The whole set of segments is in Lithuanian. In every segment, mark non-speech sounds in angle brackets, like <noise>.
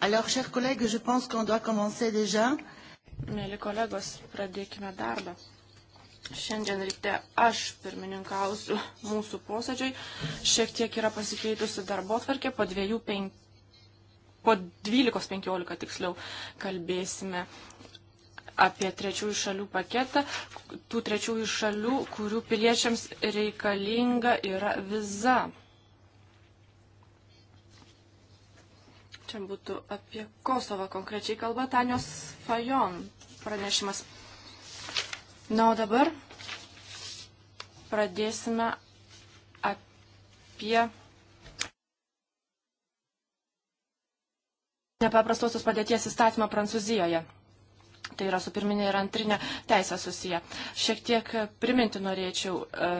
Alors, chers collègues, je pense qu'on doit commencer déjà. Mėly kolegos, pradėkime darbą. Šiandien ryte aš pirmininkausiu mūsų posėdžiai. Šiek tiek yra pasikeitusi darbo tvarkė. Po, dviejų, penk... po 12.15 tiksliau kalbėsime apie trečiųjų šalių paketą, tų trečiųjų šalių, kurių piliečiams reikalinga yra viza. Čia būtų apie Kosovą konkrečiai kalba Tanios Fajon pranešimas. Na, o dabar pradėsime apie nepaprastosios padėties įstatymą Prancūzijoje. Tai yra su pirminė ir antrinė teisė susiję. Šiek tiek priminti norėčiau e,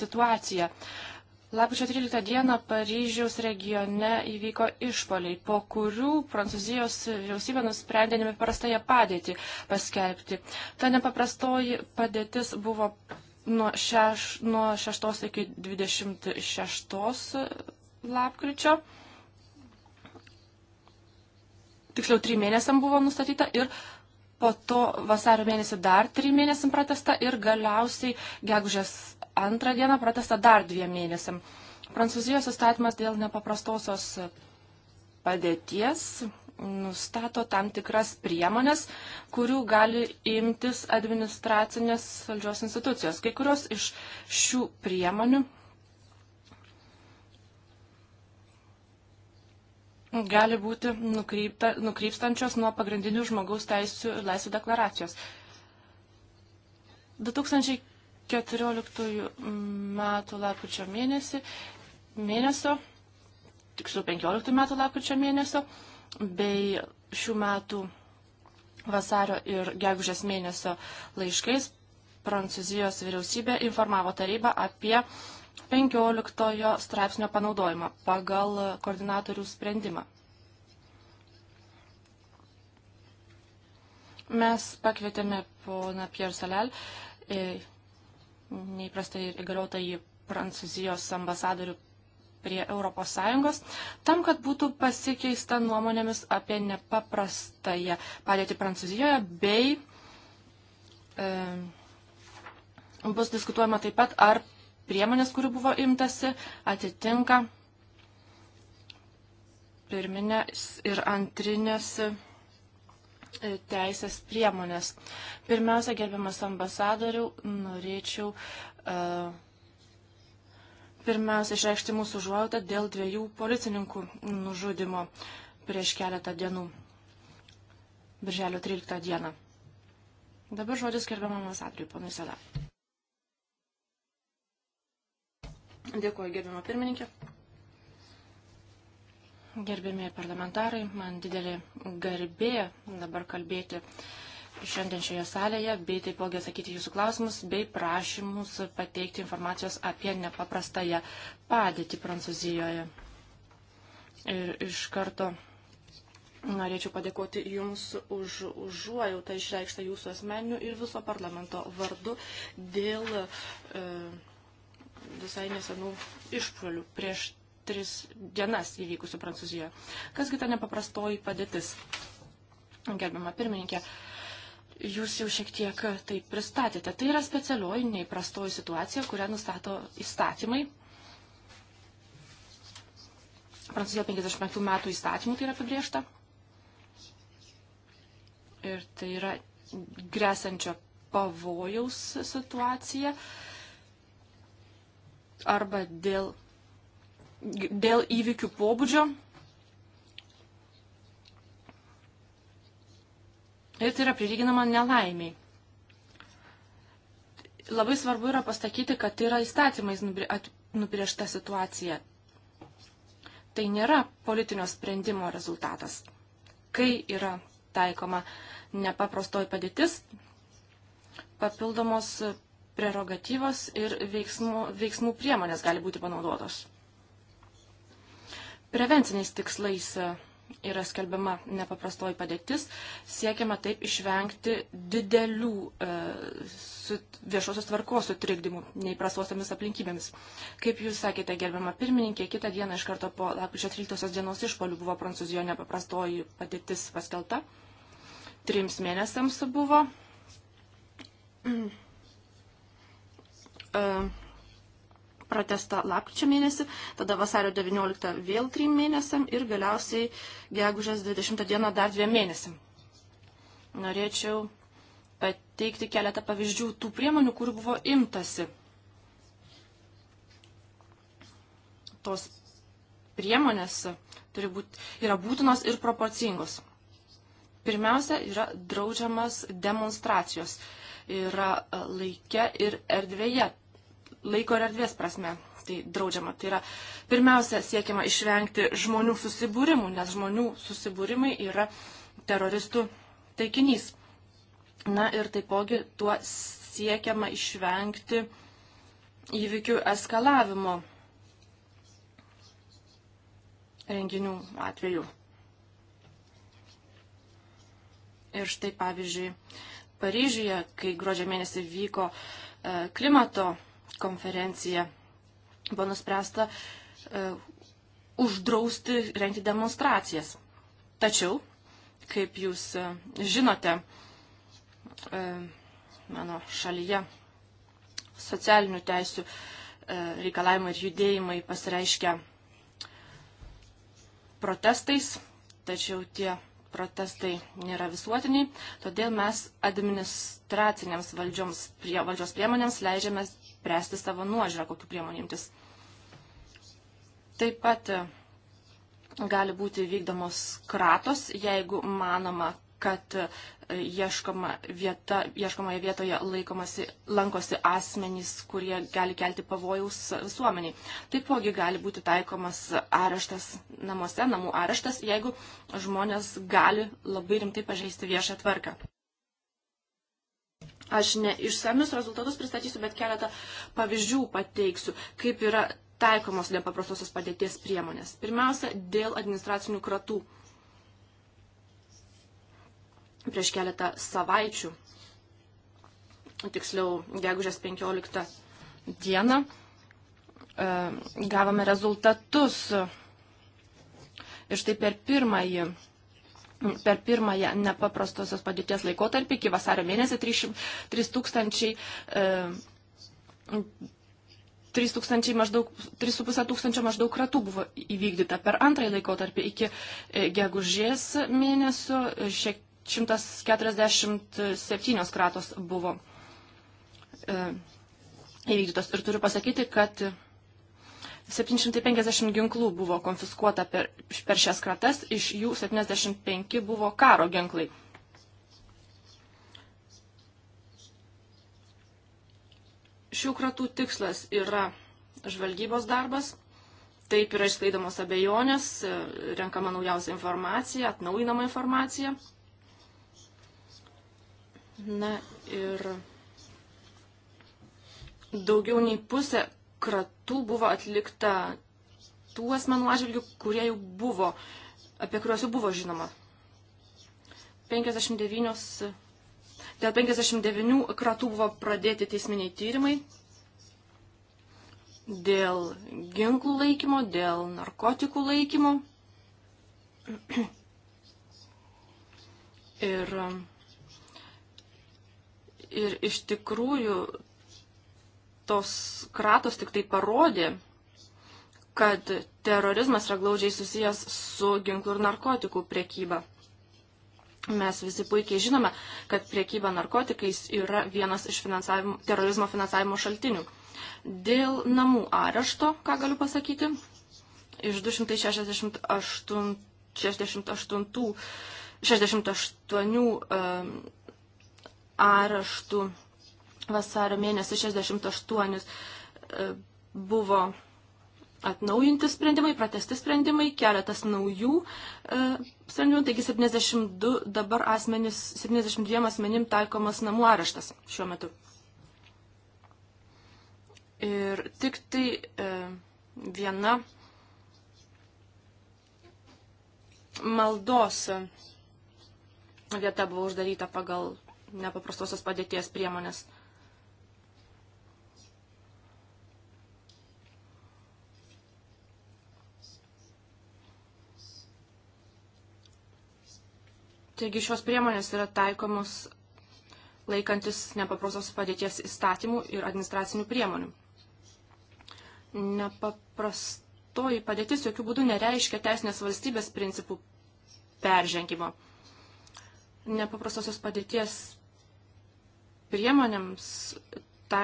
situaciją. E, Lapkričio 13 dieną Paryžiaus regione įvyko išpoliai, po kurių Prancūzijos vyriausybė nusprendė nepaprastąją padėtį paskelbti. Ta nepaprastoji padėtis buvo nuo, šeš, nuo 6 iki 26 lapkričio. Tiksliau, 3 mėnesiam buvo nustatyta ir po to vasario mėnesį dar 3 mėnesiam pratesta ir galiausiai gegužės antrą dieną pratesta dar dviem mėnesiam. Prancūzijos įstatymas dėl nepaprastosios padėties nustato tam tikras priemonės, kurių gali imtis administracinės valdžios institucijos. Kai kurios iš šių priemonių gali būti nukrypta, nukrypstančios nuo pagrindinių žmogaus teisų ir laisvų deklaracijos. 2015 14 metų lapkričio mėnesį, mėnesio, tiksliau 15 metų lapkričio mėnesio, bei šių metų vasario ir gegužės mėnesio laiškais Prancūzijos vyriausybė informavo tarybą apie 15 straipsnio panaudojimą pagal koordinatorių sprendimą. Mes pakvietėme poną Pierre Salel e, neįprastai įgaliotą į Prancūzijos ambasadorių prie ES, tam, kad būtų pasikeista nuomonėmis apie nepaprastąją padėtį Prancūzijoje, bei e, bus diskutuojama taip pat, ar priemonės, kurių buvo imtasi, atitinka pirminės ir antrinės. E, E, teisės priemonės. Pirmiausia, gerbiamas ambasadorių, norėčiau uh, pirmiausia išreikšti mūsų užuojautą dėl dviejų policininkų nužudimo prieš keletą dienų, birželio 13 dieną. Dabar žodis gerbiamam ambasadoriui, ponui Sada. Dėkuoju, gerbiamą pirmininkę gerbėmėjai parlamentarai, man didelė garbė dabar kalbėti šiandien šioje salėje, bei taipogi atsakyti jūsų klausimus, bei prašymus pateikti informacijos apie nepaprastąją padėtį Prancūzijoje. Ir iš karto norėčiau padėkoti Jums už užuojautą tai išreikštą Jūsų asmeniniu ir viso parlamento vardu dėl e, visai nesenų išpolių prieš tris dienas įvykusių Prancūzijoje. Kasgi ta nepaprastoji padėtis? Gerbiama pirmininkė, jūs jau šiek tiek tai pristatėte. Tai yra specialioji neįprastoji situacija, kurią nustato įstatymai. Prancūzijoje 55 metų įstatymų tai yra apibriešta. Ir tai yra grėsančio pavojaus situacija arba dėl dėl įvykių pobūdžio. Ir tai yra prilyginama nelaimiai. Labai svarbu yra pasakyti, kad tai yra įstatymais nubriežta situacija. Tai nėra politinio sprendimo rezultatas. Kai yra taikoma nepaprastoji padėtis, papildomos prerogatyvos ir veiksmų, veiksmų priemonės gali būti panaudotos prevenciniais tikslais e, yra skelbiama nepaprastoji padėtis, siekiama taip išvengti didelių e, su, viešosios tvarkos sutrikdymų neįprastosiamis aplinkybėmis. Kaip jūs sakėte, gerbiama pirmininkė, kitą dieną iš karto po lapkričio 13 dienos išpolių buvo Prancūzijoje nepaprastoji padėtis paskelta. Trims mėnesiams buvo. Uh. <clears throat> pratesta lapkričio mėnesį, tada vasario 19 vėl 3 mėnesiam ir galiausiai gegužės 20 dieną dar 2 mėnesiam. Norėčiau pateikti keletą pavyzdžių tų priemonių, kurių buvo imtasi. Tos priemonės turi būti, yra būtinos ir proporcingos. Pirmiausia, yra draudžiamas demonstracijos. Yra laike ir erdvėje laiko ir erdvės prasme tai draudžiama. Tai yra pirmiausia siekiama išvengti žmonių susibūrimų, nes žmonių susibūrimai yra teroristų taikinys. Na ir taipogi tuo siekiama išvengti įvykių eskalavimo renginių atveju. Ir štai pavyzdžiui, Paryžiuje, kai gruodžio mėnesį vyko e, klimato konferencija buvo nuspręsta e, uždrausti rengti demonstracijas. Tačiau, kaip jūs e, žinote, e, mano šalyje socialinių teisių e, reikalavimai ir judėjimai pasireiškia protestais, tačiau tie protestai nėra visuotiniai, todėl mes administracinėms valdžioms, prie, valdžios priemonėms leidžiamės spręsti savo nuožiūrą, kokiu priemonimtis. Taip pat e, gali būti vykdomos kratos, jeigu manoma, kad e, ieškoma vieta, ieškomoje vietoje laikomasi, lankosi asmenys, kurie gali kelti pavojaus visuomeniai. Taipogi gali būti taikomas areštas namuose, namų areštas, jeigu žmonės gali labai rimtai pažeisti viešą tvarką. Aš ne išsamius rezultatus pristatysiu, bet keletą pavyzdžių pateiksiu, kaip yra taikomos nepaprastosios padėties priemonės. Pirmiausia, dėl administracinių kratų. Prieš keletą savaičių, tiksliau, gegužės 15 dieną, e, gavome rezultatus. Ir štai per pirmąjį per pirmąją nepaprastosios padėties laikotarpį iki vasario mėnesį 3000 e, maždaug 3,5 tūkstančio maždaug kratų buvo įvykdyta. Per antrąjį laikotarpį iki e, gegužės mėnesio 147 e, kratos buvo įvykdytos. Ir turiu pasakyti, kad 750 ginklų buvo konfiskuota per, per šias kratas, iš jų 75 buvo karo ginklai. Šių kratų tikslas yra žvalgybos darbas, taip yra išsklaidomos abejonės, renkama naujausia informacija, atnaujinama informacija. Na ir daugiau nei pusė kratų buvo atlikta tų asmenų atžvilgių, kurie jau buvo, apie kuriuos jau buvo žinoma. 59, dėl 59 kratų buvo pradėti teisminiai tyrimai dėl ginklų laikymo, dėl narkotikų laikymo. Ir, ir iš tikrųjų tos kratos tik tai parodė, kad terorizmas yra glaudžiai susijęs su ginklų ir narkotikų priekyba. Mes visi puikiai žinome, kad priekyba narkotikais yra vienas iš finansavimo, terorizmo finansavimo šaltinių. Dėl namų arešto, ką galiu pasakyti, iš 268 68, 68 um, areštų Vasario mėnesį 68 e, buvo atnaujinti sprendimai, pratesti sprendimai, keletas naujų e, sprendimų, taigi 72 dabar asmenis, 72 asmenim taikomas namų areštas šiuo metu. Ir tik tai e, viena maldos vieta buvo uždaryta pagal nepaprastosios padėties priemonės. Taigi šios priemonės yra taikomos laikantis nepaprastos padėties įstatymų ir administracinių priemonių. Nepaprastoji padėtis jokių būdų nereiškia teisinės valstybės principų peržengimo. Nepaprastosios padėties priemonėms ta,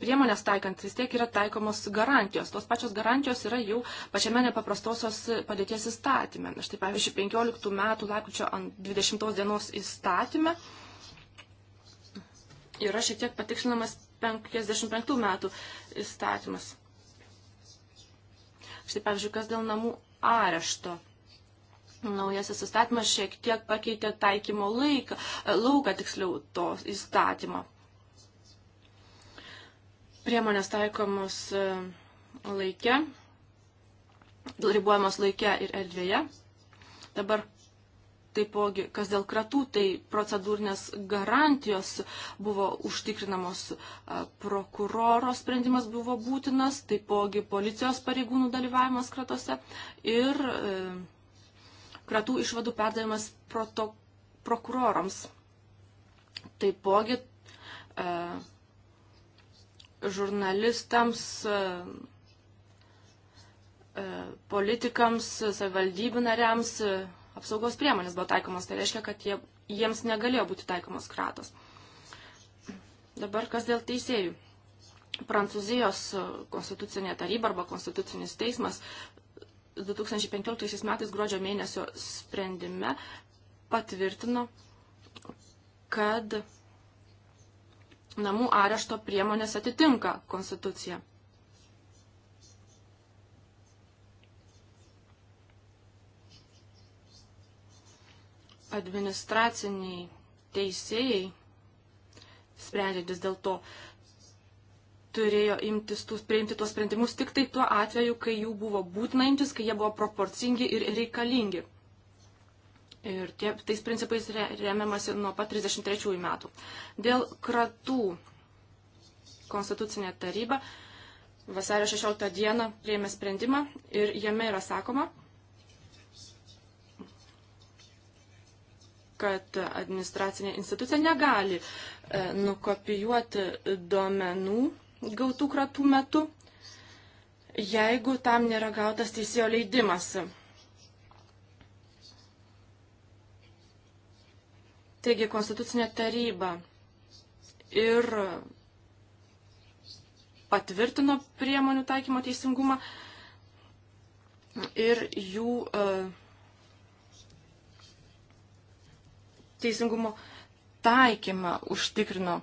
priemonės taikant vis tiek yra taikomos garantijos. Tos pačios garantijos yra jau pačiame nepaprastosios padėties įstatyme. Štai pavyzdžiui, 15 metų lapkričio 20 dienos įstatyme yra šiek tiek patikslinamas 55 metų įstatymas. Štai pavyzdžiui, kas dėl namų arešto. Naujasis įstatymas šiek tiek pakeitė taikymo laiką, lauką tiksliau to įstatymo priemonės taikomos e, laikė, ribuojamos laikė ir erdvėje. Dabar taipogi, kas dėl kratų, tai procedūrinės garantijos buvo užtikrinamos, e, prokuroro sprendimas buvo būtinas, taipogi policijos pareigūnų dalyvavimas kratose ir e, kratų išvadų perdavimas proto, prokurorams. Taipogi žurnalistams, e, e, politikams, savivaldybių nariams e, apsaugos priemonės buvo taikomos. Tai reiškia, kad jie, jiems negalėjo būti taikomos kratos. Dabar kas dėl teisėjų. Prancūzijos konstitucinė taryba arba konstitucinis teismas 2015 metais gruodžio mėnesio sprendime patvirtino, kad namų arešto priemonės atitinka konstituciją. Administraciniai teisėjai, sprendžiantis dėl to, turėjo imtis tų, priimti tuos sprendimus tik tai tuo atveju, kai jų buvo būtina imtis, kai jie buvo proporcingi ir reikalingi. Ir tie, tais principais re, remiamasi nuo pat 33 metų. Dėl kratų konstitucinė taryba vasario 16 dieną prieėmė sprendimą ir jame yra sakoma, kad administracinė institucija negali e, nukopijuoti duomenų gautų kratų metu, jeigu tam nėra gautas teisėjo leidimas Taigi, Konstitucinė taryba ir patvirtino priemonių taikymo teisingumą ir jų e, teisingumo taikymą užtikrino.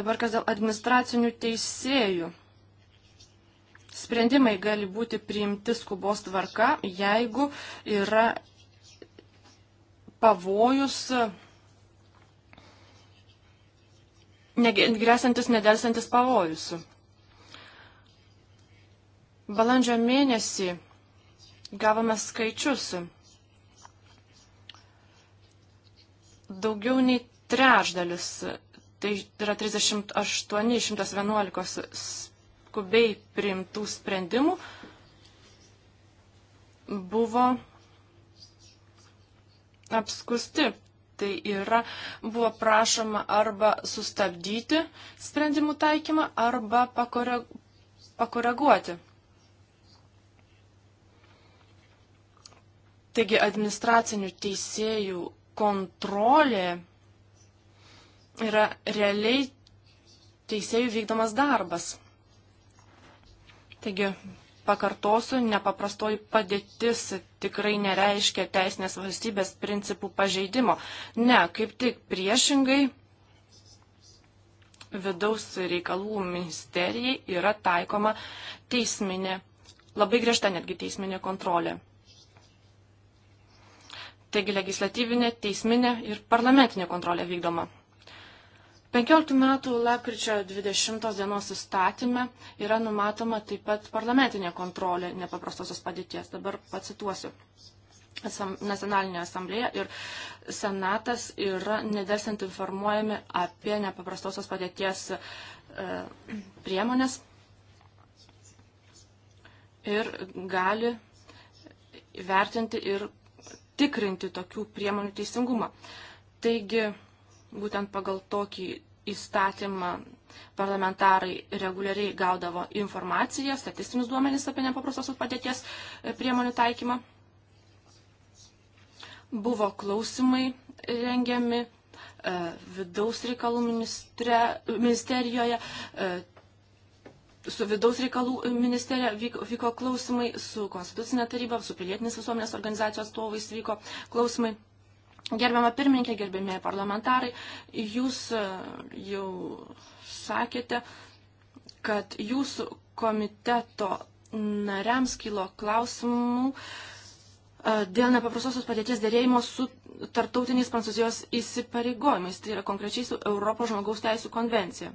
Dabar kas dėl administracinių teisėjų. Sprendimai gali būti priimti skubos tvarka, jeigu yra pavojus grėsantis nedelsantis pavojus. Balandžio mėnesį gavome skaičius. Daugiau nei trečdalis, tai yra 38 111 skubiai priimtų sprendimų, buvo apskusti. Tai yra, buvo prašoma arba sustabdyti sprendimų taikymą, arba pakoreguoti. Taigi administracinių teisėjų kontrolė yra realiai teisėjų vykdomas darbas. Taigi pakartosiu, nepaprastoji padėtis tikrai nereiškia teisinės valstybės principų pažeidimo. Ne, kaip tik priešingai vidaus reikalų ministerijai yra taikoma teisminė, labai griežta netgi teisminė kontrolė. Taigi legislatyvinė, teisminė ir parlamentinė kontrolė vykdoma. 15 metų lapkričio 20 dienos įstatyme yra numatoma taip pat parlamentinė kontrolė nepaprastosios padėties. Dabar pacituosiu. Nacionalinė asamblėja ir senatas yra nedelsiant informuojami apie nepaprastosios padėties e, priemonės ir gali vertinti ir tikrinti tokių priemonių teisingumą. Taigi, būtent pagal tokį įstatymą parlamentarai reguliariai gaudavo informaciją, statistinius duomenys apie nepaprastosios padėties e, priemonių taikymą. Buvo klausimai rengiami e, vidaus reikalų ministre, ministerijoje, e, su vidaus reikalų ministerija vyko, vyko klausimai, su konstitucinė taryba, su pilietinės visuomenės organizacijos atstovais vyko klausimai. Gerbiama pirmininkė, gerbėmėjai parlamentarai, jūs e, jau sakėte, kad jūsų komiteto nariams kilo klausimų e, dėl nepaprastosios padėties dėrėjimo su tartautiniais Prancūzijos įsipareigojimais, tai yra konkrečiai su Europos žmogaus teisų konvencija.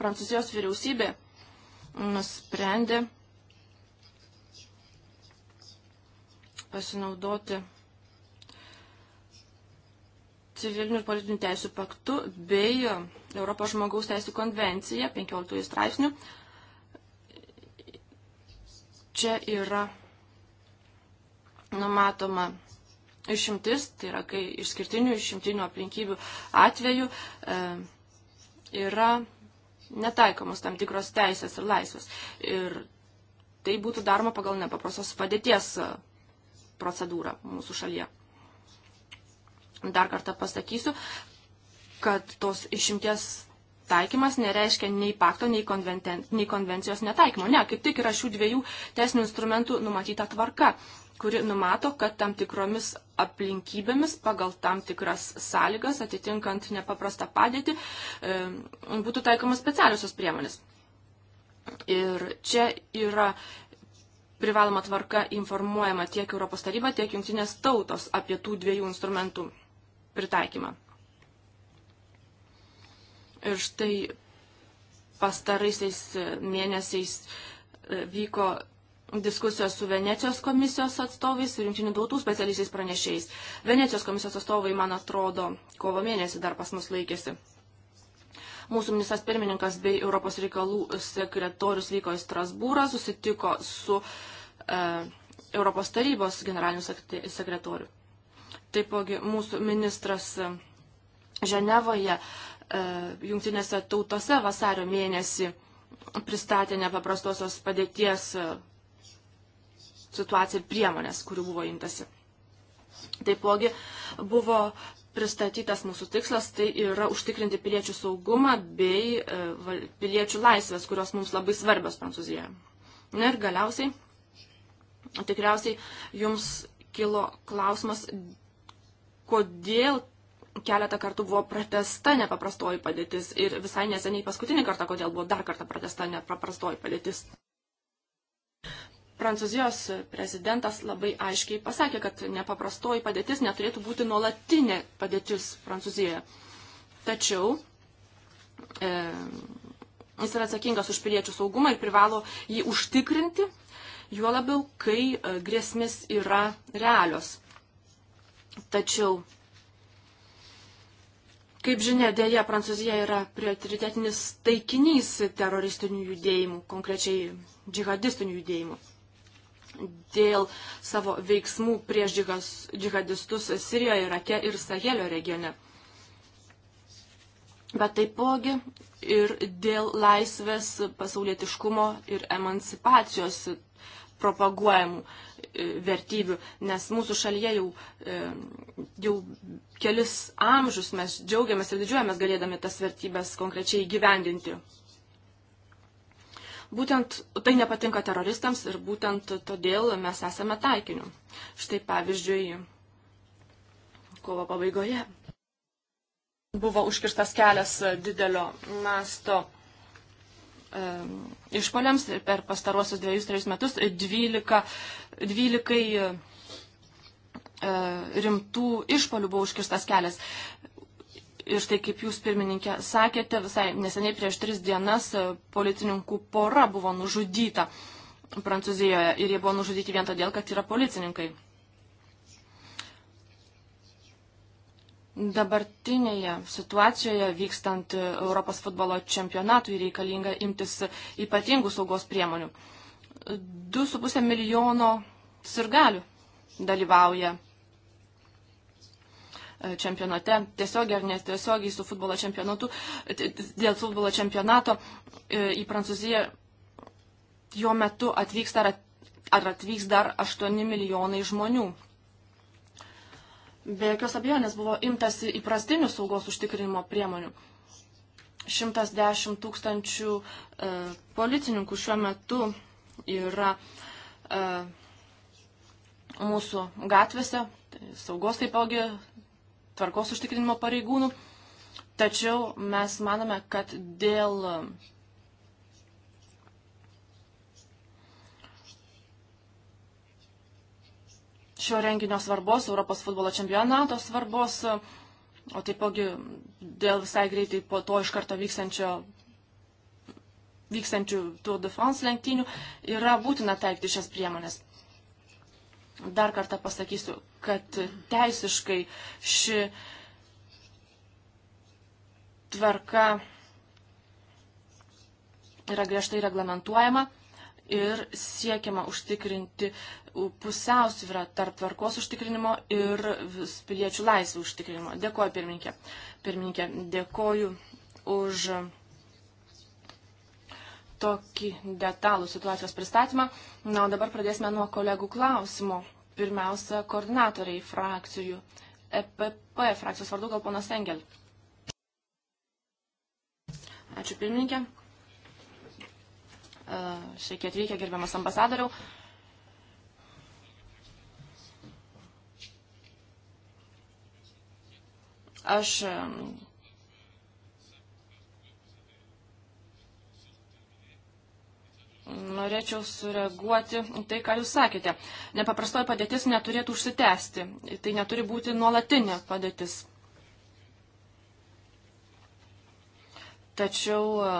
Prancūzijos vyriausybė nusprendė pasinaudoti civilinių ir politinių teisų paktu bei Europos žmogaus teisų konvencija 15 straipsnių. Čia yra numatoma išimtis, tai yra, kai išskirtinių išimtinių aplinkybių atveju e, yra netaikomos tam tikros teisės ir laisvės. Ir tai būtų daroma pagal nepaprastos padėties procedūrą mūsų šalyje. Dar kartą pasakysiu, kad tos išimties taikymas nereiškia nei pakto, nei, konventen, nei konvencijos netaikymo. Ne, kaip tik yra šių dviejų teisinių instrumentų numatyta tvarka, kuri numato, kad tam tikromis aplinkybėmis, pagal tam tikras sąlygas, atitinkant nepaprastą padėtį, e, būtų taikomas specialiosios priemonės. Ir čia yra privaloma tvarka informuojama tiek Europos taryba, tiek jungtinės tautos apie tų dviejų instrumentų pritaikymą. Ir štai pastaraisiais mėnesiais e, vyko diskusijos su Venecijos komisijos atstovais ir jungtinių tautų specialiaisiais pranešėjais. Venecijos komisijos atstovai, man atrodo, kovo mėnesį dar pas mus laikėsi. Mūsų ministras pirmininkas bei Europos reikalų sekretorius vyko į Strasbūrą, susitiko su e, Europos tarybos generaliniu sekretoriu. Taipogi mūsų ministras Ženevoje, e, jungtinėse tautose vasario mėnesį pristatė nepaprastosios padėties e, situaciją ir priemonės, kurių buvo imtasi. Taipogi buvo pristatytas mūsų tikslas, tai yra užtikrinti piliečių saugumą bei e, piliečių laisvės, kurios mums labai svarbios Prancūzijoje. Na ir galiausiai, tikriausiai jums kilo klausimas, kodėl keletą kartų buvo pratesta nepaprastoji padėtis ir visai neseniai paskutinį kartą, kodėl buvo dar kartą pratesta nepaprastoji padėtis. Prancūzijos prezidentas labai aiškiai pasakė, kad nepaprastoji padėtis neturėtų būti nuolatinė padėtis Prancūzijoje. Tačiau e, jis yra atsakingas už piliečių saugumą ir privalo jį užtikrinti, juo labiau, kai e, grėsmis yra realios. Tačiau Kaip žinia, dėja, Prancūzija yra prioritetinis taikinys teroristinių judėjimų, konkrečiai džihadistinių judėjimų dėl savo veiksmų prieš džihadistus Sirijoje, Irake ir Sahelio regione. Bet taipogi ir dėl laisvės, pasaulietiškumo ir emancipacijos propaguojamų e, vertybių, nes mūsų šalyje jau, e, jau kelis amžius mes džiaugiamės ir didžiuojamės galėdami tas vertybės konkrečiai gyvendinti. Būtent tai nepatinka teroristams ir būtent todėl mes esame taikiniu. Štai pavyzdžiui, kovo pabaigoje buvo užkirstas kelias didelio masto e, išpoliams ir per pastaruosius dviejus, trejus metus 12, 12 e, rimtų išpolių buvo užkirstas kelias. Ir štai kaip jūs pirmininkė sakėte, visai neseniai prieš tris dienas e, policininkų pora buvo nužudyta Prancūzijoje ir jie buvo nužudyti vien todėl, kad yra policininkai. Dabartinėje situacijoje vykstant Europos futbolo čempionatui reikalinga imtis ypatingų saugos priemonių. 2,5 milijono sirgalių dalyvauja čempionate, tiesiogiai ar netiesiogiai su futbolo čempionatu, dėl futbolo čempionato e, į Prancūziją jo metu atvyks ar, ar atvyks dar 8 milijonai žmonių. Be jokios abejonės buvo imtasi įprastinių saugos užtikrinimo priemonių. 110 tūkstančių e, policininkų šiuo metu yra e, mūsų gatvėse, tai saugos taipogi tvarkos užtikrinimo pareigūnų. Tačiau mes manome, kad dėl šio renginio svarbos, Europos futbolo čempionato svarbos, o taipogi dėl visai greitai po to iš karto vykstančio vykstančių Tour de France lenktynių yra būtina taikti šias priemonės. Dar kartą pasakysiu, kad teisiškai ši tvarka yra griežtai reglamentuojama ir siekiama užtikrinti pusiausvyrą tarp tvarkos užtikrinimo ir piliečių laisvių užtikrinimo. Dėkoju pirmininkė. Pirmininkė, dėkoju už tokį detalų situacijos pristatymą. Na, o dabar pradėsime nuo kolegų klausimų. Pirmiausia, koordinatoriai frakcijų. EPP frakcijos vardu gal ponas Engel. Ačiū pirmininkė. E, sveiki atvykę, gerbiamas ambasadoriau. Aš Norėčiau sureaguoti tai, ką Jūs sakėte. Nepaprastoji padėtis neturėtų užsitęsti. Tai neturi būti nuolatinė padėtis. Tačiau e,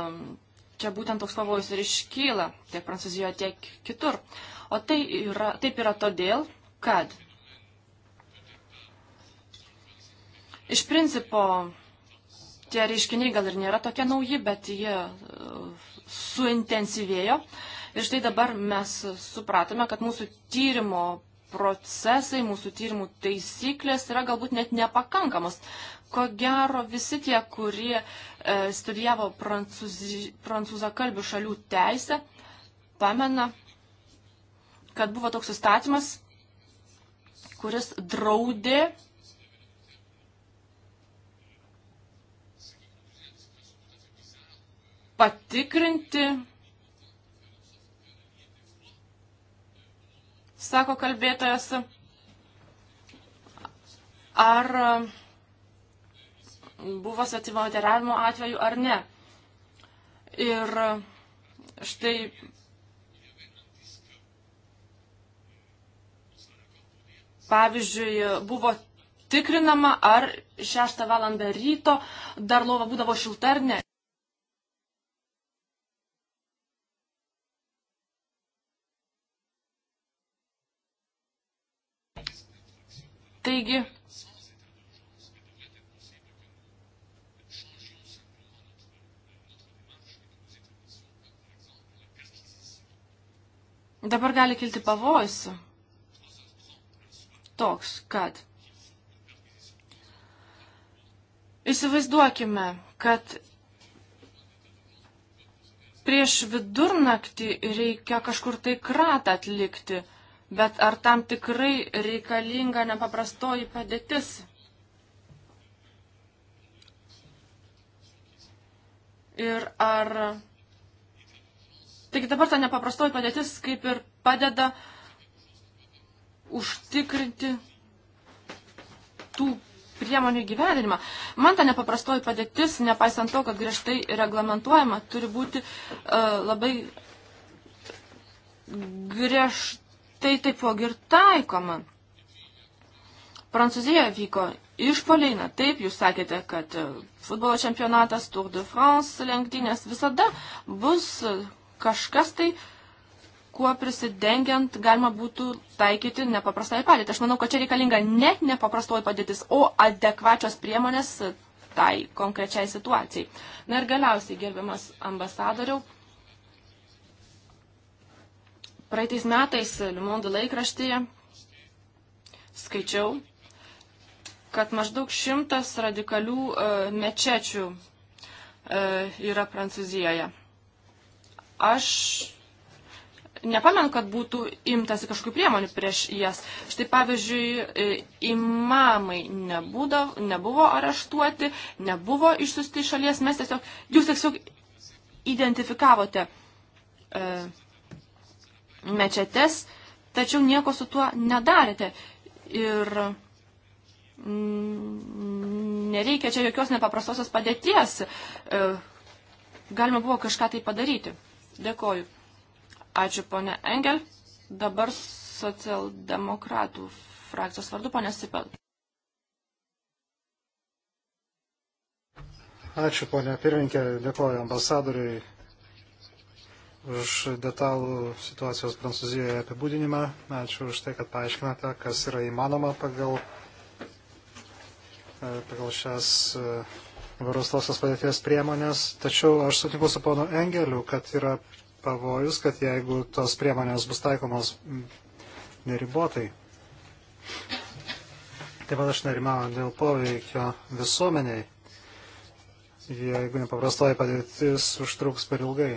čia būtent toks pavojus ir iškyla tiek Prancūzijoje, tiek kitur. O tai yra, taip yra todėl, kad iš principo tie reiškiniai gal ir nėra tokie nauji, bet jie uh, suintensyvėjo. Ir štai dabar mes supratome, kad mūsų tyrimo procesai, mūsų tyrimų taisyklės yra galbūt net nepakankamos. Ko gero visi tie, kurie e, studijavo prancūzi, prancūzakalbių šalių teisę, pamena, kad buvo toks įstatymas, kuris draudė patikrinti, sako kalbėtojas, ar buvo svetimo teravimo atveju ar ne. Ir štai pavyzdžiui, buvo tikrinama, ar 6 val. ryto dar lova būdavo šilta ar ne. Taigi, dabar gali kilti pavojus toks, kad įsivaizduokime, kad prieš vidurnaktį reikia kažkur tai kratą atlikti – Bet ar tam tikrai reikalinga nepaprastoji padėtis? Ir ar. Taigi dabar ta nepaprastoji padėtis kaip ir padeda užtikrinti tų priemonių gyvenimą. Man ta nepaprastoji padėtis, nepaisant to, kad griežtai reglamentuojama, turi būti uh, labai griežtai tai taipogi ir taikoma. Prancūzijoje vyko išpoliai, na taip, jūs sakėte, kad e, futbolo čempionatas, Tour de France lenktynės visada bus e, kažkas tai, kuo prisidengiant galima būtų taikyti nepaprastąją padėtį. Aš manau, kad čia reikalinga ne nepaprastoji padėtis, o adekvačios priemonės e, tai konkrečiai situacijai. Na ir galiausiai, gerbiamas ambasadoriau, Praeitais metais Limondų laikraštyje skaičiau, kad maždaug šimtas radikalių e, mečečių e, yra Prancūzijoje. Aš nepamenu, kad būtų imtasi kažkokių priemonių prieš jas. Štai pavyzdžiui, e, imamai nebūdo, nebuvo areštuoti, nebuvo išsiusti iš šalies, mes tiesiog, jūs tiesiog identifikavote uh, mečetes, tačiau nieko su tuo nedarėte. Ir mm, nereikia čia jokios nepaprastosios padėties. E, galima buvo kažką tai padaryti. Dėkoju. Ačiū, ponė Engel. Dabar socialdemokratų frakcijos vardu, ponė Sipel. Ačiū, ponė pirminkė. Dėkoju ambasadoriui už detalų situacijos Prancūzijoje apibūdinimą. Ačiū už tai, kad paaiškinate, kas yra įmanoma pagal, e, pagal šias e, varustosios padėties priemonės. Tačiau aš sutinku su ponu Engeliu, kad yra pavojus, kad jeigu tos priemonės bus taikomos neribotai. Taip pat aš nerimauju dėl poveikio visuomeniai, jeigu nepaprastoji padėtis užtruks per ilgai.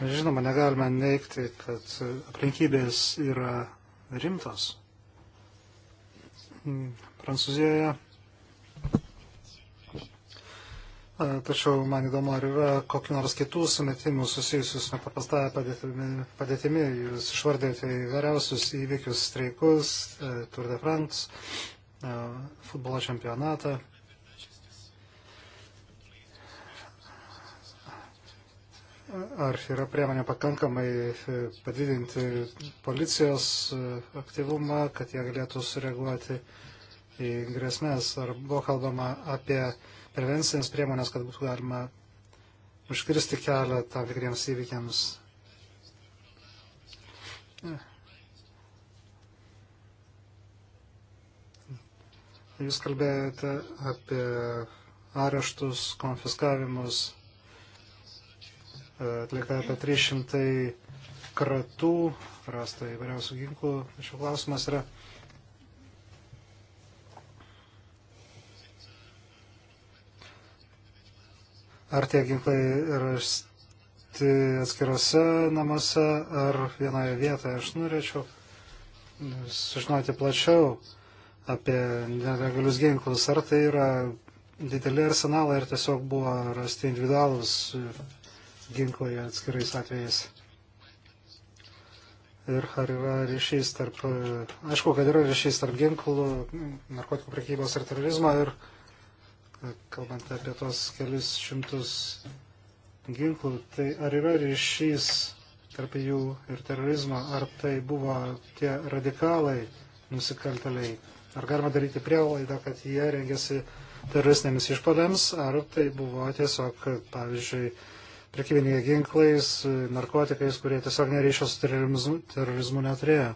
Žinoma, negalime neikti, kad aplinkybės yra rimtos. Hmm, Prancūzijoje. Tačiau man įdomu, ar yra kokiu nors kitų sumetimų susijusius su nepaprastąją padėtimi, padėtimi. Jūs išvardėjote įvairiausius įvykius, streikus, e, Tour de France, e, futbolo čempionatą. ar yra priemonė pakankamai padidinti policijos aktyvumą, kad jie galėtų sureaguoti į grėsmės. Ar buvo kalbama apie prevencinės priemonės, kad būtų galima užkirsti kelią tam tikriems įvykiams. Jūs kalbėjote apie areštus, konfiskavimus atlikta apie 300 kratų, rasta įvairiausių ginklų. Tačiau klausimas yra, ar tie ginklai yra atskirose namuose ar vienoje vietoje. Aš norėčiau sužinoti plačiau apie nelegalius ginklus. Ar tai yra dideli arsenalai ir tiesiog buvo rasti individualus ginklai atskirais atvejais. Ir ar yra ryšys tarp, aišku, kad yra ryšys tarp ginklų, narkotikų prekybos ir terorizmo ir kalbant apie tos kelius šimtus ginklų, tai ar yra ryšys tarp jų ir terorizmo, ar tai buvo tie radikalai nusikalteliai, ar galima daryti prielaidą, kad jie rengėsi teroristinėmis išpolėms, ar tai buvo tiesiog, pavyzdžiui, prekybiniai ginklais, narkotikais, kurie tiesiog neryšio su terorizmu, terorizmu neturėjo.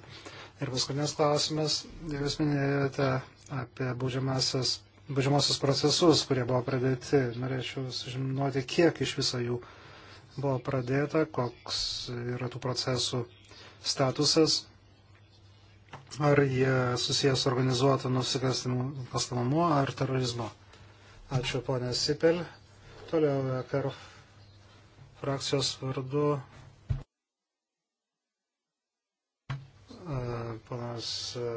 Ir paskutinis klausimas, jūs minėjote apie baudžiamasios procesus, kurie buvo pradėti. Norėčiau sužinoti, kiek iš viso jų buvo pradėta, koks yra tų procesų statusas, ar jie susijęs su organizuotu nusikalstamumu ar terorizmu. Ačiū, ponė Sipel. Toliau, Karf frakcijos vardu e, panas e,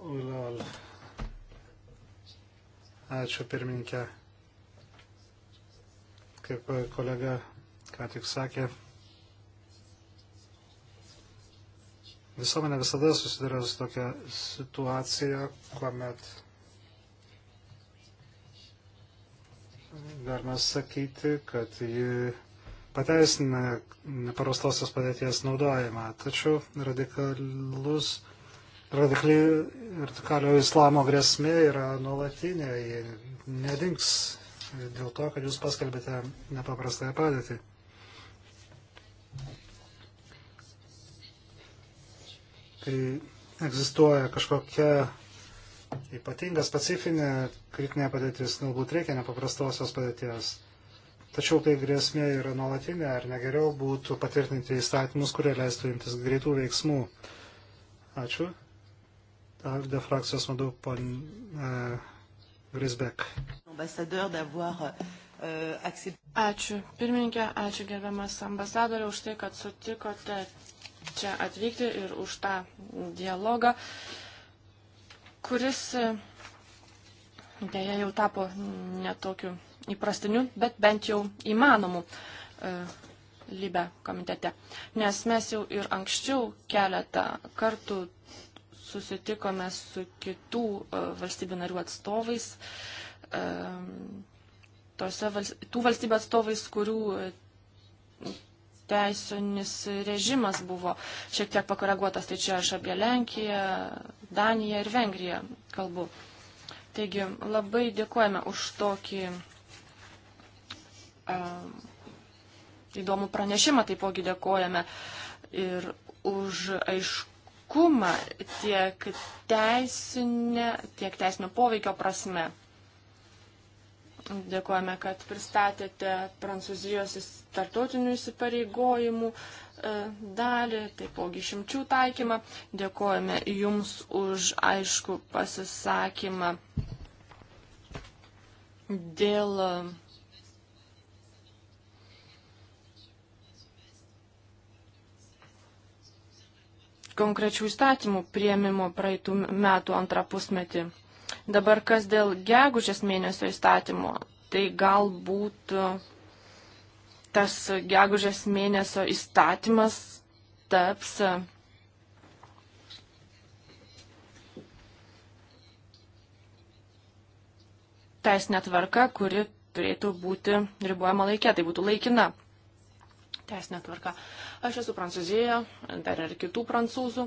Ulal. Ačiū pirmininkė. Kaip kolega ką tik sakė, visuomenė visada susiduria su tokia situacija, kuomet galima sakyti, kad ji pateisina neparastosios padėties naudojimą. Tačiau radikalus, radikali, radikalio islamo grėsmė yra nuolatinė, ji nedings dėl to, kad jūs paskelbėte nepaprastąją padėtį. Kai egzistuoja kažkokia ypatinga specifinė kritinė padėtis, galbūt reikia nepaprastosios padėties. Tačiau kai grėsmė yra nuolatinė, ar negeriau būtų patvirtinti įstatymus, kurie leistų imtis greitų veiksmų. Ačiū. Alde frakcijos vadų pon e, Grisbek. Euh, ačiū pirmininkė, ačiū gerbiamas ambasadoriu už tai, kad sutikote čia atvykti ir už tą dialogą. E, kuris e, dėja jau tapo netokiu įprastiniu, bet bent jau įmanomu e, lybe komitete. Nes mes jau ir anksčiau keletą kartų susitikome su kitų e, valstybių narių atstovais, e, tose, val, tų valstybių atstovais, kurių teisinis režimas buvo šiek tiek pakoreguotas, tai čia aš apie Lenkiją, Daniją ir Vengriją kalbu. Taigi labai dėkojame už tokį um, įdomų pranešimą, taipogi dėkojame ir už aiškumą tiek teisinę, tiek teisinio poveikio prasme. Dėkojame, kad pristatėte Prancūzijos tartautinių įsipareigojimų e, dalį, taipogi šimčių taikymą. Dėkojame Jums už aišku pasisakymą dėl e, konkrečių įstatymų prieimimo praeitų metų antrą pusmetį. Dabar kas dėl gegužės mėnesio įstatymo, tai galbūt uh, tas gegužės mėnesio įstatymas taps uh, teisinė tvarka, kuri turėtų būti ribojama laikė, tai būtų laikina teisinė tvarka. Aš esu prancūzija, dar ir kitų prancūzų,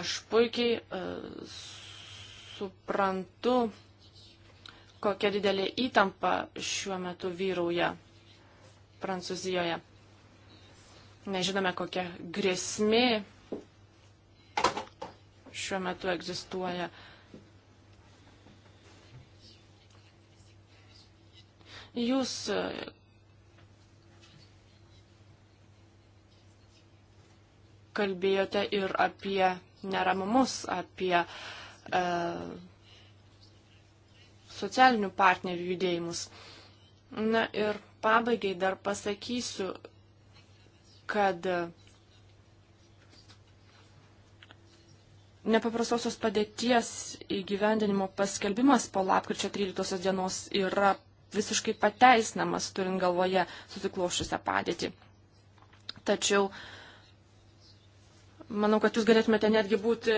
aš puikiai uh, suprantu, kokia didelė įtampa šiuo metu vyrauja Prancūzijoje. Nežinome, kokia grėsmė šiuo metu egzistuoja. Jūs kalbėjote ir apie neramumus, apie uh, E, socialinių partnerių judėjimus. Na ir pabaigai dar pasakysiu, kad nepaprastosios padėties įgyvendinimo paskelbimas po lapkričio 13 dienos yra visiškai pateisinamas, turint galvoje susiklošusią padėtį. Tačiau uh, Manau, kad jūs galėtumėte netgi būti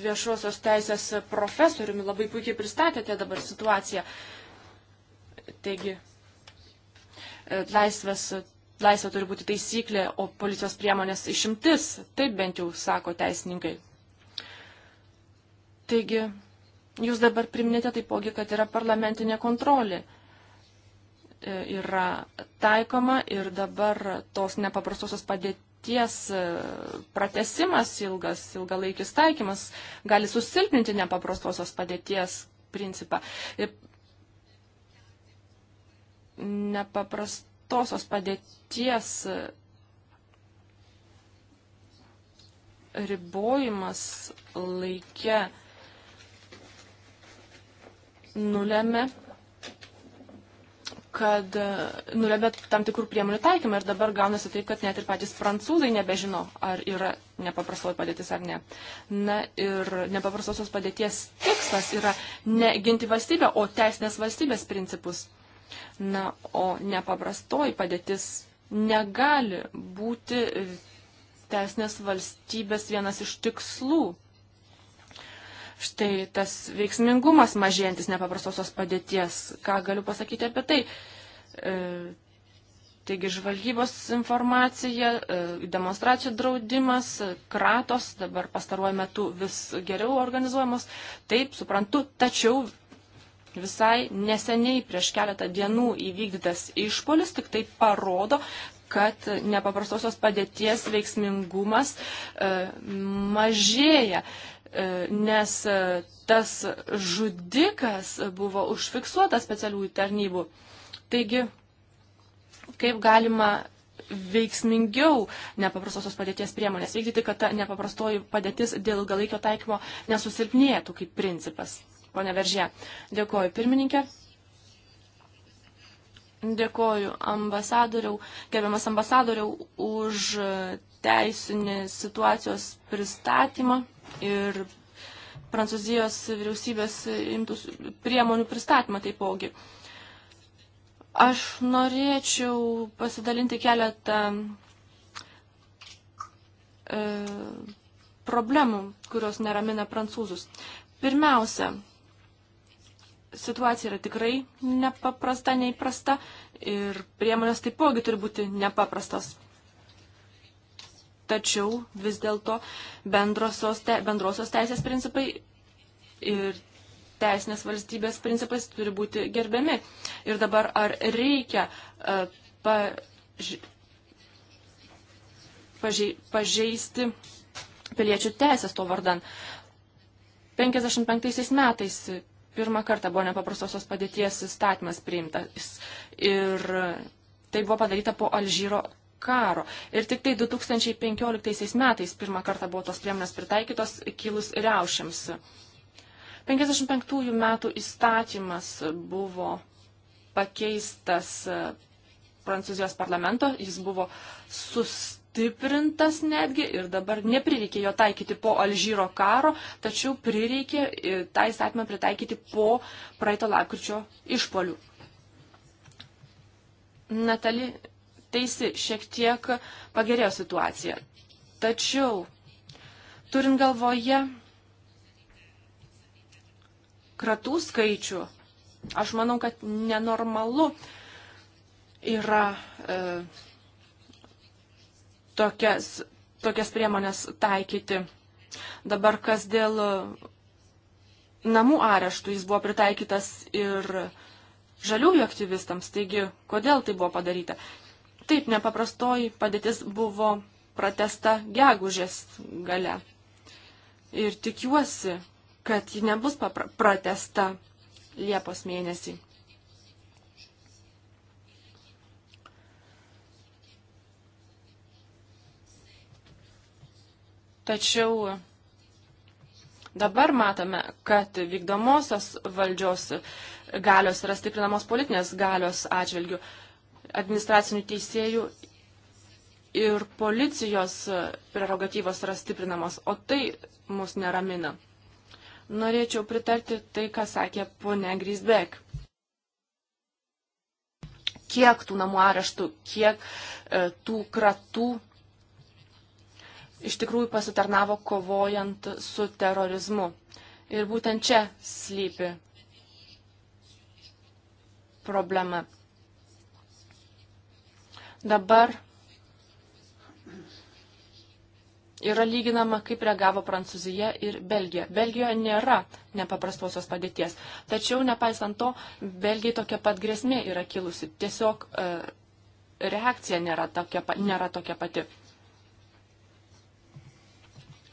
viešosios teisės profesoriumi, labai puikiai pristatėte dabar situaciją. Taigi, e, laisvės, laisvė turi būti taisyklė, o policijos priemonės išimtis, taip bent jau sako teisininkai. Taigi, jūs dabar priminėte taipogi, kad yra parlamentinė kontrolė e, yra taikoma ir dabar tos nepaprastosios padėties sutarties e, pratesimas ilgas, ilgalaikis taikymas gali susilpninti nepaprastosios padėties principą. Ir nepaprastosios padėties e, ribojimas laikė nulėmė kad e, nulėmė tam tikrų priemonių taikymą ir dabar gaunasi taip, kad net ir patys prancūzai nebežino, ar yra nepaprastoji padėtis ar ne. Na ir nepaprastosios padėties tikslas yra ne ginti valstybę, o teisinės valstybės principus. Na, o nepaprastoji padėtis negali būti teisinės valstybės vienas iš tikslų. Štai tas veiksmingumas mažėjantis nepaprastosios padėties. Ką galiu pasakyti apie tai? E, Taigi žvalgybos informacija, e, demonstracijų draudimas, kratos dabar pastaruoju metu vis geriau organizuojamos. Taip, suprantu, tačiau visai neseniai prieš keletą dienų įvykdytas išpolis tik tai parodo, kad nepaprastosios padėties veiksmingumas e, mažėja. E, E, nes e, tas žudikas buvo užfiksuotas specialiųjų tarnybų. Taigi, kaip galima veiksmingiau nepaprastosios padėties priemonės vykdyti, kad ta nepaprastoji padėtis dėl ilgalaikio taikymo nesusilpnėtų kaip principas. Pone Veržė, dėkoju pirmininkė. Dėkoju ambasadoriau, gerbiamas ambasadoriau, už teisinės situacijos pristatymą ir Prancūzijos vyriausybės imtus priemonių pristatymą taipogi. Aš norėčiau pasidalinti keletą e, problemų, kurios neramina prancūzus. Pirmiausia, situacija yra tikrai nepaprasta, neįprasta ir priemonės taipogi turi būti nepaprastos tačiau vis dėlto bendrosios, te, bendrosios teisės principai ir teisinės valstybės principais turi būti gerbiami. Ir dabar ar reikia uh, e, paž, paže, pažeisti piliečių teisės to vardan. 55 metais pirmą kartą buvo nepaprastosios padėties įstatymas priimtas ir tai buvo padaryta po Alžyro karo. Ir tik tai 2015 metais pirmą kartą buvo tos priemonės pritaikytos kilus riaušiams. 55 metų įstatymas buvo pakeistas e, Prancūzijos parlamento, jis buvo sustiprintas netgi ir dabar neprireikė jo taikyti po Alžyro karo, tačiau prireikė e, tą įstatymą pritaikyti po praeito lapkričio išpolių. Natali teisi, šiek tiek pagerėjo situacija. Tačiau, turint galvoje kratų skaičių, aš manau, kad nenormalu yra e, tokias, tokias priemonės taikyti. Dabar kas dėl namų areštų, jis buvo pritaikytas ir žaliųjų aktyvistams, taigi kodėl tai buvo padaryta. Taip, nepaprastoji padėtis buvo pratesta gegužės gale. Ir tikiuosi, kad ji nebus pratesta Liepos mėnesį. Tačiau dabar matome, kad vykdomosios valdžios galios yra stiprinamos politinės galios atžvilgių administracinių teisėjų ir policijos prerogatyvos yra stiprinamos, o tai mus neramina. Norėčiau pritarti tai, ką sakė ponė Grisbek. Kiek tų namų areštų, kiek e, tų kratų iš tikrųjų pasitarnavo kovojant su terorizmu. Ir būtent čia slypi problema dabar yra lyginama, kaip reagavo Prancūzija ir Belgija. Belgijoje nėra nepaprastosios padėties. Tačiau, nepaisant to, Belgijai tokia pat grėsmė yra kilusi. Tiesiog e, reakcija nėra tokia, nėra tokia pati.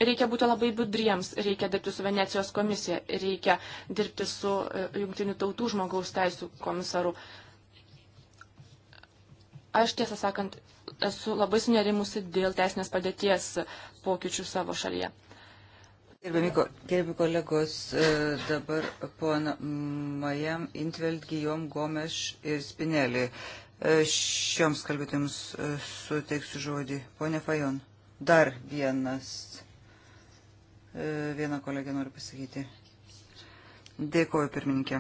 Reikia būti labai budriems, reikia dirbti su Venecijos komisija, reikia dirbti su e, Junktinių tautų žmogaus teisų komisaru. E, Aš tiesą sakant, esu labai sunerimusi dėl teisinės padėties pokyčių savo šalyje. Gerbiami kolegos, e, dabar pona Majam, Intveld, Gijom, Gomeš ir Spinelį. E, šioms kalbėtėms e, suteiksiu žodį. Pone Fajon, dar vienas. Vieną kolegę noriu pasakyti. Dėkuoju, pirmininkė.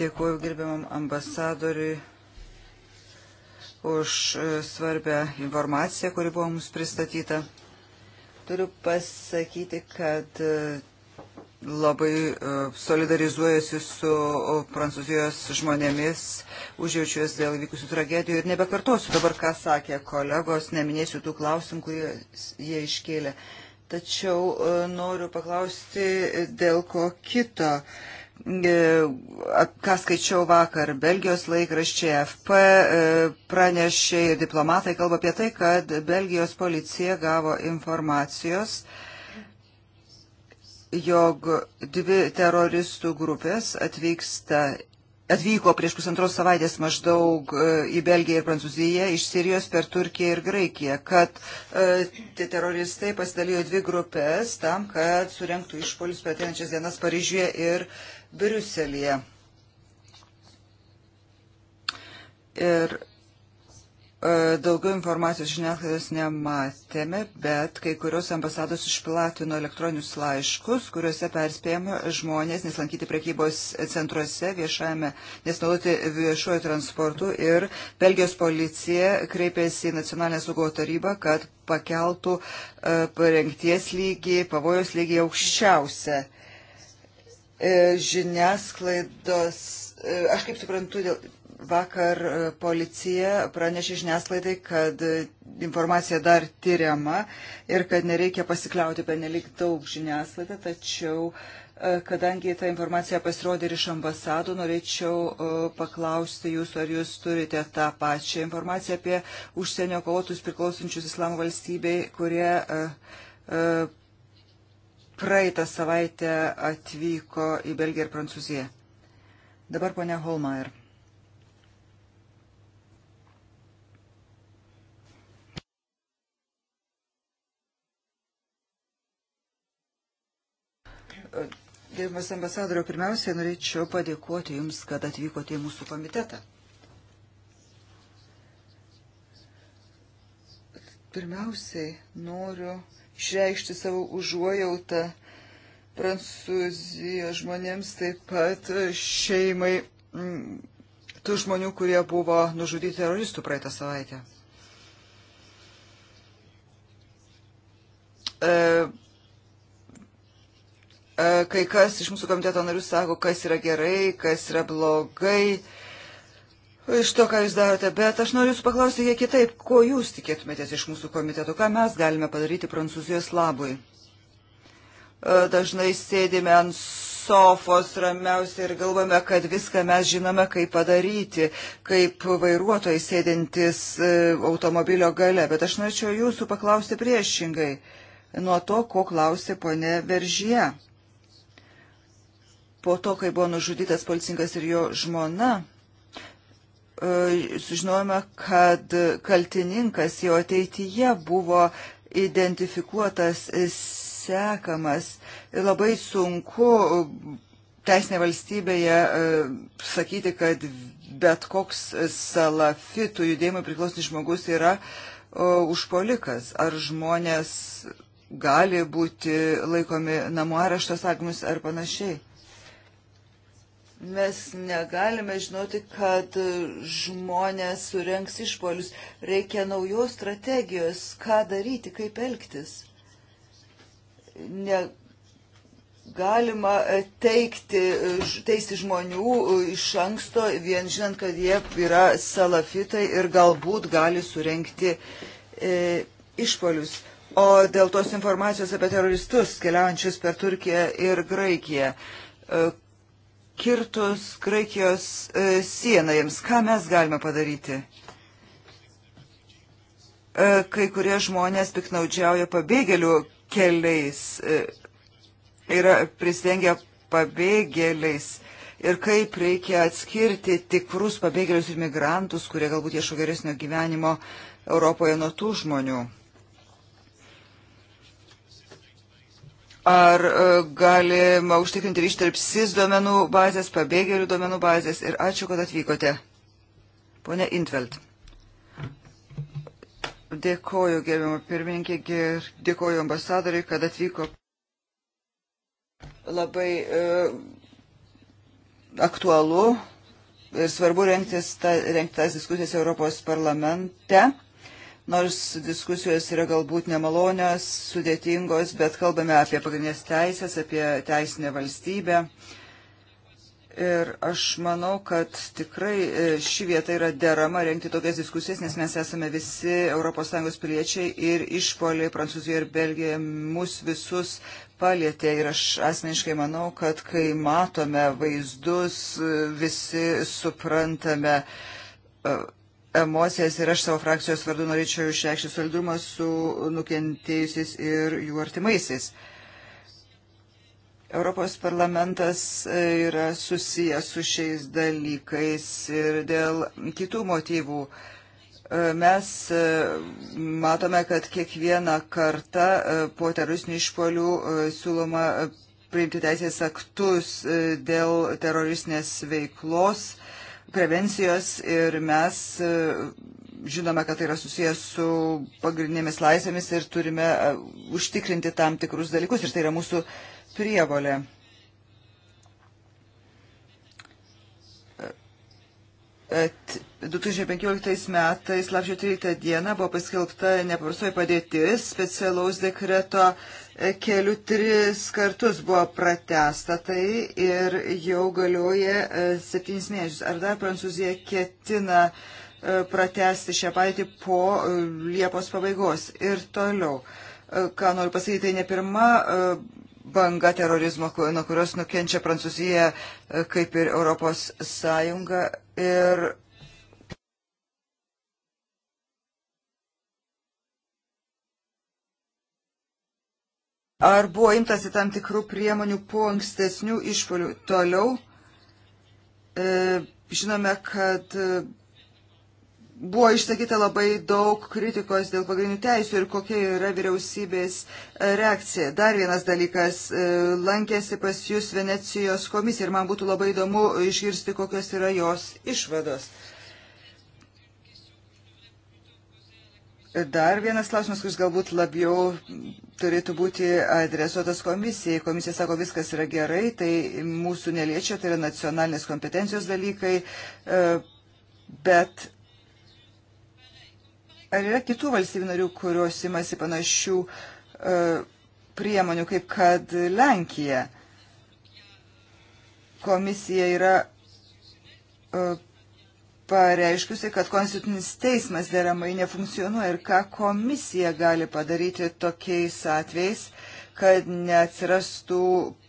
Dėkuoju gerbiamam ambasadoriui už e, svarbę informaciją, kuri buvo mums pristatyta. Turiu pasakyti, kad e, labai e, solidarizuojasi su prancūzijos žmonėmis, užjaučiu jas dėl įvykusių tragedijų ir nebekartosiu dabar, ką sakė kolegos, neminėsiu tų klausimų, kurie jie iškėlė. Tačiau noriu paklausti dėl ko kito. Uh, E, ką skaičiau vakar, Belgijos laikraščiai FP e, pranešė ir diplomatai kalba apie tai, kad Belgijos policija gavo informacijos, jog dvi teroristų grupės atvyksta, atvyko prieš pusantros savaitės maždaug e, į Belgiją ir Prancūziją iš Sirijos per Turkiją ir Graikiją, kad tie teroristai pasidalijo dvi grupės tam, kad surenktų išpolius per ateinančias dienas Paryžiuje ir Paryžiuje Briuselėje. Ir e, Daugiau informacijos žiniasklaidos nematėme, bet kai kurios ambasados išplatino elektroninius laiškus, kuriuose perspėjama žmonės neslankyti prekybos centruose viešajame, nesinaudoti viešuoju transportu ir Belgijos policija kreipėsi į nacionalinę saugumo tarybą, kad pakeltų e, parengties lygį, pavojos lygį aukščiausią E, žiniasklaidos, e, aš kaip suprantu, vakar e, policija pranešė žiniasklaidai, kad informacija dar tyriama ir kad nereikia pasikliauti penelik daug žiniasklaidą, tačiau kadangi ta informacija pasirodė ir iš ambasadų, norėčiau paklausti jūsų, ar jūs turite tą pačią informaciją apie užsienio kovotus priklausančius Islamo valstybei, kurie praeitą savaitę atvyko į Belgiją ir Prancūziją. Dabar ponia Holmaier. Gerbiamas ambasadorio, pirmiausiai norėčiau padėkoti Jums, kad atvykote į mūsų komitetą. Pirmiausiai noriu išreikšti savo užuojautą Prancūzijos žmonėms, taip pat šeimai mm, tų žmonių, kurie buvo nužudyti teroristų praeitą savaitę. E, e, kai kas iš mūsų komiteto narių sako, kas yra gerai, kas yra blogai, iš to, ką jūs darote, bet aš noriu jūsų paklausti kiek kitaip, ko jūs tikėtumėtės iš mūsų komiteto, ką mes galime padaryti Prancūzijos labui. E, dažnai sėdime ant sofos ramiausiai ir galvome, kad viską mes žinome, kaip padaryti, kaip vairuotojai sėdintis e, automobilio gale, bet aš norėčiau jūsų paklausti priešingai nuo to, ko klausė ponė Veržyje. Po to, kai buvo nužudytas policininkas ir jo žmona, E, sužinojome, kad kaltininkas jau ateityje buvo identifikuotas, sekamas. Labai sunku teisinė valstybėje e, sakyti, kad bet koks salafitų judėjimui priklausantis žmogus yra e, užpolikas. Ar žmonės gali būti laikomi namų areštos agmus ar panašiai. Mes negalime žinoti, kad žmonės surenks išpolius. Reikia naujos strategijos, ką daryti, kaip elgtis. Negalima e, teikti, e, teisti žmonių e, iš anksto, vien žinant, kad jie yra salafitai ir galbūt gali surenkti e, išpolius. O dėl tos informacijos apie teroristus keliaujančius per Turkiją ir Graikiją. E, kirtus Graikijos e, sieną jiems, ką mes galime padaryti? E, kai kurie žmonės piknaudžiauja pabėgėlių keliais, e, yra prisidengę pabėgėliais. Ir kaip reikia atskirti tikrus pabėgėlius ir migrantus, kurie galbūt ieško geresnio gyvenimo Europoje nuo tų žmonių. Ar e, galima užtikrinti ryšį tarp SIS duomenų bazės, pabėgėlių duomenų bazės ir ačiū, kad atvykote. Pone Intveld. Dėkoju, gerbimo pirmininkė, ger... dėkoju ambasadoriai, kad atvyko. Labai e, aktualu ir svarbu rengtis ta, rengtas diskusijas Europos parlamente nors diskusijos yra galbūt nemalonios, sudėtingos, bet kalbame apie pagrindinės teisės, apie teisinę valstybę. Ir aš manau, kad tikrai e, ši vieta yra derama rengti tokias diskusijas, nes mes esame visi ES piliečiai ir išpoliai Prancūzijoje ir Belgijoje mus visus palėtė. Ir aš asmeniškai manau, kad kai matome vaizdus, e, visi suprantame e, emocijas ir aš savo frakcijos vardu norėčiau išreikšti solidarumą su nukentėjusiais ir jų artimaisiais. Europos parlamentas e, yra susijęs su šiais dalykais ir dėl kitų motyvų. E, mes e, matome, kad kiekvieną kartą po teroristinių išpolių siūloma priimti teisės aktus dėl teroristinės veiklos prevencijos ir mes e, žinome, kad tai yra susijęs su pagrindinėmis laisvėmis ir turime e, užtikrinti tam tikrus dalykus ir tai yra mūsų prievolė. 2015 metais, lapčio 13 dieną, buvo paskelbta nepaprastoji padėtis, specialaus dekreto e, kelių tris kartus buvo pratesta tai ir jau galioja e, septynis mėnesius. Ar dar Prancūzija ketina e, pratesti šią patį po Liepos pabaigos ir toliau? Ką noriu pasakyti, tai ne pirma banga terorizmo, nuo kurios nukenčia Prancūzija e, kaip ir Europos Sąjunga. Ir ar buvo imtasi tam tikrų priemonių po ankstesnių išpolių toliau? E, žinome, kad e, Buvo išsakyta labai daug kritikos dėl pagrindinių teisų ir kokia yra vyriausybės e, reakcija. Dar vienas dalykas, e, lankėsi pas jūs Venecijos komisija ir man būtų labai įdomu išgirsti, kokios yra jos išvados. Dar vienas klausimas, kuris galbūt labiau turėtų būti adresuotas komisijai. Komisija sako, viskas yra gerai, tai mūsų neliečia, tai yra nacionalinės kompetencijos dalykai, e, bet Ar yra kitų valstybių narių, kurios imasi panašių e, priemonių, kaip kad Lenkija? Komisija yra e, pareiškusi, kad konstitucinis teismas deramai nefunkcionuoja ir ką komisija gali padaryti tokiais atvejais, kad neatsirastų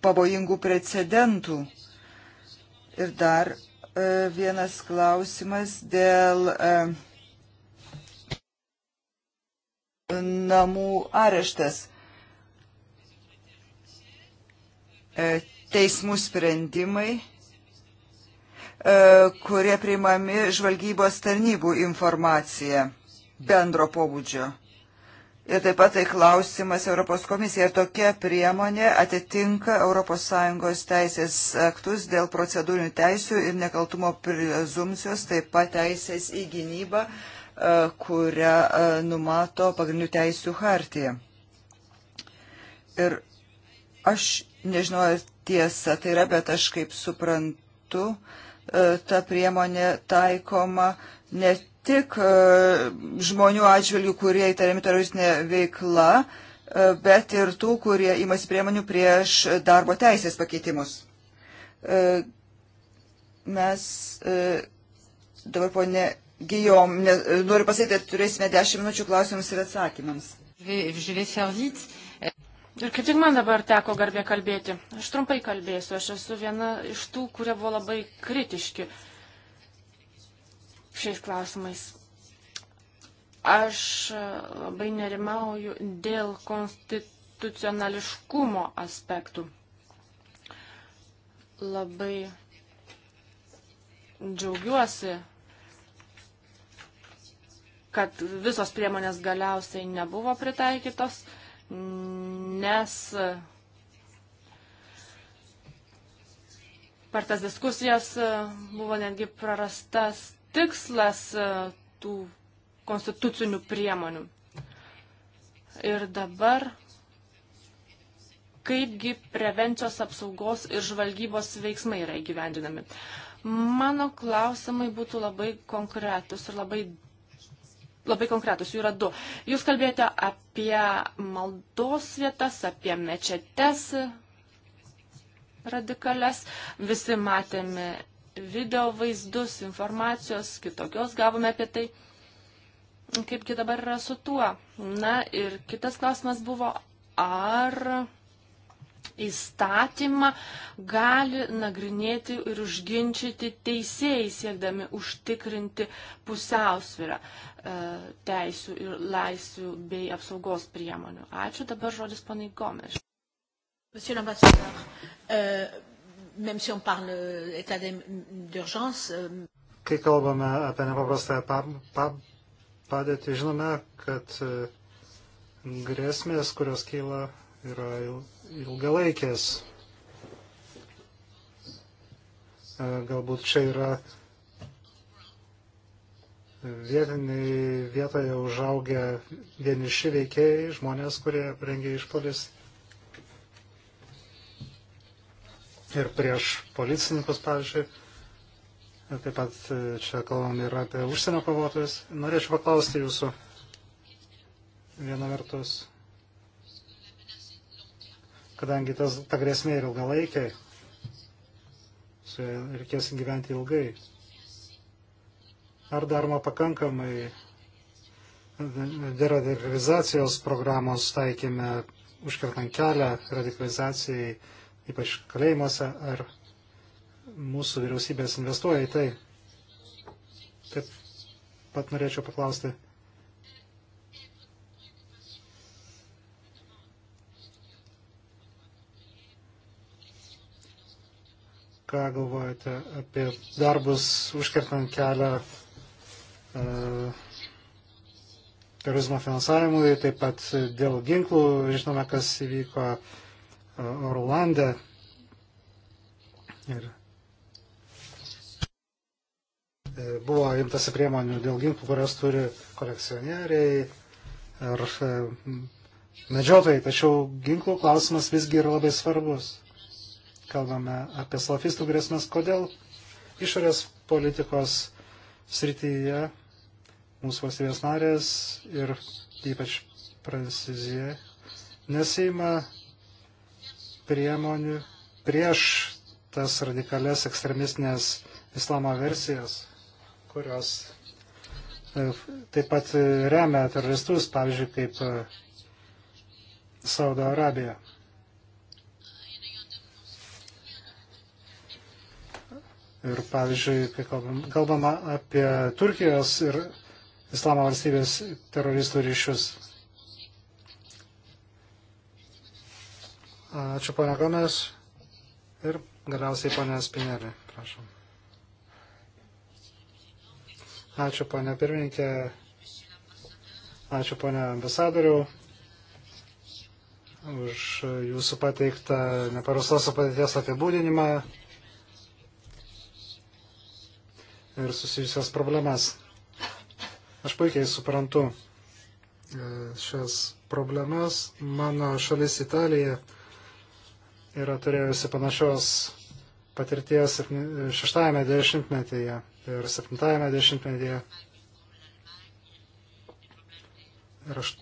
pavojingų precedentų. Ir dar e, vienas klausimas dėl namų areštas. E, teismų sprendimai, e, kurie priimami žvalgybos tarnybų informacija bendro pobūdžio. Ir taip pat tai klausimas Europos komisija. Ar tokia priemonė atitinka ES teisės aktus dėl procedūrinių teisių ir nekaltumo prezumcijos, taip pat teisės į gynybą, E, kurią e, numato pagrindinių teisių hartija. Ir aš nežinau, ar tiesa tai yra, bet aš kaip suprantu, e, ta priemonė taikoma ne tik žmonių atžvilgių, kurie įtariami teroristinė veikla, bet ir tų, kurie imasi priemonių prieš darbo teisės pakeitimus. Mes dabar ponė Gijom, ne, noriu pasakyti, kad turėsime 10 minučių klausimams ir atsakymams. Ir kaip tik man dabar teko garbė kalbėti. Aš trumpai kalbėsiu, aš esu viena iš tų, kurie buvo labai kritiški šiais klausimais. Aš e, labai nerimauju dėl konstitucionališkumo aspektų. Labai džiaugiuosi kad visos priemonės galiausiai nebuvo pritaikytos, nes per tas diskusijas buvo netgi prarastas tikslas tų konstitucinių priemonių. Ir dabar, kaipgi prevencijos apsaugos ir žvalgybos veiksmai yra įgyvendinami. Mano klausimai būtų labai konkretus ir labai labai konkretus, jų yra du. Jūs kalbėjote apie maldos vietas, apie mečetes radikales. Visi matėme video vaizdus, informacijos, kitokios gavome apie tai. Kaipgi dabar yra su tuo? Na ir kitas klausimas buvo, ar įstatymą gali nagrinėti ir užginčyti teisėjai, siekdami užtikrinti pusiausvyrą e, teisų ir laisvių bei apsaugos priemonių. Ačiū, dabar žodis panai Gomes. Monsieur l'ambassadeur, euh, même si on parle euh, état d'urgence. Euh... Kai kalbame apie nepaprastąją pa, pa, padėtį, žinome, kad e, grėsmės, kurios kyla, yra ilgalaikės. E, galbūt čia yra vietiniai vietoje užaugę vieniši veikėjai, žmonės, kurie rengia išpolis. Ir prieš policininkus, pavyzdžiui, e, taip pat e, čia kalbam ir apie užsienio kovotojus. Norėčiau paklausti jūsų viena vertus kadangi tas, ta grėsmė yra ilgalaikė, su ja reikės gyventi ilgai. Ar daroma pakankamai deradikalizacijos programos taikymė, užkertant kelią radikalizacijai, ypač kalėjimuose, ar mūsų vyriausybės investuoja į tai. Taip pat norėčiau paklausti, ką galvojate apie darbus užkertant kelią e, terorizmo finansavimui, taip pat dėl ginklų, žinome, kas įvyko e, Orlande. Ir e, buvo imtasi priemonių dėl ginklų, kurias turi kolekcionieriai ir medžiotojai, tačiau ginklų klausimas visgi yra labai svarbus kalbame apie salafistų grėsmės, kodėl išorės politikos srityje mūsų valstybės narės ir ypač Prancūzija nesima priemonių prieš tas radikales ekstremistinės islamo versijas, kurios e, taip pat remia teroristus, pavyzdžiui, kaip e, Saudo Arabija. Ir pavyzdžiui, kai kalbama apie Turkijos ir Islamo valstybės teroristų ryšius. Ačiū, ponia Gomes. Ir galiausiai ponia Spinelė, prašom. Ačiū, ponia pirmininkė. Ačiū, ponia ambasadoriu, už jūsų pateiktą neparusos padėties apibūdinimą ir susijusias problemas. Aš puikiai suprantu e, šias problemas. Mano šalis Italija yra turėjusi panašios patirties 6-ame dešimtmetyje ir 7-ame dešimtmetyje. Ir, aš,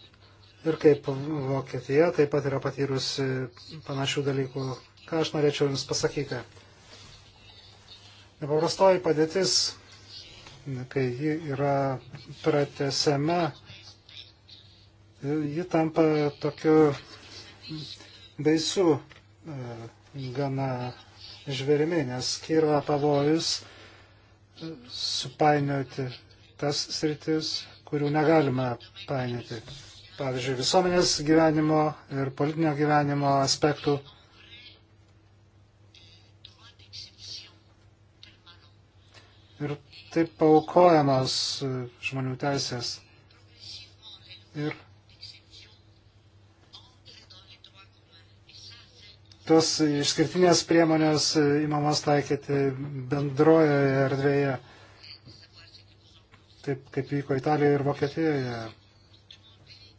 ir kaip Vokietija taip pat yra patyrusi panašių dalykų. Ką aš norėčiau Jums pasakyti? Nepaprastoji padėtis kai ji yra pratesiama, ji tampa tokiu baisiu e, gana žvėrimi, nes kyla pavojus e, supainioti tas sritis, kurių negalima painioti. Pavyzdžiui, visuomenės gyvenimo ir politinio gyvenimo aspektų. Ir taip paukojamos žmonių teisės. Ir tos išskirtinės priemonės įmamos taikyti bendrojoje erdvėje, taip kaip vyko Italijoje ir Vokietijoje.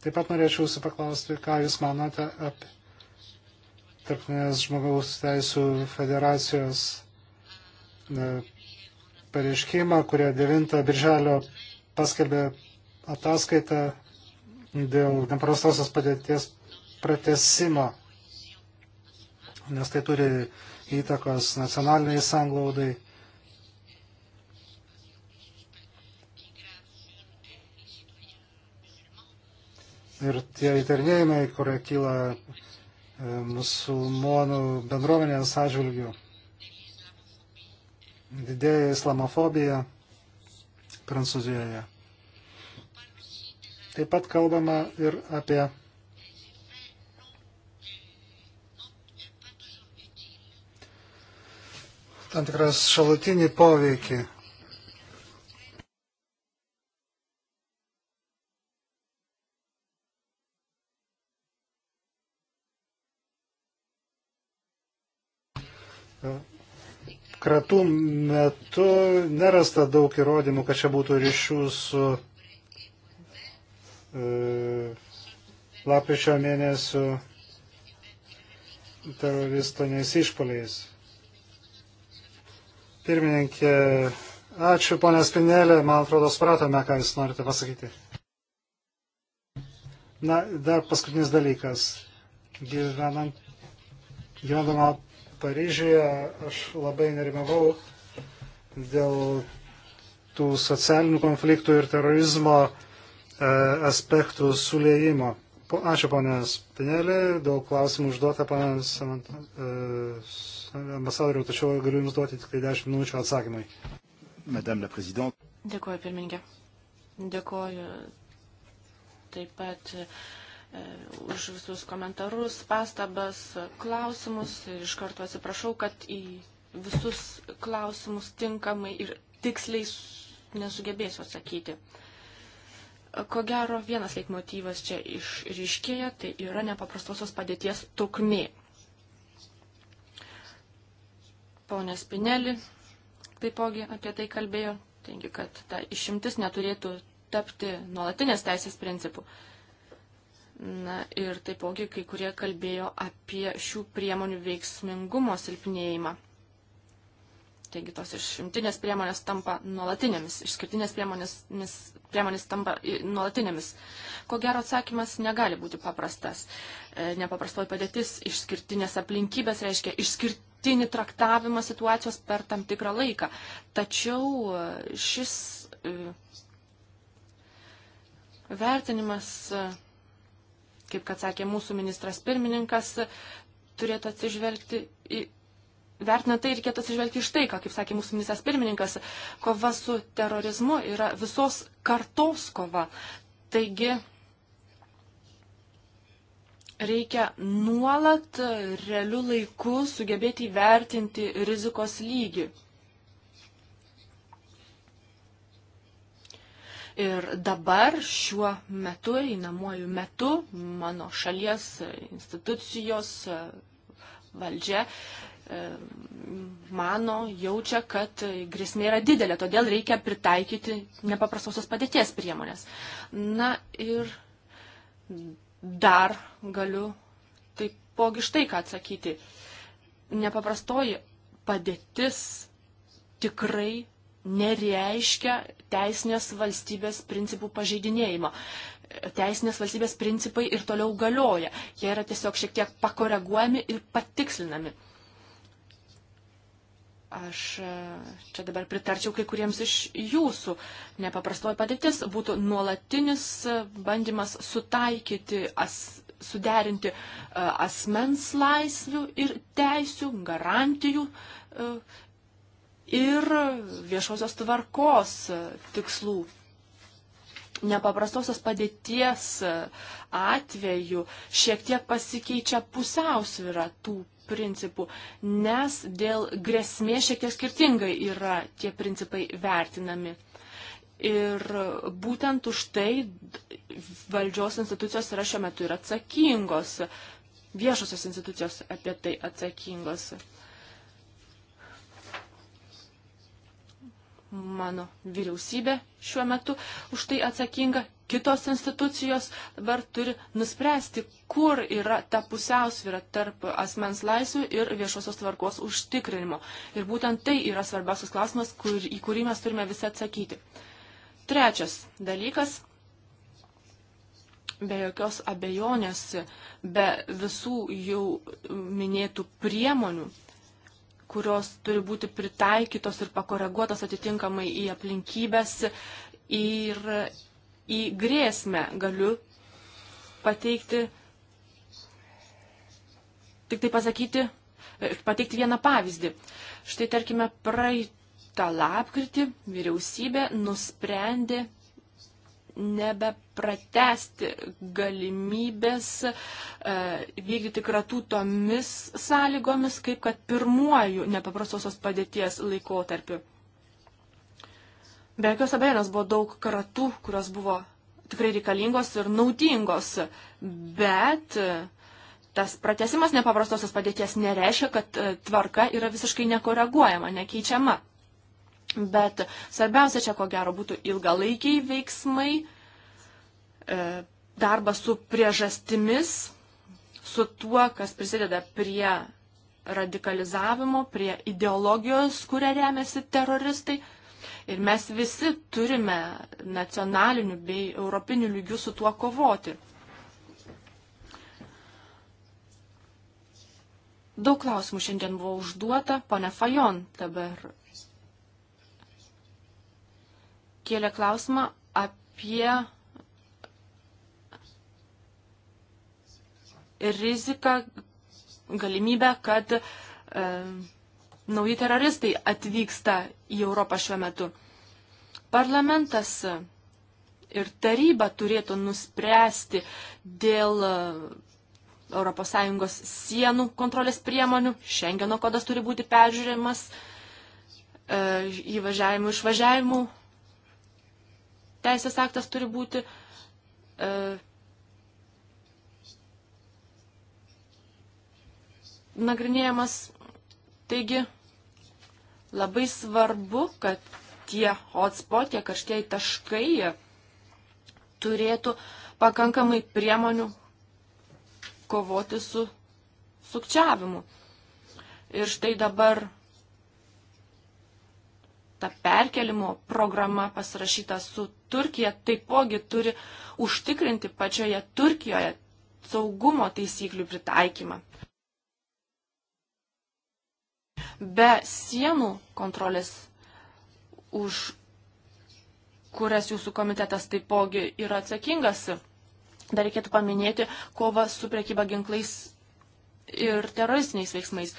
Taip pat norėčiau jūsų paklausti, ką jūs manote apie Tarptinės žmogaus teisų federacijos e, pareiškimą, kurie 9 birželio paskelbė ataskaitą dėl neprastosios padėties pratesimo, nes tai turi įtakos nacionaliniai sanglaudai. Ir tie įtarnėjimai, kurie kyla e, musulmonų bendruomenės atžvilgių didėja islamofobija Prancūzijoje. Taip pat kalbama ir apie tam tikras šalutinį poveikį kratų metu nerasta daug įrodymų, kad čia būtų ryšių su e, lapkričio mėnesių teroristoniais išpoliais. Pirmininkė, ačiū ponė Spinelė, man atrodo, supratome, ką jūs norite pasakyti. Na, dar paskutinis dalykas. Gyvenant, gyvendama Paryžyje aš labai nerimavau dėl tų socialinių konfliktų ir terorizmo e, aspektų sulėjimo. Ačiū, ponės Pinelė, daug klausimų užduota, ponės e, ambasadoriu, tačiau galiu jums duoti tik 10 tai minučių atsakymai. Madame la Présidente. Dėkuoju, pirmininkė. Dėkuoju taip pat E, už visus komentarus, pastabas, klausimus. Ir iš karto atsiprašau, kad į visus klausimus tinkamai ir tiksliai nesugebėsiu atsakyti. Ko gero, vienas leitmotyvas čia išryškėja, tai yra nepaprastosios padėties trukmė. Pone Spinelį taipogi apie tai kalbėjo, taigi, kad ta išimtis neturėtų tapti nuolatinės teisės principų. Uh, Na ir taipogi kai kurie kalbėjo apie šių priemonių veiksmingumo silpnėjimą. Taigi tos išimtinės priemonės tampa nuolatinėmis, išskirtinės priemonės, priemonės tampa nuolatinėmis. Ko gero atsakymas negali būti paprastas. E, nepaprastoji padėtis, išskirtinės aplinkybės reiškia išskirtinį traktavimą situacijos per tam tikrą laiką. Tačiau e, šis e, vertinimas kaip kad sakė mūsų ministras pirmininkas, turėtų atsižvelgti į. Vertinant tai, reikėtų atsižvelgti iš tai, ką, kaip sakė mūsų ministras pirmininkas, kova su terorizmu yra visos kartos kova. Taigi reikia nuolat realiu laiku sugebėti įvertinti rizikos lygį. Ir dabar šiuo metu, įnamuoju metu, mano šalies institucijos e, valdžia e, mano, jaučia, kad grėsmė yra didelė, todėl reikia pritaikyti nepaprastosios padėties priemonės. Na ir dar galiu taipogi štai ką atsakyti. Nepaprastoji padėtis tikrai nereiškia teisinės valstybės principų pažeidinėjimo. Teisinės valstybės principai ir toliau galioja. Jie yra tiesiog šiek tiek pakoreguojami ir patikslinami. Aš e, čia dabar pritarčiau kai kuriems iš jūsų. Nepaprastoji padėtis būtų nuolatinis e, bandymas sutaikyti as, suderinti e, asmens laisvių ir teisių, garantijų ir viešosios tvarkos tikslų. Nepaprastosios padėties atveju šiek tiek pasikeičia pusiausvyrą tų principų, nes dėl grėsmės šiek tiek skirtingai yra tie principai vertinami. Ir būtent už tai valdžios institucijos yra šiuo metu ir atsakingos, viešosios institucijos apie tai atsakingos. Uh, mano vyriausybė šiuo metu už tai atsakinga, kitos institucijos dabar turi nuspręsti, kur yra ta pusiausvyrą tarp asmens laisvių ir viešosios tvarkos užtikrinimo. Ir būtent tai yra svarbiausias klausimas, kur, į kurį mes turime visi atsakyti. Trečias dalykas. Be jokios abejonės, be visų jau minėtų priemonių kurios turi būti pritaikytos ir pakoreguotos atitinkamai į aplinkybės ir į grėsmę galiu pateikti, tik tai pasakyti, pateikti vieną pavyzdį. Štai tarkime, praeitą lapkritį vyriausybė nusprendė nebepratesti galimybės e, vykdyti kratų tomis sąlygomis, kaip kad pirmuoju nepaprastosios padėties laikotarpiu. Be jokios abejonės buvo daug kratų, kurios buvo tikrai reikalingos ir naudingos, bet e, tas pratesimas nepaprastosios padėties nereiškia, kad e, tvarka yra visiškai nekoreguojama, nekeičiama. Bet svarbiausia čia, ko gero, būtų ilgalaikiai veiksmai, e, darbas su priežastimis, su tuo, kas prisideda prie radikalizavimo, prie ideologijos, kuria remiasi teroristai. Ir mes visi turime nacionaliniu bei europiniu lygiu su tuo kovoti. Daug klausimų šiandien buvo užduota. Pone Fajon dabar kėlė klausimą apie riziką, galimybę, kad e, nauji teroristai atvyksta į Europą šiuo metu. Parlamentas ir taryba turėtų nuspręsti dėl ES sienų kontrolės priemonių. Šengeno kodas turi būti peržiūrimas e, įvažiavimų, išvažiavimų teisės aktas turi būti. E, nagrinėjamas, taigi labai svarbu, kad tie hotspot, tie karštieji taškai turėtų pakankamai priemonių kovoti su sukčiavimu. Ir štai dabar ta perkelimo programa pasirašyta su Turkija taipogi turi užtikrinti pačioje Turkijoje saugumo taisyklių pritaikymą. Be sienų kontrolės, už kurias jūsų komitetas taipogi yra atsakingas, dar reikėtų paminėti kovą su priekyba ginklais ir teroristiniais veiksmais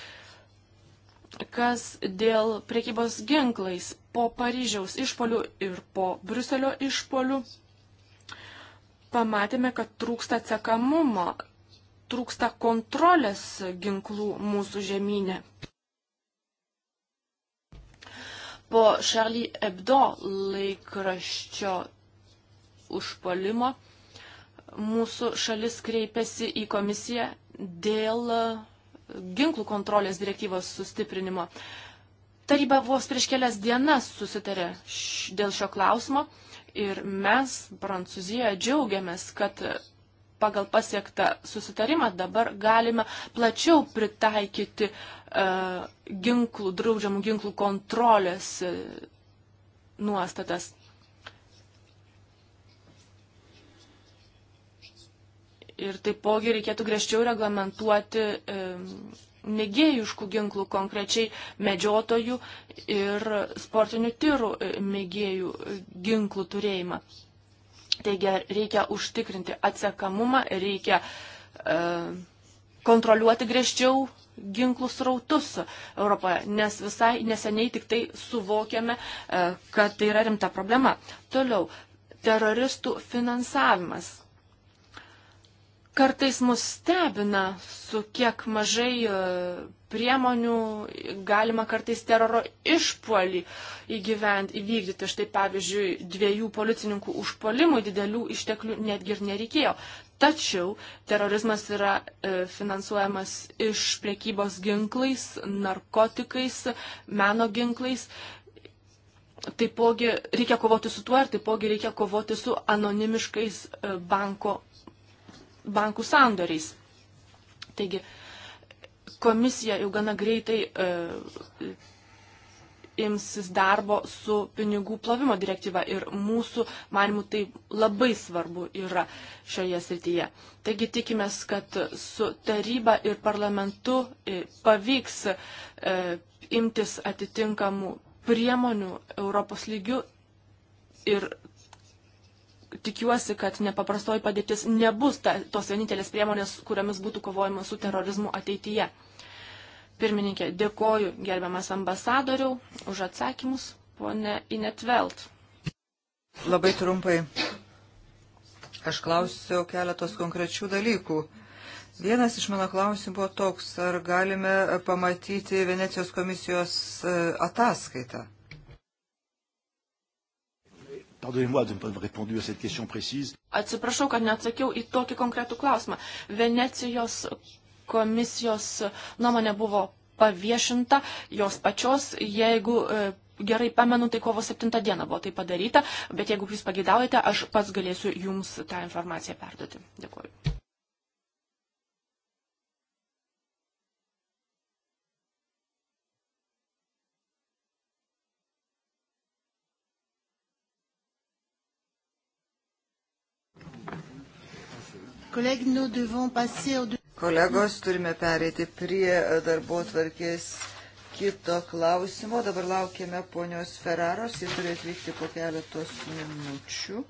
kas dėl priekybos ginklais po Paryžiaus išpolių ir po Bruselio išpolių pamatėme, kad trūksta atsekamumo, trūksta kontrolės ginklų mūsų žemynė. Po Charlie Hebdo laikraščio užpolimo mūsų šalis kreipėsi į komisiją dėl ginklų kontrolės direktyvos sustiprinimo. Taryba vos prieš kelias dienas susitarė dėl šio klausimo ir mes Prancūzijoje džiaugiamės, kad pagal pasiektą susitarimą dabar galime plačiau pritaikyti uh, ginklų, draudžiamų ginklų kontrolės uh, nuostatas. ir taipogi reikėtų griežčiau reglamentuoti e, mėgėjiškų ginklų, konkrečiai medžiotojų ir sportinių tyrų e, mėgėjų e, ginklų turėjimą. Taigi reikia užtikrinti atsekamumą, reikia e, kontroliuoti griežčiau ginklų srautus Europoje, nes visai neseniai tik tai suvokėme, e, kad tai yra rimta problema. Toliau, teroristų finansavimas kartais mus stebina, su kiek mažai e, priemonių galima kartais teroro išpuolį įgyvent, įvykdyti. Štai pavyzdžiui, dviejų policininkų užpuolimų didelių išteklių netgi ir nereikėjo. Tačiau terorizmas yra e, finansuojamas iš priekybos ginklais, narkotikais, meno ginklais. Taipogi reikia kovoti su tuo ir taipogi reikia kovoti su anonimiškais e, banko bankų sandoriais. Taigi, komisija jau gana greitai e, imsis darbo su pinigų plovimo direktyva ir mūsų manimų tai labai svarbu yra šioje srityje. Taigi tikimės, kad su taryba ir parlamentu e, pavyks e, imtis atitinkamų priemonių Europos lygių ir tikiuosi, kad nepaprastoji padėtis nebus ta, tos vienintelės priemonės, kuriamis būtų kovojama su terorizmu ateityje. Pirmininkė, dėkoju gerbiamas ambasadoriau už atsakymus, ponė Inetvelt. Labai trumpai. Aš klausiau keletos konkrečių dalykų. Vienas iš mano klausimų buvo toks, ar galime pamatyti Venecijos komisijos e, ataskaitą. Pardonnez-moi de ne pas répondu à cette question précise. Atsiprašau, kad neatsakiau į tokį konkretų klausimą. Venecijos komisijos nuomonė buvo paviešinta jos pačios, jeigu e, gerai pamenu, tai kovo 7 dieną buvo tai padaryta, bet jeigu jūs pageidaujate, aš pats galėsiu jums tą informaciją perduoti. Dėkuoju. Kolegos, turime pereiti prie darbo tvarkės kito klausimo. Dabar laukiame ponios Ferraros, jie turi atvykti po keletos minučių.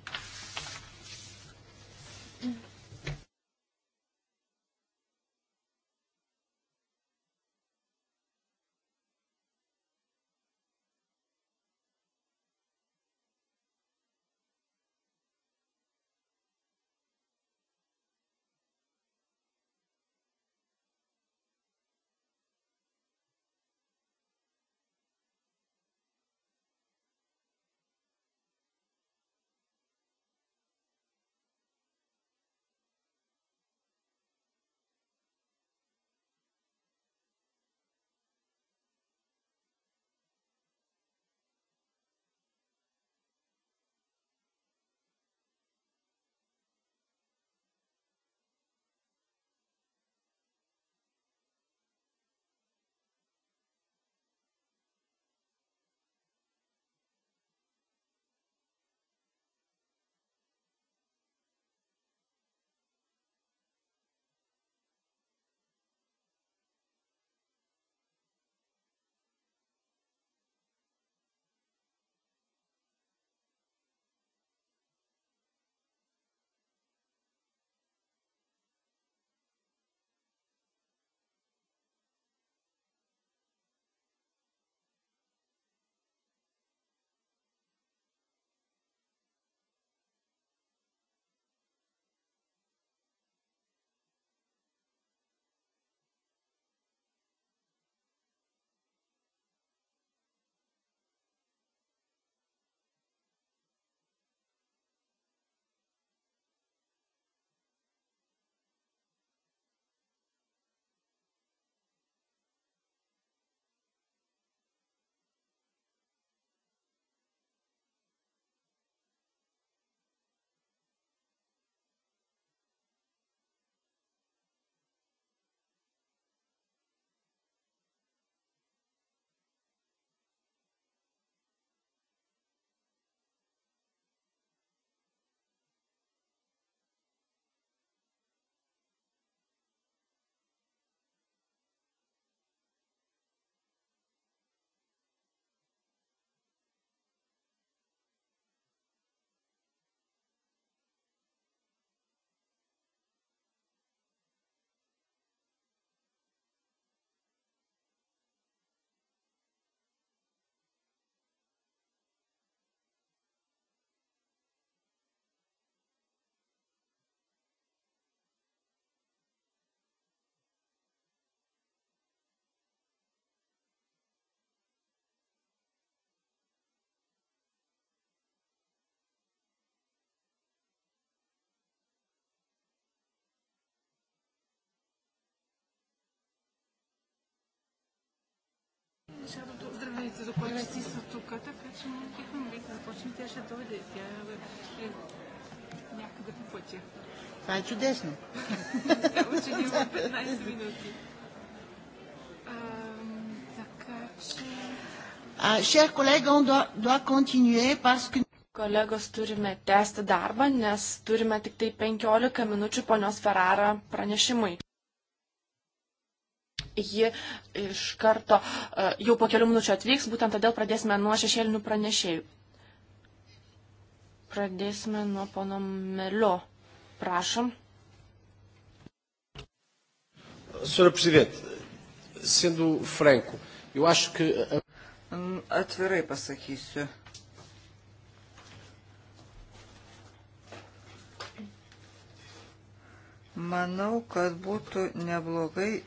началото. Здравейте, доколко си са тук, така че не бихме могли да започнем. Тя ще дойде. Тя е някъде по пътя. Това е чудесно. Само, че има 15 минути. А, така че... А, шер колега, он doit, doit continuer parce que kolegos turime tęsti darbą, nes turime tik tai 15 minučių ponios Ferrara pranešimui ji iš karto e, jau po kelių minučių atvyks, būtent todėl pradėsime nuo šešėlinių pranešėjų. Pradėsime nuo pono Melio. Prašom. Sra. Presidente, sendo franco, eu acho que. Atvirai pasakysiu. Manau, kad būtų neblogai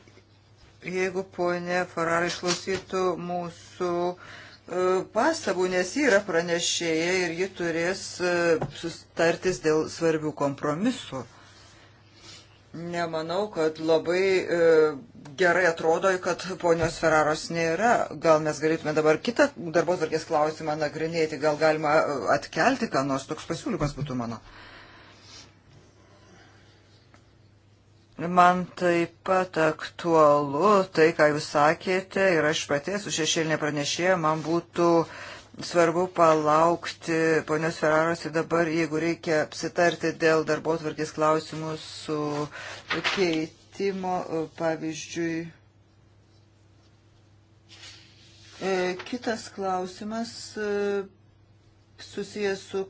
jeigu ponė Farar išklausytų mūsų e, pastabų, nes ji yra pranešėja ir ji turės e, sustartis dėl svarbių kompromisų. Nemanau, kad labai e, gerai atrodo, kad ponios Ferraros nėra. Gal mes galėtume dabar kitą darbos varkės klausimą nagrinėti, gal galima e, atkelti, ką nors toks pasiūlymas būtų mano. E, Man taip pat aktualu tai, ką jūs sakėte, ir aš pati esu šešėlinė pranešėja, man būtų svarbu palaukti ponios Ferraros ir dabar, jeigu reikia apsitarti dėl darbo tvarkės klausimų su keitimo, pavyzdžiui. E, kitas klausimas e, susijęs su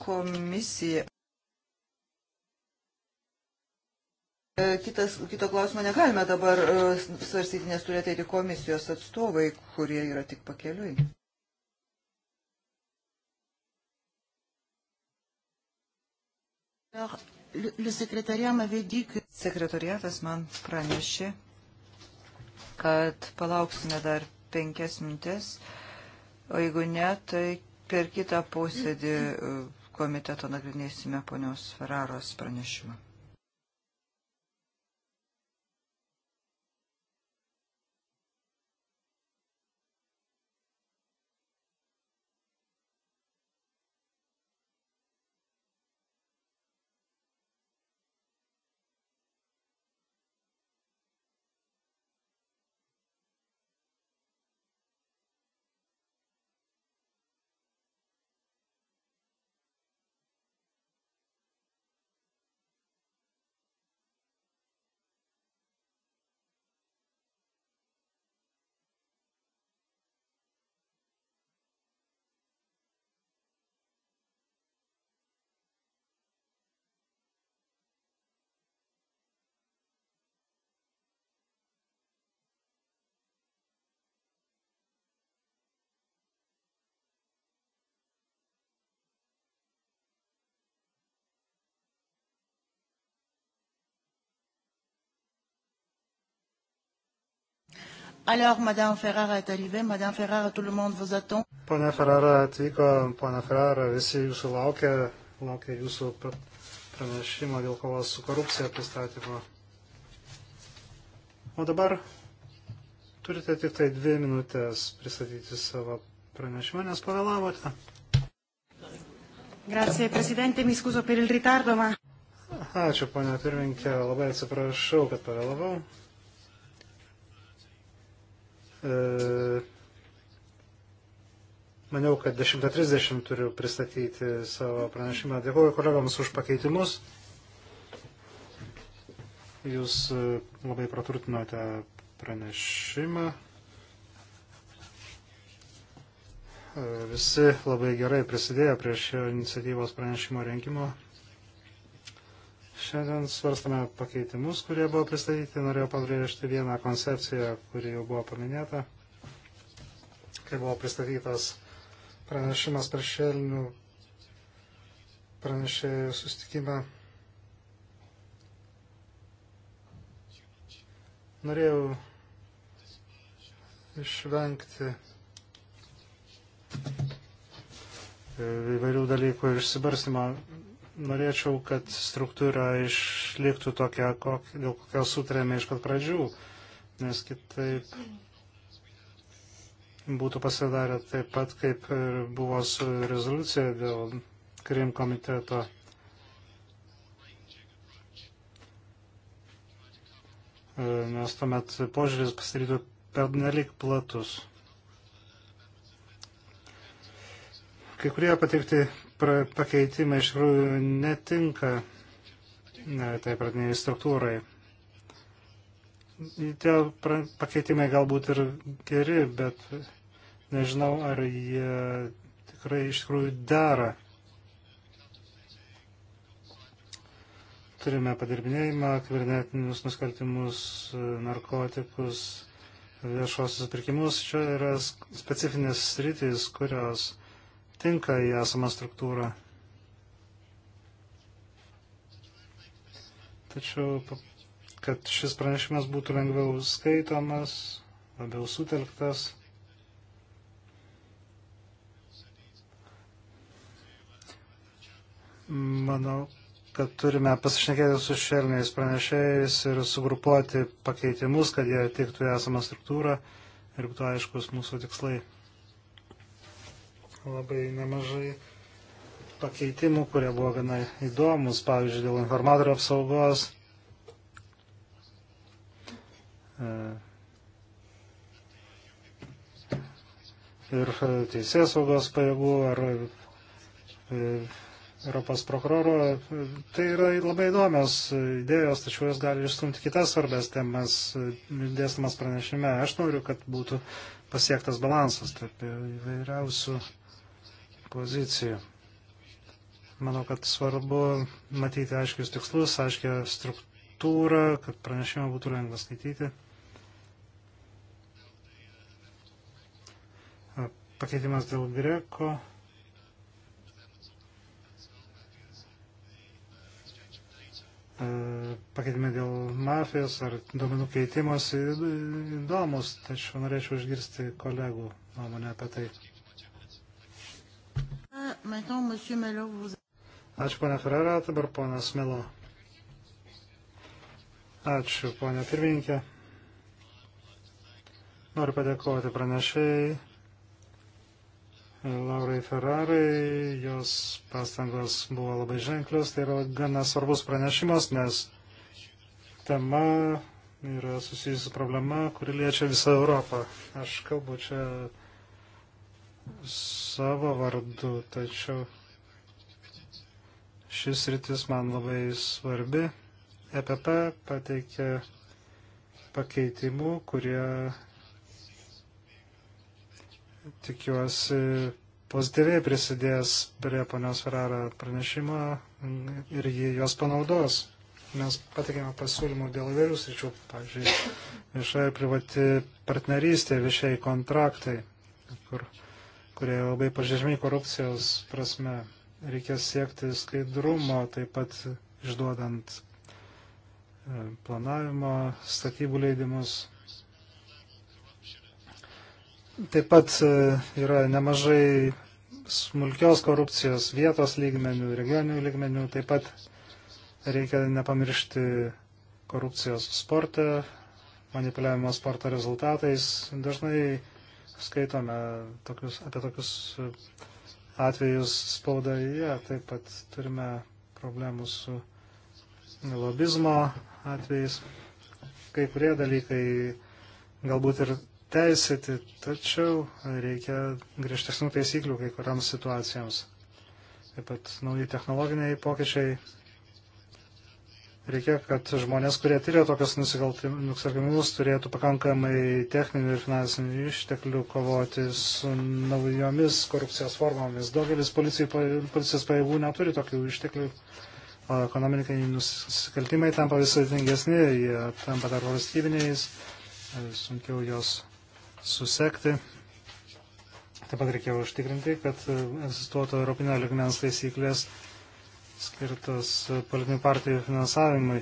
komisija. E, kitas, kito klausimo negalime dabar e, svarstyti, nes turi ateiti komisijos atstovai, kurie yra tik pakeliui. Sekretariatas man pranešė, kad palauksime dar penkias minutės, o jeigu ne, tai per kitą posėdį e, komiteto nagrinėsime ponios Ferraros pranešimą. Alors, Madame Ferrara est arrivée. Madame Ferrara, tout le monde vous attend. Pone Ferrara atvyko, pone Ferrara, visi jūsų laukia, laukia jūsų pranešimo dėl kovos su korupcija pristatymo. O dabar turite tik tai dvi minutės pristatyti savo pranešimą, nes pavėlavote. Grazie, Presidente, mi scuso per il ritardo, ma... Ačiū, ponia pirminkė, labai atsiprašau, kad pavėlavau e, maniau, kad 10.30 turiu pristatyti savo pranešimą. Dėkuoju kolegams už pakeitimus. Jūs e, labai praturtinote pranešimą. E, visi labai gerai prisidėjo prie šio iniciatyvos pranešimo rinkimo. Šiandien svarstame pakeitimus, kurie buvo pristatyti. Norėjau pabrėžti vieną koncepciją, kuri jau buvo paminėta, kai buvo pristatytas pranešimas per šelnių pranešėjų sustikimą. Norėjau išvengti įvairių dalykų ir išsibarsimo norėčiau, kad struktūra išliktų tokia, kok, dėl kokios sutarėme iš pat pradžių, nes kitaip būtų pasidarę taip pat, kaip ir buvo su rezoliucija dėl Krim komiteto. E, nes tuomet požiūris pasidarytų per nelik platus. Kai kurie pateikti pakeitimai iš tikrųjų netinka ne, tai pradiniai struktūrai. Tie pakeitimai galbūt ir geri, bet nežinau, ar jie tikrai iš tikrųjų dera. Turime padirbinėjimą, kibernetinius nusikaltimus, narkotikus, viešosius pirkimus. Čia yra specifinės sritys, kurios tinka į esamą struktūrą. Tačiau, kad šis pranešimas būtų lengviau skaitomas, labiau sutelktas, manau, kad turime pasišnekėti su šelniais pranešėjais ir sugrupuoti pakeitimus, kad jie tiktų į esamą struktūrą ir būtų aiškus mūsų tikslai labai nemažai pakeitimų, kurie buvo gana įdomus, pavyzdžiui, dėl informatorių apsaugos. E, ir teisės saugos pajėgų ar e, Europos prokuroro. Tai yra labai įdomios idėjos, tačiau jos gali išstumti kitas svarbės temas e, dėstamas pranešime. Aš noriu, kad būtų pasiektas balansas tarp įvairiausių pozicijų. Manau, kad svarbu matyti aiškius tikslus, aiškę struktūrą, kad pranešimą būtų lengva skaityti. Pakeitimas dėl greko. pakeitimai dėl mafijos ar duomenų keitimas įdomus, tačiau norėčiau išgirsti kolegų nuomonę apie tai. Ačiū, ponia Ferrara, dabar ponas Melo. Ačiū, ponia pirmininkė. Noriu padėkoti pranešėjai Laurai Ferrarai, jos pastangos buvo labai ženklios, tai yra gana svarbus pranešimas, nes tema yra susijusi problema, kuri liečia visą Europą. Aš kalbu čia savo vardu, tačiau šis rytis man labai svarbi. EPP pateikė pakeitimų, kurie tikiuosi pozityviai prisidės prie ponios Ferrara pranešimo ir jį jos panaudos. Mes patikėme pasiūlymų dėl įvairių sričių, pavyzdžiui, viešai ir privati partnerystė, viešai kontraktai, kur kurie labai pažežmiai korupcijos prasme. Reikės siekti skaidrumo, taip pat išduodant e, planavimo, statybų leidimus. Taip pat e, yra nemažai smulkios korupcijos vietos lygmenių, regioninių lygmenių. Taip pat reikia nepamiršti korupcijos sporte, manipuliavimo sporto rezultatais. Dažnai skaitome tokius, apie tokius atvejus spaudoje, taip pat turime problemų su lobizmo atvejais. Kai kurie dalykai galbūt ir teisėti, tačiau reikia griežtesnių taisyklių kai kuriams situacijoms. Taip pat nauji technologiniai pokyčiai Reikia, kad žmonės, kurie tyria tokius nusikaltimus, turėtų pakankamai techninių ir finansinių išteklių kovoti su naujomis korupcijos formomis. Daugelis policijos pajėgų neturi tokių išteklių, o ekonominiai nusikaltimai tampa vis sudėtingesni, jie tampa dar valstybiniais, e, sunkiau jos susekti. Taip pat reikėjo užtikrinti, kad e, egzistuotų Europinio ligmens taisyklės skirtas politinių partijų finansavimui.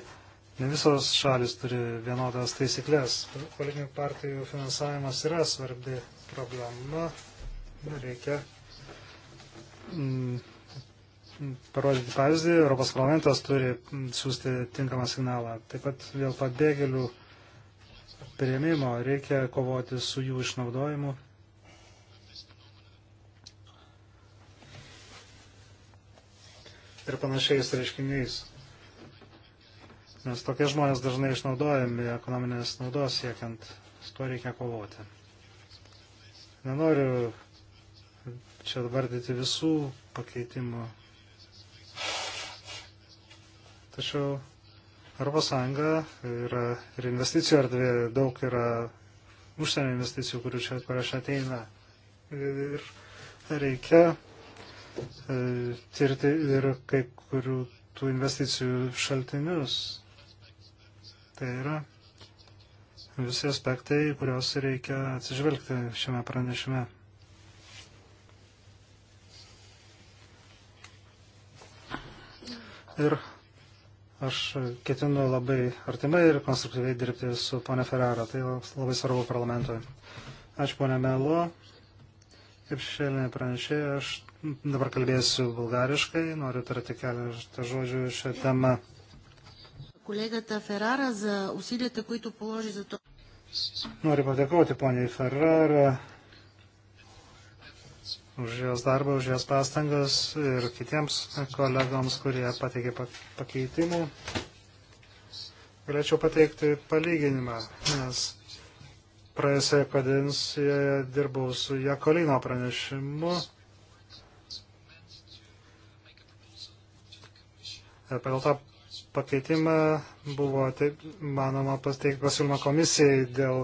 Ne visos šalis turi vienodas taisyklės. Politinių partijų finansavimas yra svarbi problema. Reikia mm, parodyti pavyzdį. Europos parlamentas turi mm, siūsti tinkamą signalą. Taip pat dėl pabėgėlių prieimimo reikia kovoti su jų išnaudojimu ir panašiais reiškiniais. Nes tokie žmonės dažnai išnaudojami ekonominės naudos siekiant, su tuo reikia kovoti. Nenoriu čia vardyti visų pakeitimų. Tačiau ES yra ir investicijų erdvė, daug yra užsienio investicijų, kurių čia, kurio čia ateina. Ir reikia E, tirti ir kai kurių tų investicijų šaltinius. Tai yra visi aspektai, kuriuos reikia atsižvelgti šiame pranešime. Ir aš ketinu labai artimai ir konstruktyviai dirbti su ponia Ferrara. Tai labai svarbu parlamentui. Ačiū ponia Melo. Kaip šešėlinė pranešėja, aš Dabar kalbėsiu bulgariškai, noriu tarti keletą žodžių šią temą. Kolegata Ferrara za усилията, които положи за това. Noriu padėkoti poniai Ferrara už jos darbą, už jos pastangas ir kitiems kolegoms, kurie pateikė pakeitimų. Galėčiau pateikti palyginimą, nes praėjusioje kadencijoje dirbau su Jakolino pranešimu Pagal tą pakeitimą buvo, taip manoma, pasteikti pasiūlymą komisijai dėl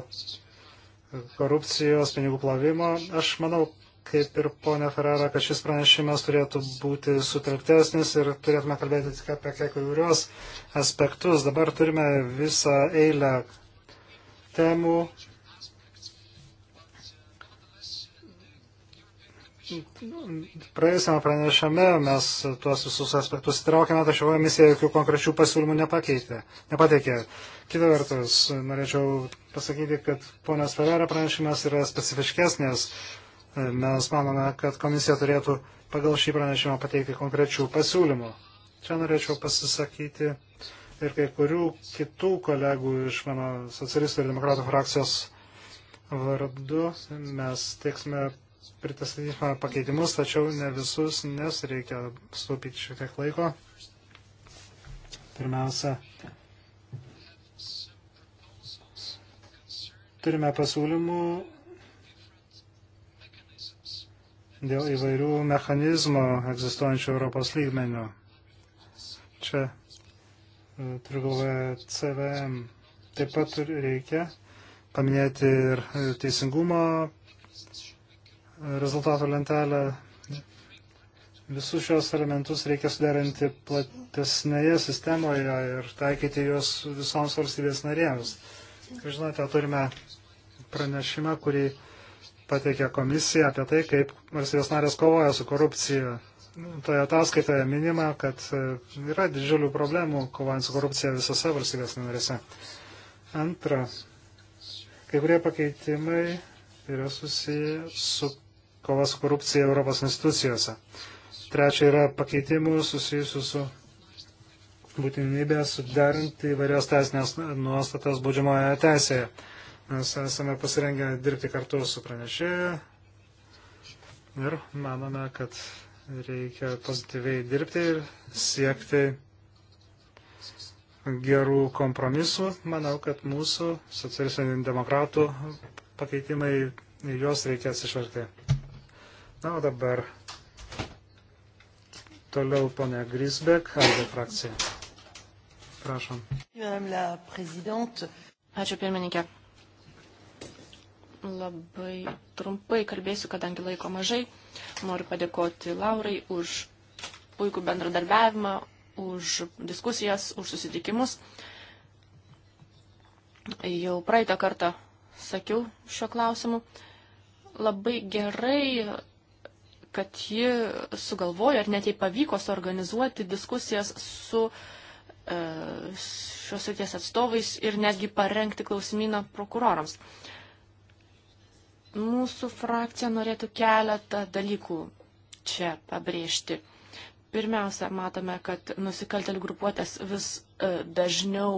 korupcijos, pinigų plovimo. Aš manau, kaip ir ponia Ferrara, kad šis pranešimas turėtų būti sutelktesnis ir turėtume kalbėti tik apie kai kurios aspektus. Dabar turime visą eilę temų Nu, praėjusiame pranešame mes tuos visus aspektus įtraukėme, tačiau emisija jokių konkrečių pasiūlymų nepakeitė, nepateikė. Kita vertus, norėčiau pasakyti, kad ponios Ferrero pranešimas yra specifiškesnės. Mes manome, kad komisija turėtų pagal šį pranešimą pateikti konkrečių pasiūlymų. Čia norėčiau pasisakyti ir kai kurių kitų kolegų iš mano socialistų ir demokratų frakcijos vardu. Mes teiksime pristatysime pakeitimus, tačiau ne visus, nes reikia sutaupyti šiek tiek laiko. Pirmiausia, turime pasiūlymų dėl įvairių mechanizmų egzistuojančių Europos lygmenių. Čia e, turiu galvoje CVM. Taip pat reikia paminėti ir e, teisingumo rezultatų lentelę. Visus šios elementus reikia suderinti platesnėje sistemoje ir taikyti juos visoms valstybės narėms. Kaip žinote, turime pranešimą, kurį pateikė komisija apie tai, kaip valstybės narės kovoja su korupcija. Toje ataskaitoje minima, kad yra didžiulių problemų kovojant su korupcija visose valstybės narėse. Antra, kai kurie pakeitimai yra susiję su kova su korupcija Europos institucijose. Trečia yra pakeitimų susijusių su būtinybė suderinti įvairias teisinės nuostatas baudžiamoje teisėje. Mes esame pasirengę dirbti kartu su pranešėju ir manome, kad reikia pozityviai dirbti ir siekti gerų kompromisų. Manau, kad mūsų socialistinių demokratų pakeitimai juos reikia atsižvelgti. Na, o dabar toliau ponia Grisbek, Alde frakcija. Prašom. Ačiū pirmininkė. Labai trumpai kalbėsiu, kadangi laiko mažai. Noriu padėkoti Laurai už puikų bendradarbiavimą, už diskusijas, už susitikimus. Jau praeitą kartą sakiau šio klausimu. Labai gerai kad ji sugalvojo, ar net jai pavyko suorganizuoti diskusijas su e, šios srities atstovais ir netgi parengti klausimyną prokurorams. Mūsų frakcija norėtų keletą dalykų čia pabrėžti. Pirmiausia, matome, kad nusikaltelių grupuotės vis e, dažniau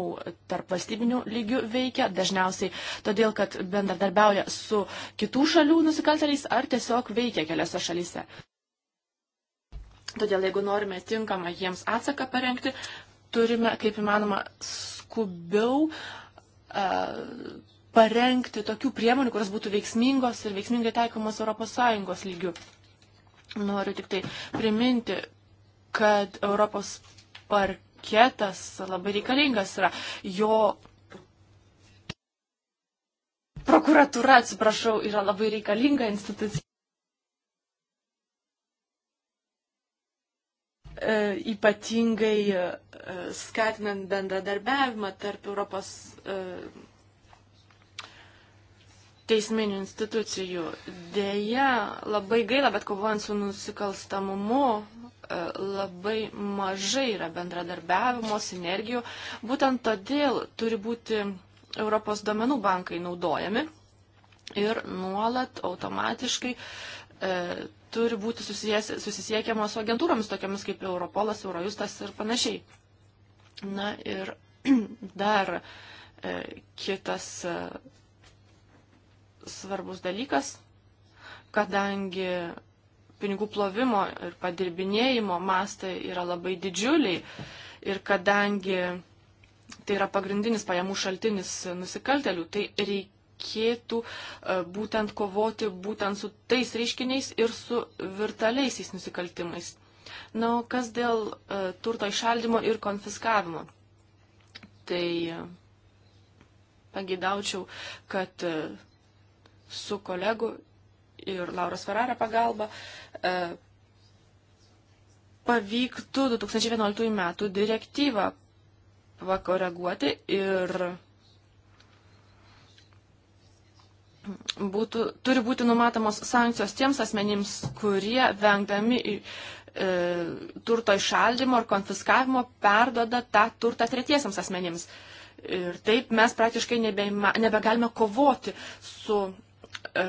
tarp valstybinių lygių veikia, dažniausiai todėl, kad bendradarbiauja su kitų šalių nusikalteliais ar tiesiog veikia keliose šalyse. Todėl, jeigu norime tinkamą jiems atsaką parengti, turime kaip įmanoma skubiau uh, parengti tokių priemonių, kurios būtų veiksmingos ir veiksmingai taikomos ES lygių. Noriu tik tai priminti, kad Europos parketas labai reikalingas yra. Jo prokuratura, atsiprašau, yra labai reikalinga institucija. E, ypatingai e, skatinant bendradarbiavimą tarp Europos e, teisminių institucijų. Deja, labai gaila, bet kovojant su nusikalstamumu, E, labai mažai yra bendradarbiavimo, sinergijų. Būtent todėl turi būti Europos domenų bankai naudojami ir nuolat automatiškai e, turi būti susijęs, susisiekiama su agentūromis tokiamis kaip Europolas, Eurojustas ir panašiai. Na ir <clears throat> dar e, kitas e, svarbus dalykas, kadangi pinigų plovimo ir padirbinėjimo mastai yra labai didžiuliai ir kadangi tai yra pagrindinis pajamų šaltinis nusikaltelių, tai reikėtų e, būtent kovoti būtent su tais reiškiniais ir su virtualiaisiais nusikaltimais. Na, o kas dėl e, turto išaldimo ir konfiskavimo? Tai e, pagidaučiau, kad e, su kolegu ir Lauros Ferrara pagalba E, pavyktų 2011 metų direktyvą pakoreguoti ir būtų, turi būti numatomos sankcijos tiems asmenims, kurie vengdami e, turto išaldimo ar konfiskavimo perdoda tą turtą tretiesiams asmenims. Ir taip mes praktiškai nebe, nebegalime kovoti su e,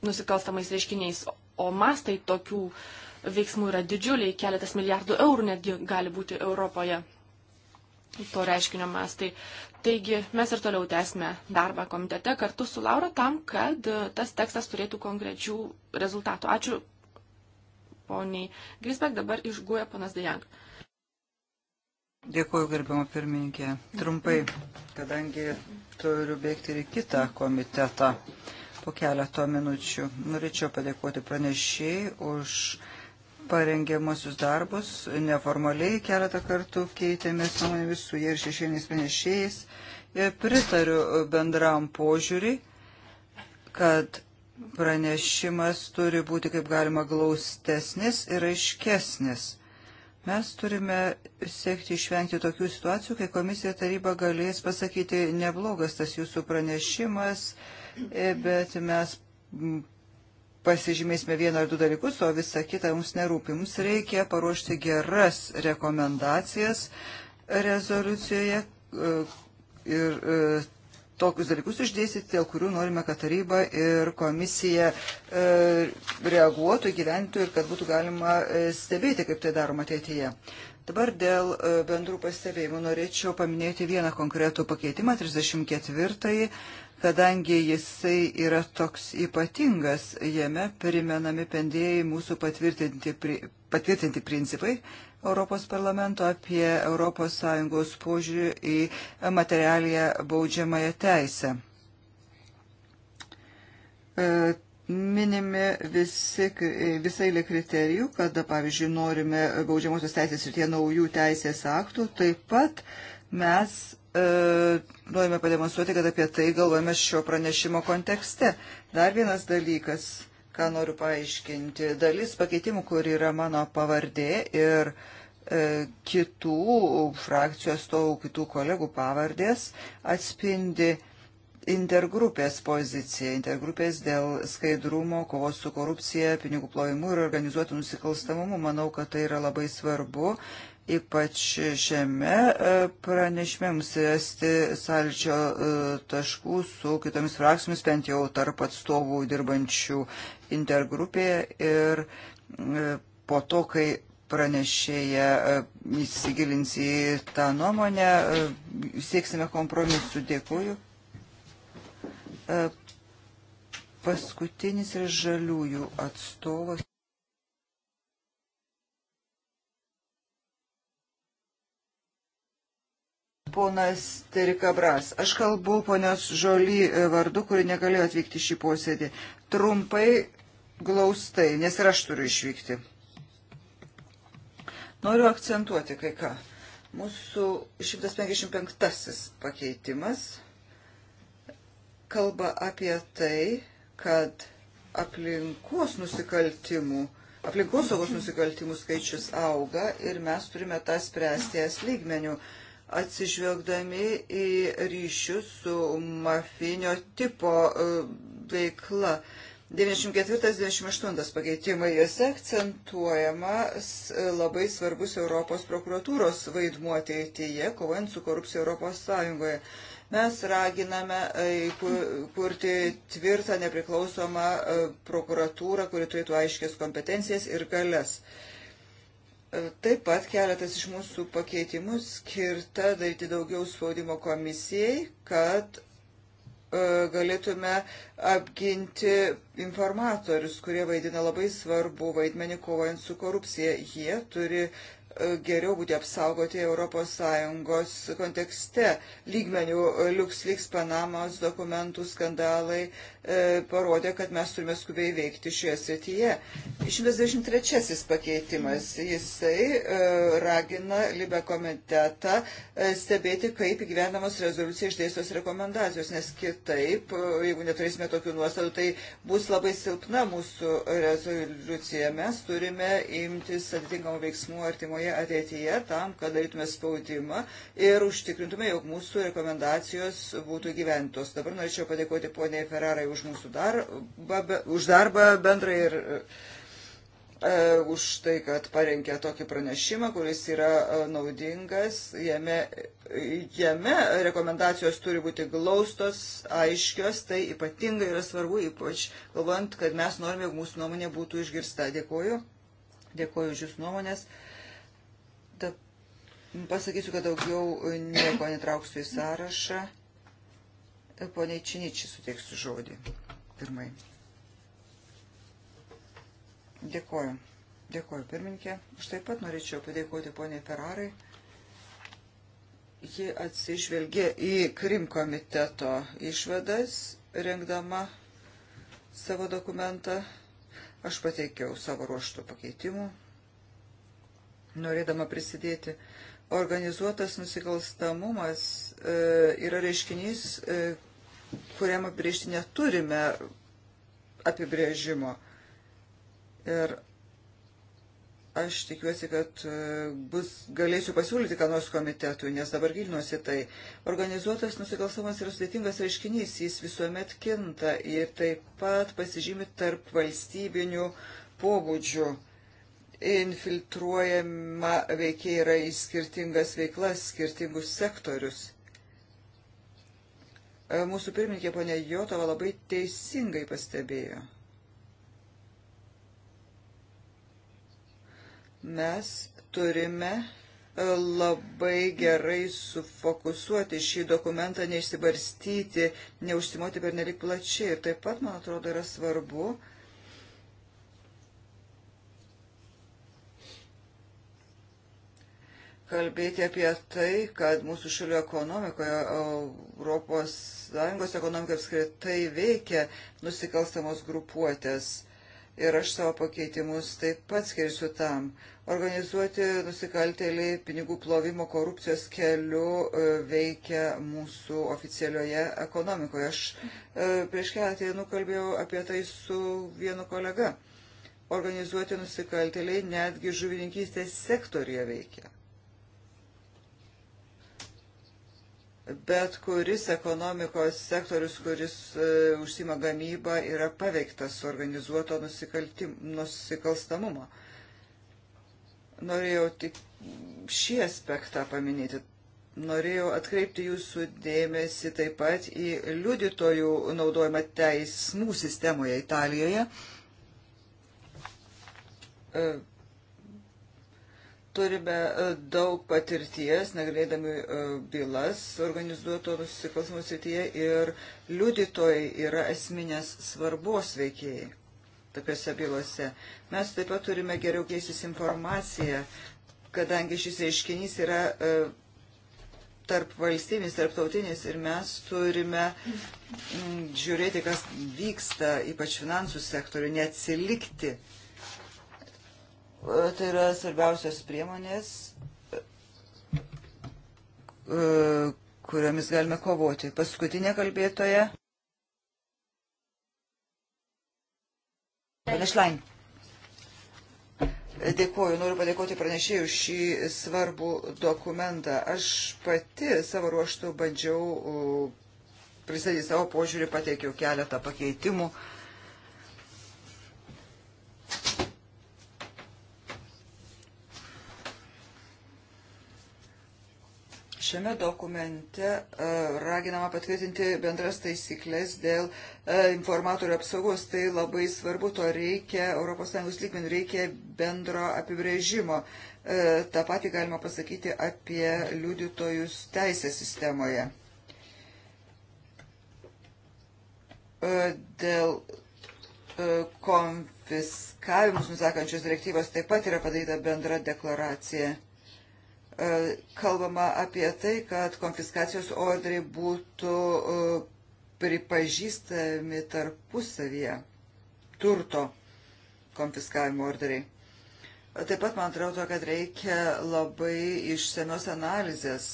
nusikalstamais reiškiniais, o mastai tokių veiksmų yra didžiuliai, keletas milijardų eurų netgi gali būti Europoje to reiškinio mastai. Taigi mes ir toliau tęsime darbą komitete kartu su Laura tam, kad e, tas tekstas turėtų konkrečių rezultatų. Ačiū poniai Grisbek, dabar išguoja ponas Dejang. Dėkuoju, gerbiamo pirmininkė. Trumpai, kadangi turiu bėgti ir į kitą komitetą. Uh, po keleto minučių. Norėčiau padėkoti pranešėjai už parengiamosius darbus. Neformaliai keletą kartų keitėmės nuomonėmis su jie ir šešėliniais pranešėjais. Ir pritariu bendram požiūrį, kad pranešimas turi būti kaip galima glaustesnis ir aiškesnis. Mes turime siekti išvengti tokių situacijų, kai komisija taryba galės pasakyti neblogas tas jūsų pranešimas, E, bet mes pasižymėsime vieną ar du dalykus, o visa kita mums nerūpi. Mums reikia paruošti geras rekomendacijas rezoliucijoje e, ir e, tokius dalykus išdėstyti, dėl kurių norime, kad taryba ir komisija reaguotų, gyventų ir kad būtų galima stebėti, kaip tai daroma ateityje. Dabar dėl bendrų pastebėjimų norėčiau paminėti vieną konkretų pakeitimą, 34. -tai kadangi jisai yra toks ypatingas, jame primenami pendėjai mūsų patvirtinti, patvirtinti principai Europos parlamento apie ES požiūrį į materialiją baudžiamąją teisę. E, minimi visi, visai lė kriterijų, kada, pavyzdžiui, norime baudžiamosios teisės ir tie naujų teisės aktų, taip pat mes E, norime pademonstruoti, kad apie tai galvojame šio pranešimo kontekste. Dar vienas dalykas, ką noriu paaiškinti. Dalis pakeitimų, kur yra mano pavardė ir e, kitų frakcijų atstovų, kitų kolegų pavardės, atspindi intergrupės poziciją. Intergrupės dėl skaidrumo, kovos su korupcija, pinigų plovimu ir organizuotų nusikalstamumu. Manau, kad tai yra labai svarbu ypač šiame e, pranešime mums rasti sąlyčio e, taškų su kitomis frakcijomis, bent jau tarp atstovų dirbančių intergrupėje ir e, po to, kai pranešėja įsigilins į tą nuomonę, sieksime kompromisų. Dėkuoju. Paskutinis yra žaliųjų atstovas. Ponas Terikabras, aš kalbu ponios Žoly e, vardu, kuri negalėjo atvykti šį posėdį. Trumpai, glaustai, nes ir aš turiu išvykti. Noriu akcentuoti kai ką. Mūsų 155 pakeitimas kalba apie tai, kad aplinkos nusikaltimų aplinkosaugos nusikaltimų skaičius auga ir mes turime tą spręsti es lygmenių atsižvelgdami į ryšius su mafinio tipo e, veikla. 94-98 pakeitimai juose akcentuojamas e, labai svarbus Europos prokuratūros vaidmuo ateityje, kovojant su korupcija Europos Sąjungoje. Mes raginame e, kurti tvirtą nepriklausomą prokuratūrą, kuri turėtų aiškės kompetencijas ir galės. Taip pat keletas iš mūsų pakeitimų skirta daryti daugiau spaudimo komisijai, kad e, galėtume apginti informatorius, kurie vaidina labai svarbu vaidmenį kovojant su korupcija. Jie turi geriau būti apsaugoti ES kontekste. Lygmenių LuxLeaks Panamos dokumentų skandalai e, parodė, kad mes turime skubiai veikti šioje srityje. 123 pakeitimas. Jisai e, ragina Libe komitetą e, stebėti, kaip gyvenamos rezoliucija išdėstos rekomendacijos, nes kitaip, e, jeigu neturėsime tokių nuostatų, tai bus labai silpna mūsų rezoliucija. Mes turime imtis atitinkamų veiksmų artimoje dirbsime ateityje tam, kad darytume spaudimą ir užtikrintume, jog mūsų rekomendacijos būtų gyventos. Dabar norėčiau padėkoti poniai Ferrarai už mūsų darbą, už darbą bendrai ir e, už tai, kad parengė tokį pranešimą, kuris yra e, naudingas. Jame, jame rekomendacijos turi būti glaustos, aiškios, tai ypatingai yra svarbu, ypač galvant, kad mes norime, jog mūsų nuomonė būtų išgirsta. Dėkuoju. Dėkuoju už Jūsų nuomonės. Pasakysiu, kad daugiau nieko netrauksiu į sąrašą. Pone Činičiai suteiksiu žodį. Pirmai. Dėkoju. Dėkoju, pirminkė. Aš taip pat norėčiau padėkoti poniai Ferrarai. Ji atsižvelgė į Krim komiteto išvadas, rengdama savo dokumentą. Aš pateikiau savo ruoštų pakeitimų, norėdama prisidėti prie Organizuotas nusikalstamumas e, yra reiškinys, e, kuriam apibriežti neturime apibrėžimo. Ir aš tikiuosi, kad e, bus, galėsiu pasiūlyti ką nors komitetui, nes dabar gilinuosi tai. Organizuotas nusikalstamas yra sudėtingas reiškinys, jis visuomet kinta ir taip pat pasižymi tarp valstybinių pobūdžių infiltruojama veikiai yra į skirtingas veiklas, skirtingus sektorius. E, mūsų pirmininkė ponė Jotova labai teisingai pastebėjo. Mes turime e, labai gerai sufokusuoti šį dokumentą, neišsibarstyti, neužsimoti per nelik plačiai. Ir taip pat, man atrodo, yra svarbu, kalbėti apie tai, kad mūsų šalių ekonomikoje, Europos Sąjungos ekonomika apskritai veikia nusikalstamos grupuotės. Ir aš savo pakeitimus taip pat skirsiu tam. Organizuoti nusikaltėliai pinigų plovimo korupcijos keliu e, veikia mūsų oficialioje ekonomikoje. Aš e, prieš keletą dienų kalbėjau apie tai su vienu kolega. Organizuoti nusikaltėliai netgi žuvininkystės sektorija veikia bet kuris ekonomikos sektorius, kuris uh, užsima gamybą, yra paveiktas organizuoto nusikalstamumo. Norėjau tik šį aspektą paminėti. Norėjau atkreipti jūsų dėmesį taip pat į liudytojų naudojimą teismų sistemoje Italijoje. Uh, turime e, daug patirties, nagrinėdami e, bylas organizuoto nusikalstamo srityje ir liudytojai yra esminės svarbos veikėjai tokiuose bylose. Mes taip pat turime geriau keistis informaciją, kadangi šis reiškinys yra e, tarp valstybinis, tarptautinis ir mes turime mm, žiūrėti, kas vyksta, ypač finansų sektoriu, neatsilikti Tai yra svarbiausios priemonės, e, kuriomis galime kovoti. Paskutinė kalbėtoja. Panešlain. Dėkuoju, noriu padėkoti pranešėjų šį svarbų dokumentą. Aš pati savo ruoštų bandžiau e, pristatyti savo požiūrį, pateikiau keletą pakeitimų. Uh, Šiame dokumente e, raginama patvirtinti bendras taisyklės dėl e, informatorių apsaugos. Tai labai svarbu, to reikia, ES lygmenį reikia bendro apibrėžimo. E, Ta pati galima pasakyti apie liudytojus teisės sistemoje. Dėl konfiskavimus nusakančios direktyvos taip pat yra padaryta bendra deklaracija. E, kalbama apie tai, kad konfiskacijos orderiai būtų e, pripažįstami tarpusavyje turto konfiskavimo orderiai. Taip pat man atrodo, kad reikia labai išsamios analizės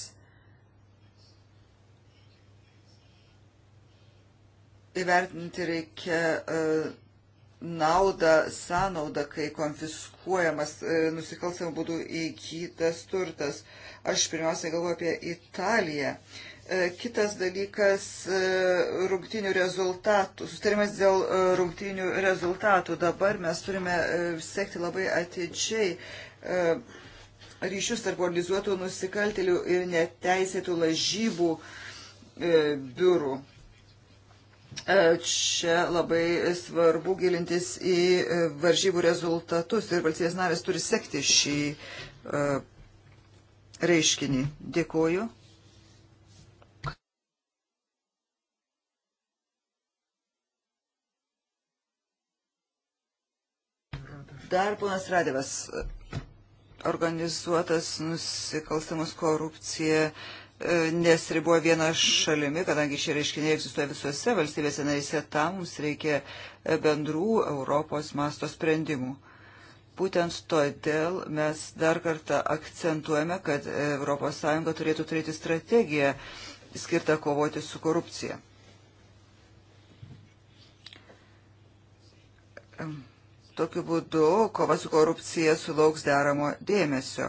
įvertinti reikia e, naudą, sąnaudą, kai konfiskuojamas e, nusikalstamų būdų įgytas turtas. Aš pirmiausia galvoju apie Italiją. E, kitas dalykas e, - rungtinių rezultatų. Sustarimas dėl rungtinių rezultatų. Dabar mes turime sekti labai atidžiai ryšius tarp organizuotų nusikaltelių ir neteisėtų lažybų biurų. E, čia labai svarbu gilintis į e, varžybų rezultatus ir valstybės narės turi sekti šį e, reiškinį. Dėkuoju. Dar ponas Radėvas organizuotas nusikalstamas korupcija E, nesribuoja viena šalimi, kadangi šie reiškiniai egzistuoja visose valstybėse narise, tam mums reikia e, bendrų Europos masto sprendimų. Būtent todėl mes dar kartą akcentuojame, kad ES turėtų turėti strategiją skirtą kovoti su korupcija. Tokiu būdu kova su korupcija sulauks deramo dėmesio.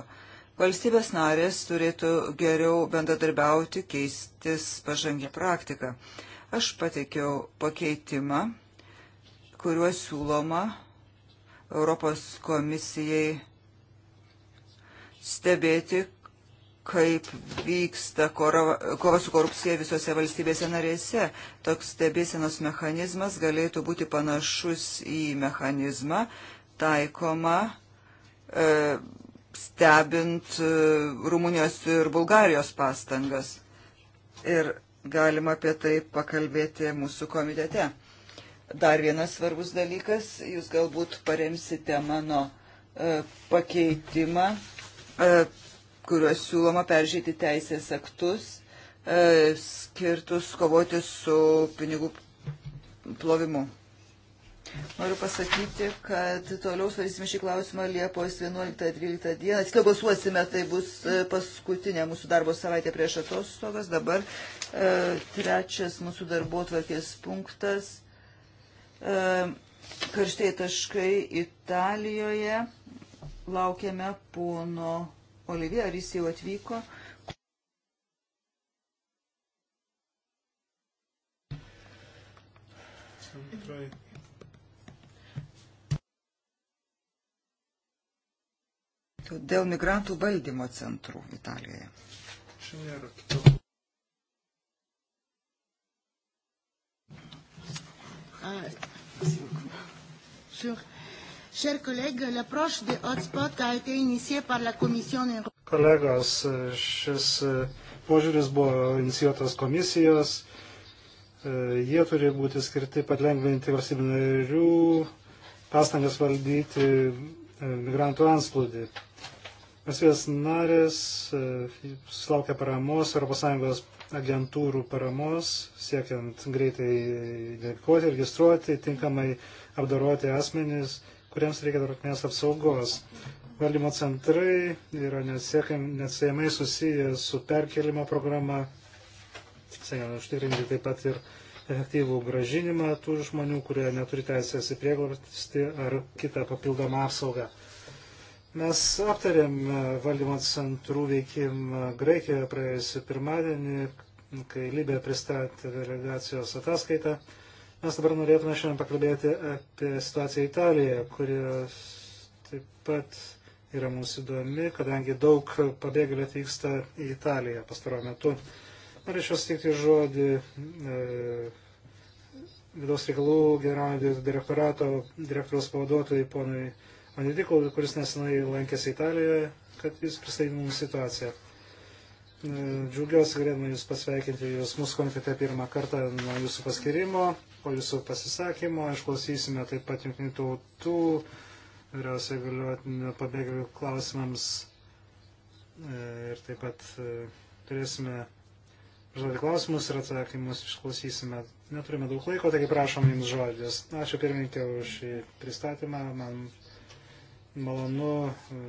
Valstybės narės turėtų geriau bendradarbiauti, keistis pažangę praktiką. Aš pateikiau pakeitimą, kuriuo siūloma Europos komisijai stebėti, kaip vyksta kova su korupcija visose valstybėse narėse. Toks stebėsenos mechanizmas galėtų būti panašus į mechanizmą taikomą e, stebint e, Rumunijos ir Bulgarijos pastangas. Ir galima apie tai pakalbėti mūsų komitete. Dar vienas svarbus dalykas, jūs galbūt paremsite mano e, pakeitimą, e, kuriuos siūloma peržiūrėti teisės aktus, skirtus kovoti su pinigų plovimu. Noriu pasakyti, kad toliau svarysime šį klausimą Liepos 11-12 dieną. Tiksliau balsuosime, tai bus e, paskutinė mūsų darbo savaitė prieš atostogas. Dabar e, trečias mūsų darbo tvarkės punktas. E, karštai taškai Italijoje. Laukiame pono Olivija, ar jis jau atvyko? Antroji. dėl migrantų valdymo centrų Italijoje. Chers collègues, l'approche des hotspots a été initiée par la Commission européenne. Kolegos, šis e, požiūris buvo inicijuotas komisijos. E, jie turi būti skirti pat lengvinti valstybinių narių pastangas valdyti E, migrantų ansplūdį. Valstybės narės e, susilaukia paramos, ES agentūrų paramos, siekiant greitai identifikuoti, registruoti, tinkamai apdoroti asmenys, kuriems reikia tarptautinės apsaugos. Valdymo centrai yra neatsiejamai susiję su perkelimo programa, siekiant užtikrinti taip pat ir uh, efektyvų gražinimą tų žmonių, kurie neturi teisės į prieglobstį ar kitą papildomą apsaugą. Mes aptarėm e, valdymo centrų veikimą Graikijoje praėjusiu pirmadienį, kai Libė pristatė delegacijos ataskaitą. Mes dabar norėtume šiandien pakalbėti apie situaciją Italijoje, kuri taip pat yra mums įdomi, kadangi daug pabėgėlių atvyksta į Italiją pastaruoju metu. Norėčiau sutikti žodį e, vidaus reikalų generalinio direktorato direktoriaus pavaduotojai ponui Anidikul, kuris nesenai lankėsi Italijoje, kad jis pristatė mums situaciją. E, džiaugiuosi galėdama Jūs pasveikinti, Jūs mūsų komitete pirmą kartą nuo Jūsų paskirimo, po Jūsų pasisakymo, išklausysime taip pat jungtinių tautų vyriausiai galiotinio pabėgėlių klausimams e, ir taip pat e, turėsime užduoti klausimus ir atsakymus išklausysime. Neturime daug laiko, taigi prašom Jums žodis. Ačiū pirmininkė už šį pristatymą. Man malonu e,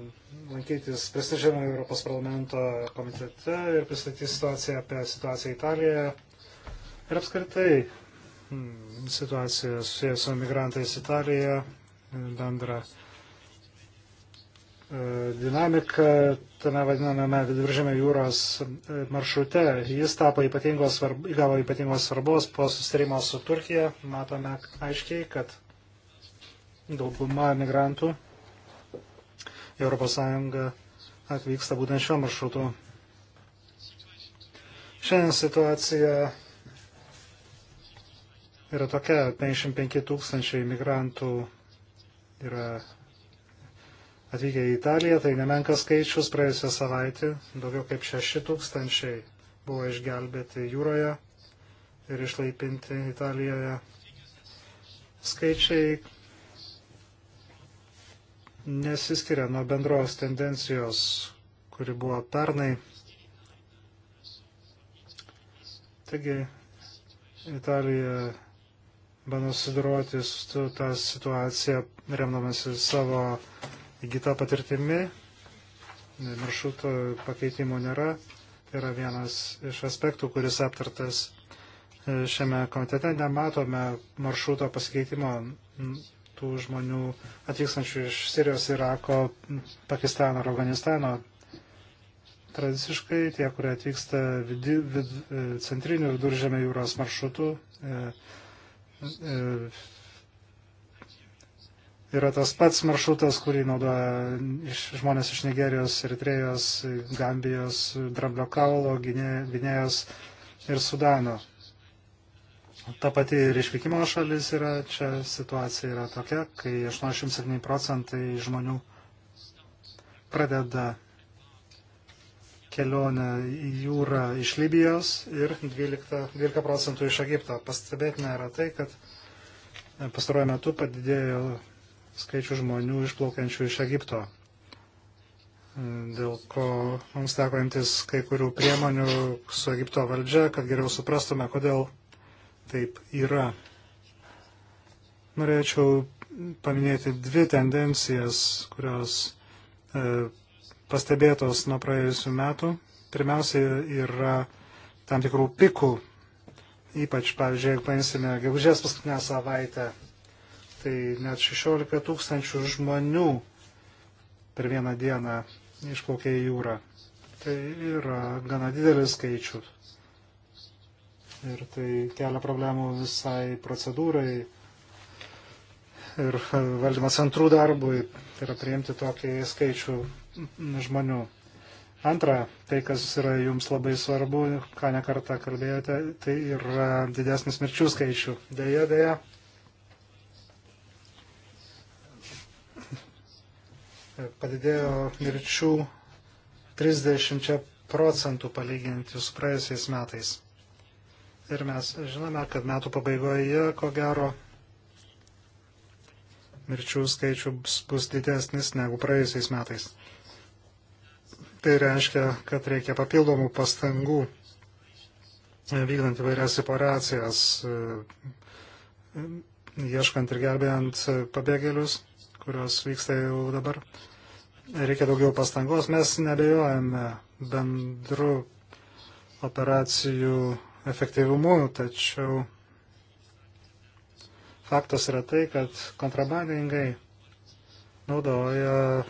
lankytis prestižinio Europos parlamento komitete ir pristatyti situaciją apie situaciją Italijoje ir apskritai hmm, situaciją susijęs su migrantais Italijoje, bendrą dinamika tame vadinamame viduržėme jūros maršrute. Jis tapo ypatingos, įgavo ypatingos svarbos po sustarimo su Turkija. Matome aiškiai, kad dauguma migrantų ES atvyksta būtent šiuo maršrutu. Šiandien situacija yra tokia, 55 tūkstančiai migrantų yra atvykę į Italiją, tai nemenkas skaičius praėjusią savaitę, daugiau kaip 6 tūkstančiai buvo išgelbėti jūroje ir išlaipinti Italijoje. Skaičiai nesiskiria nuo bendros tendencijos, kuri buvo pernai. Taigi Italija bando sudaroti su tą situaciją, remdamasi savo įgyta patirtimi. Maršruto pakeitimų nėra. Tai yra vienas iš aspektų, kuris aptartas e, šiame komitete. Nematome maršruto pasikeitimo tų žmonių atvykstančių iš Sirijos, Irako, Pakistano ar Afganistano. Tradiciškai tie, kurie atvyksta vidi, vid, e, centrinių viduržėmio jūros maršrutų, e, e, yra tas pats maršrutas, kurį naudoja iš, žmonės iš Nigerijos, Eritrejos, Gambijos, Dramblio kaulo, Gvinėjos ir Sudano. Ta pati ir išvykimo šalis yra, čia situacija yra tokia, kai 87 procentai žmonių pradeda kelionę į jūrą iš Libijos ir 12, 12 procentų iš Egipto. Pastebėtina yra tai, kad pastaruoju metu padidėjo skaičių žmonių išplaukiančių iš Egipto. Dėl ko mums teko imtis kai kurių priemonių su Egipto valdžia, kad geriau suprastume, kodėl taip yra. Norėčiau paminėti dvi tendencijas, kurios e, pastebėtos nuo praėjusių metų. Pirmiausia yra tam tikrų pikų, ypač, pavyzdžiui, jeigu paimsime gegužės paskutinę savaitę tai net 16 tūkstančių žmonių per vieną dieną išplaukė į jūrą. Tai yra gana didelis skaičius. Ir tai kelia problemų visai procedūrai ir valdymo centrų darbui, tai yra priimti tokį skaičių žmonių. Antra, tai, kas yra jums labai svarbu, ką nekartą kalbėjote, tai yra didesnis mirčių skaičių. Deja, deja, padidėjo mirčių 30 procentų palyginti su praėjusiais metais. Ir mes žinome, kad metų pabaigoje, ko gero, mirčių skaičius bus didesnis negu praėjusiais metais. Tai reiškia, kad reikia papildomų pastangų e, vykdant įvairias operacijas, e, ieškant ir gelbėjant pabėgėlius, kurios vyksta jau dabar reikia daugiau pastangos. Mes nebejojame bendrų operacijų efektyvumu, tačiau faktas yra tai, kad kontrabandingai naudoja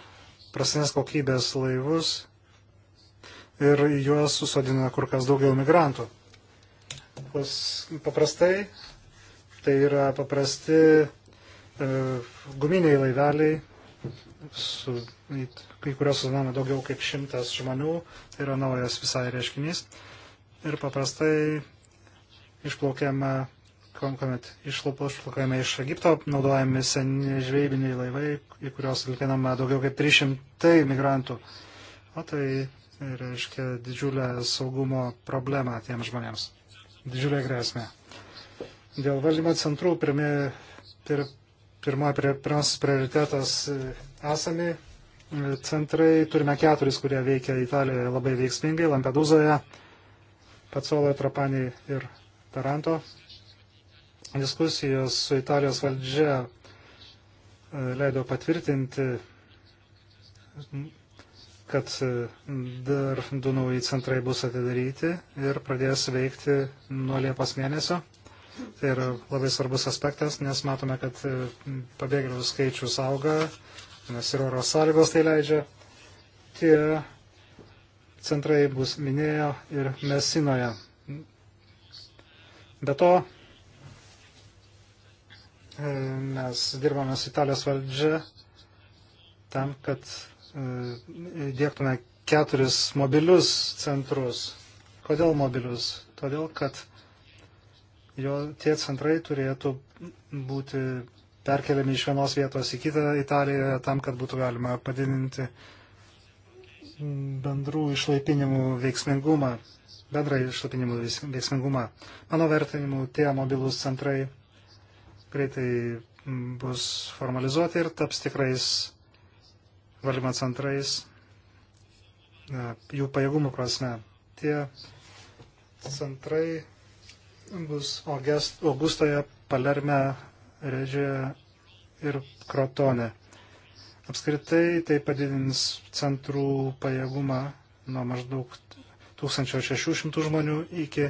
prasnės kokybės laivus ir juos susodina kur kas daugiau migrantų. Pas, paprastai tai yra paprasti e, guminiai laiveliai, su, kai kurios sužinoma daugiau kaip šimtas žmonių, tai yra naujas visai reiškinys. Ir paprastai išplaukiame, kuomet išplaukiame iš Egipto, naudojami seni žvejybiniai laivai, į kuriuos vilkinama daugiau kaip 300 migrantų. O tai reiškia didžiulę saugumo problemą tiems žmonėms. Didžiulė grėsmė. Dėl valdymo centrų pirmie, pir, pirma, pir, pirmas prioritetas esami e, centrai. Turime keturis, kurie veikia Italijoje labai veiksmingai, Lampedūzoje, Pacoloje, Trapaniai ir Taranto. Diskusijos su Italijos valdžia e, leido patvirtinti, kad e, dar du nauji centrai bus atidaryti ir pradės veikti nuo Liepos mėnesio. Tai yra labai svarbus aspektas, nes matome, kad pabėgėlių skaičius auga nes ir oro sąlygos tai leidžia. Tie centrai bus minėjo ir Mesinoje. Be to, e, mes dirbame su Italijos valdžia tam, kad e, dėktume keturis mobilius centrus. Kodėl mobilius? Todėl, kad jo, tie centrai turėtų būti perkeliami iš vienos vietos į kitą Italijoje tam, kad būtų galima padidinti bendrų išlaipinimų veiksmingumą, bendrą išlaipinimų veiksmingumą. Mano vertinimu, tie mobilūs centrai greitai bus formalizuoti ir taps tikrais valymo centrais jų pajėgumų prasme. Tie centrai bus Augustoje, Palerme, Redžė ir Krotone. Apskritai tai padidins centrų pajėgumą nuo maždaug 1600 žmonių iki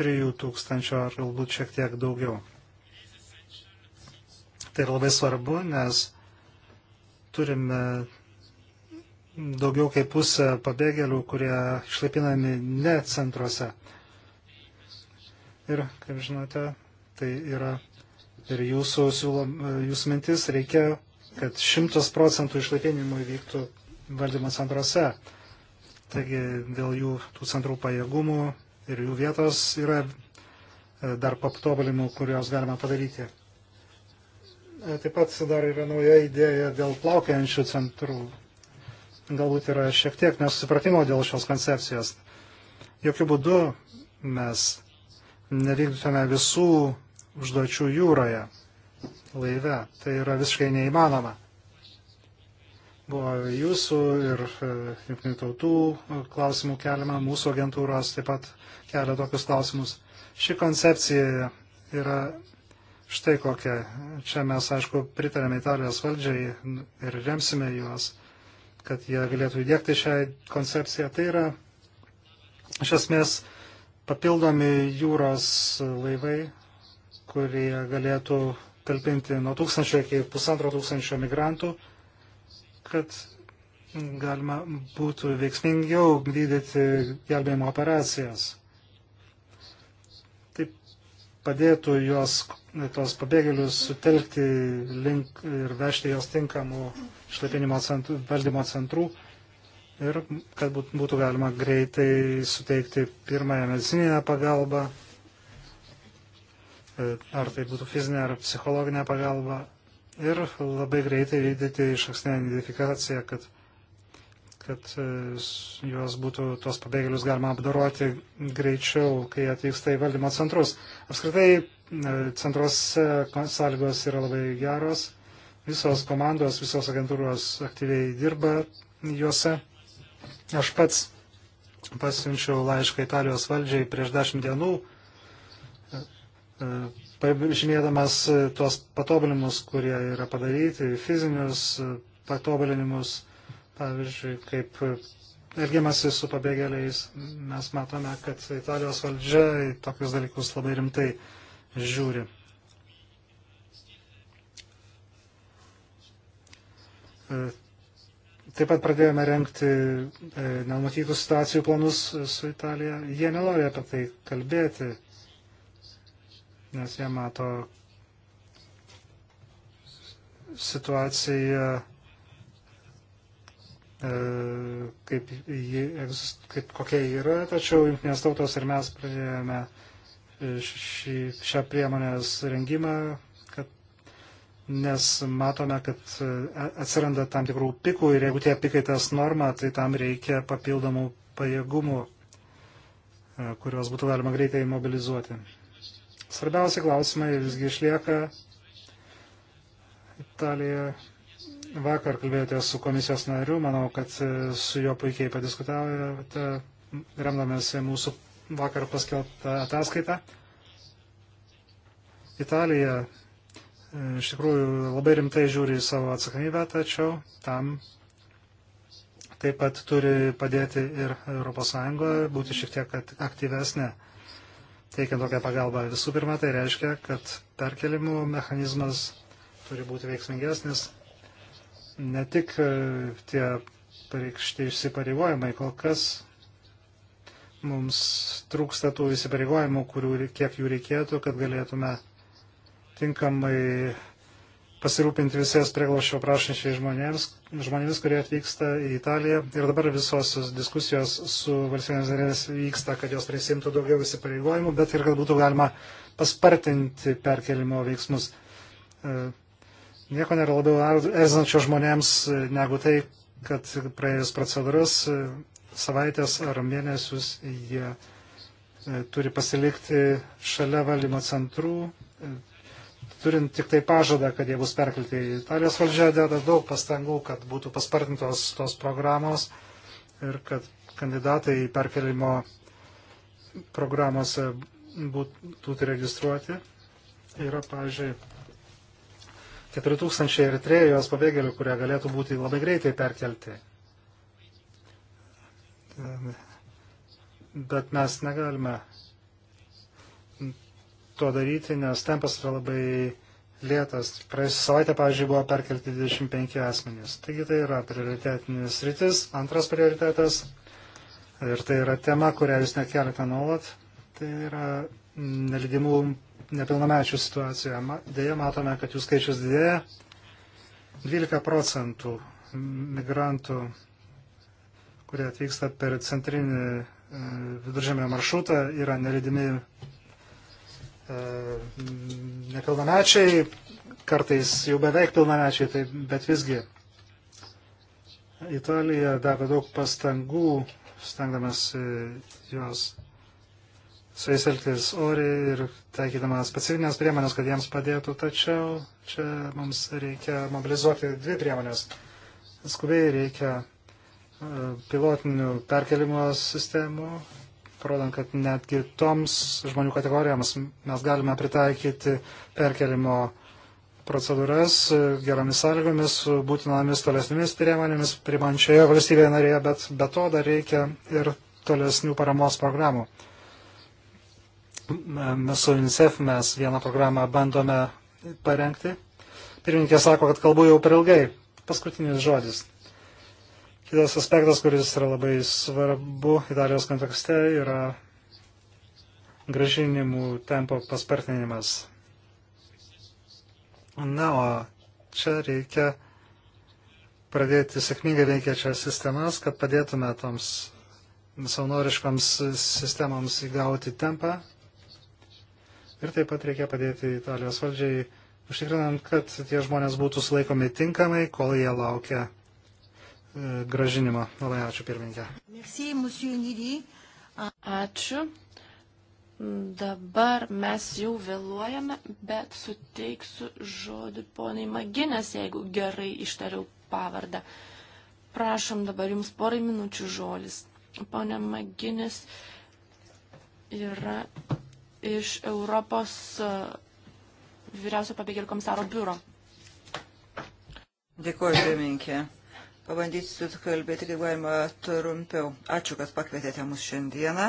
3000 ar galbūt šiek tiek daugiau. Tai yra labai svarbu, nes turime daugiau kaip pusę pabėgėlių, kurie išlaipinami ne centruose. Ir, kaip žinote, tai yra ir jūsų, siūlom, jūsų mintis reikia, kad šimtas procentų išlaikinimų įvyktų valdymo centruose. Taigi dėl jų tų centrų pajėgumų ir jų vietos yra e, dar paptobulimų, kuriuos galima padaryti. E, taip pat dar yra nauja idėja dėl plaukiančių centrų. Galbūt yra šiek tiek nesusipratimo dėl šios koncepcijos. Jokių būdų mes nevykdytume visų užduočių jūroje, laive. Tai yra visiškai neįmanoma. Buvo jūsų ir e, jungtinių tautų e, klausimų keliama, mūsų agentūros taip pat kelia tokius klausimus. Ši koncepcija yra štai kokia. Čia mes, aišku, pritarėme Italijos valdžiai ir remsime juos, kad jie galėtų įdėkti šią koncepciją. Tai yra, iš esmės, papildomi jūros laivai, kurie galėtų talpinti nuo tūkstančio iki pusantro tūkstančio migrantų, kad galima būtų veiksmingiau gydyti gelbėjimo operacijas. Taip padėtų juos, tos pabėgėlius sutelkti link ir vežti jos tinkamų išlaipinimo centrų, valdymo centrų ir kad būtų galima greitai suteikti pirmąją medicininę pagalbą E, ar tai būtų fizinė ar psichologinė pagalba. Ir labai greitai vykdyti išankstinę identifikaciją, kad, kad e, juos būtų, tuos pabėgėlius galima apdoroti greičiau, kai atvyksta į valdymo centrus. Apskritai, e, centros sąlygos yra labai geros. Visos komandos, visos agentūros aktyviai dirba juose. Aš pats pasiunčiau laišką Italijos valdžiai prieš dešimt dienų pažymėdamas e, tuos patobulinimus, kurie yra padaryti, fizinius e, patobulinimus, pavyzdžiui, kaip e, elgiamasi su pabėgėliais, mes matome, kad Italijos valdžia į tokius dalykus labai rimtai žiūri. Taip pat pradėjome renkti nenumatytų situacijų planus su Italija. Jie nenori apie tai kalbėti nes jie mato situaciją, e, kaip, jį, kaip kokia yra, tačiau jungtinės tautos ir mes pradėjome šį, šią priemonės rengimą, kad, nes matome, kad e, atsiranda tam tikrų pikų ir jeigu tie pikai tas norma, tai tam reikia papildomų pajėgumų, e, kuriuos būtų galima greitai mobilizuoti. Svarbiausia klausimai visgi išlieka. Italija vakar kalbėjote su komisijos nariu, manau, kad su juo puikiai padiskutavote, remdamės mūsų vakar paskelbtą ataskaitą. Italija iš tikrųjų labai rimtai žiūri į savo atsakomybę, tačiau tam taip pat turi padėti ir ES būti šiek tiek aktyvesnė teikiant tokią pagalbą. Visų pirma, tai reiškia, kad perkelimų mechanizmas turi būti veiksmingesnis. Ne tik e, tie pareikšti įsipareigojimai, kol kas mums trūksta tų įsipareigojimų, kurių, kiek jų reikėtų, kad galėtume tinkamai pasirūpinti visais prieglošio prašančiais žmonėms, žmonėmis, kurie atvyksta į Italiją. Ir dabar visos diskusijos su valstybėmis narėmis vyksta, kad jos prisimtų daugiau įsipareigojimų, bet ir kad būtų galima paspartinti perkelimo veiksmus. E, nieko nėra labiau erzinančio žmonėms e, negu tai, kad praėjus procedūras e, savaitės ar mėnesius jie turi pasilikti šalia valdymo centrų, turint tik tai pažadą, kad jie bus perkelti. Italijos valdžia deda daug pastangų, kad būtų paspartintos tos programos ir kad kandidatai į perkelimo programose būtų registruoti. Yra, pavyzdžiui, 4000 ir 3 pabėgėlių, kurie galėtų būti labai greitai perkelti. E, bet mes negalime to daryti, nes tempas yra labai lėtas. Praėjusią savaitę, pavyzdžiui, buvo perkelti 25 asmenys. Taigi tai yra prioritetinis rytis, antras prioritetas. Ir tai yra tema, kurią jūs nekeliate nuolat. Tai yra nelidimų nepilnamečių situacija. Deja, matome, kad jų skaičius didėja. 12 procentų migrantų, kurie atvyksta per centrinį e, viduržėmio maršrutą, yra nelidimi E, nepilnamečiai, kartais jau beveik pilnamečiai, tai, bet visgi Italija davė daug pastangų, stengdamas e, juos su jais elgtis oriai ir taikydama specifinės priemonės, kad jiems padėtų, tačiau čia mums reikia mobilizuoti dvi priemonės. Skubiai reikia e, pilotinių perkelimo sistemų parodant, kad netgi toms žmonių kategorijoms mes galime pritaikyti perkelimo procedūras geromis sąlygomis, būtinomis tolesnėmis priemonėmis, primančioje valstybėje narėje, bet be to dar reikia ir tolesnių paramos programų. Mes su UNICEF mes vieną programą bandome parengti. Pirmininkė sako, kad kalbu jau per ilgai. Paskutinis žodis. Kitas aspektas, kuris yra labai svarbu Italijos kontekste, yra gražinimų tempo paspartinimas. Na, o čia reikia pradėti sėkmingai veikiačias sistemas, kad padėtume toms savanoriškoms sistemams įgauti tempą. Ir taip pat reikia padėti Italijos valdžiai, užtikrinant, kad tie žmonės būtų sulaikomi tinkamai, kol jie laukia gražinimą. Labai ačiū pirmininkė. Ačiū. Dabar mes jau vėluojame, bet suteiksiu žodį poniai Maginės, jeigu gerai ištariau pavardą. Prašom dabar jums porai minučių žodis. Pone Maginis yra iš Europos e, vyriausio pabėgėlių komisaro biuro. Dėkuoju, pirmininkė. Pabandysiu kalbėti kaip galima trumpiau. Ačiū, kad pakvietėte mus šiandieną.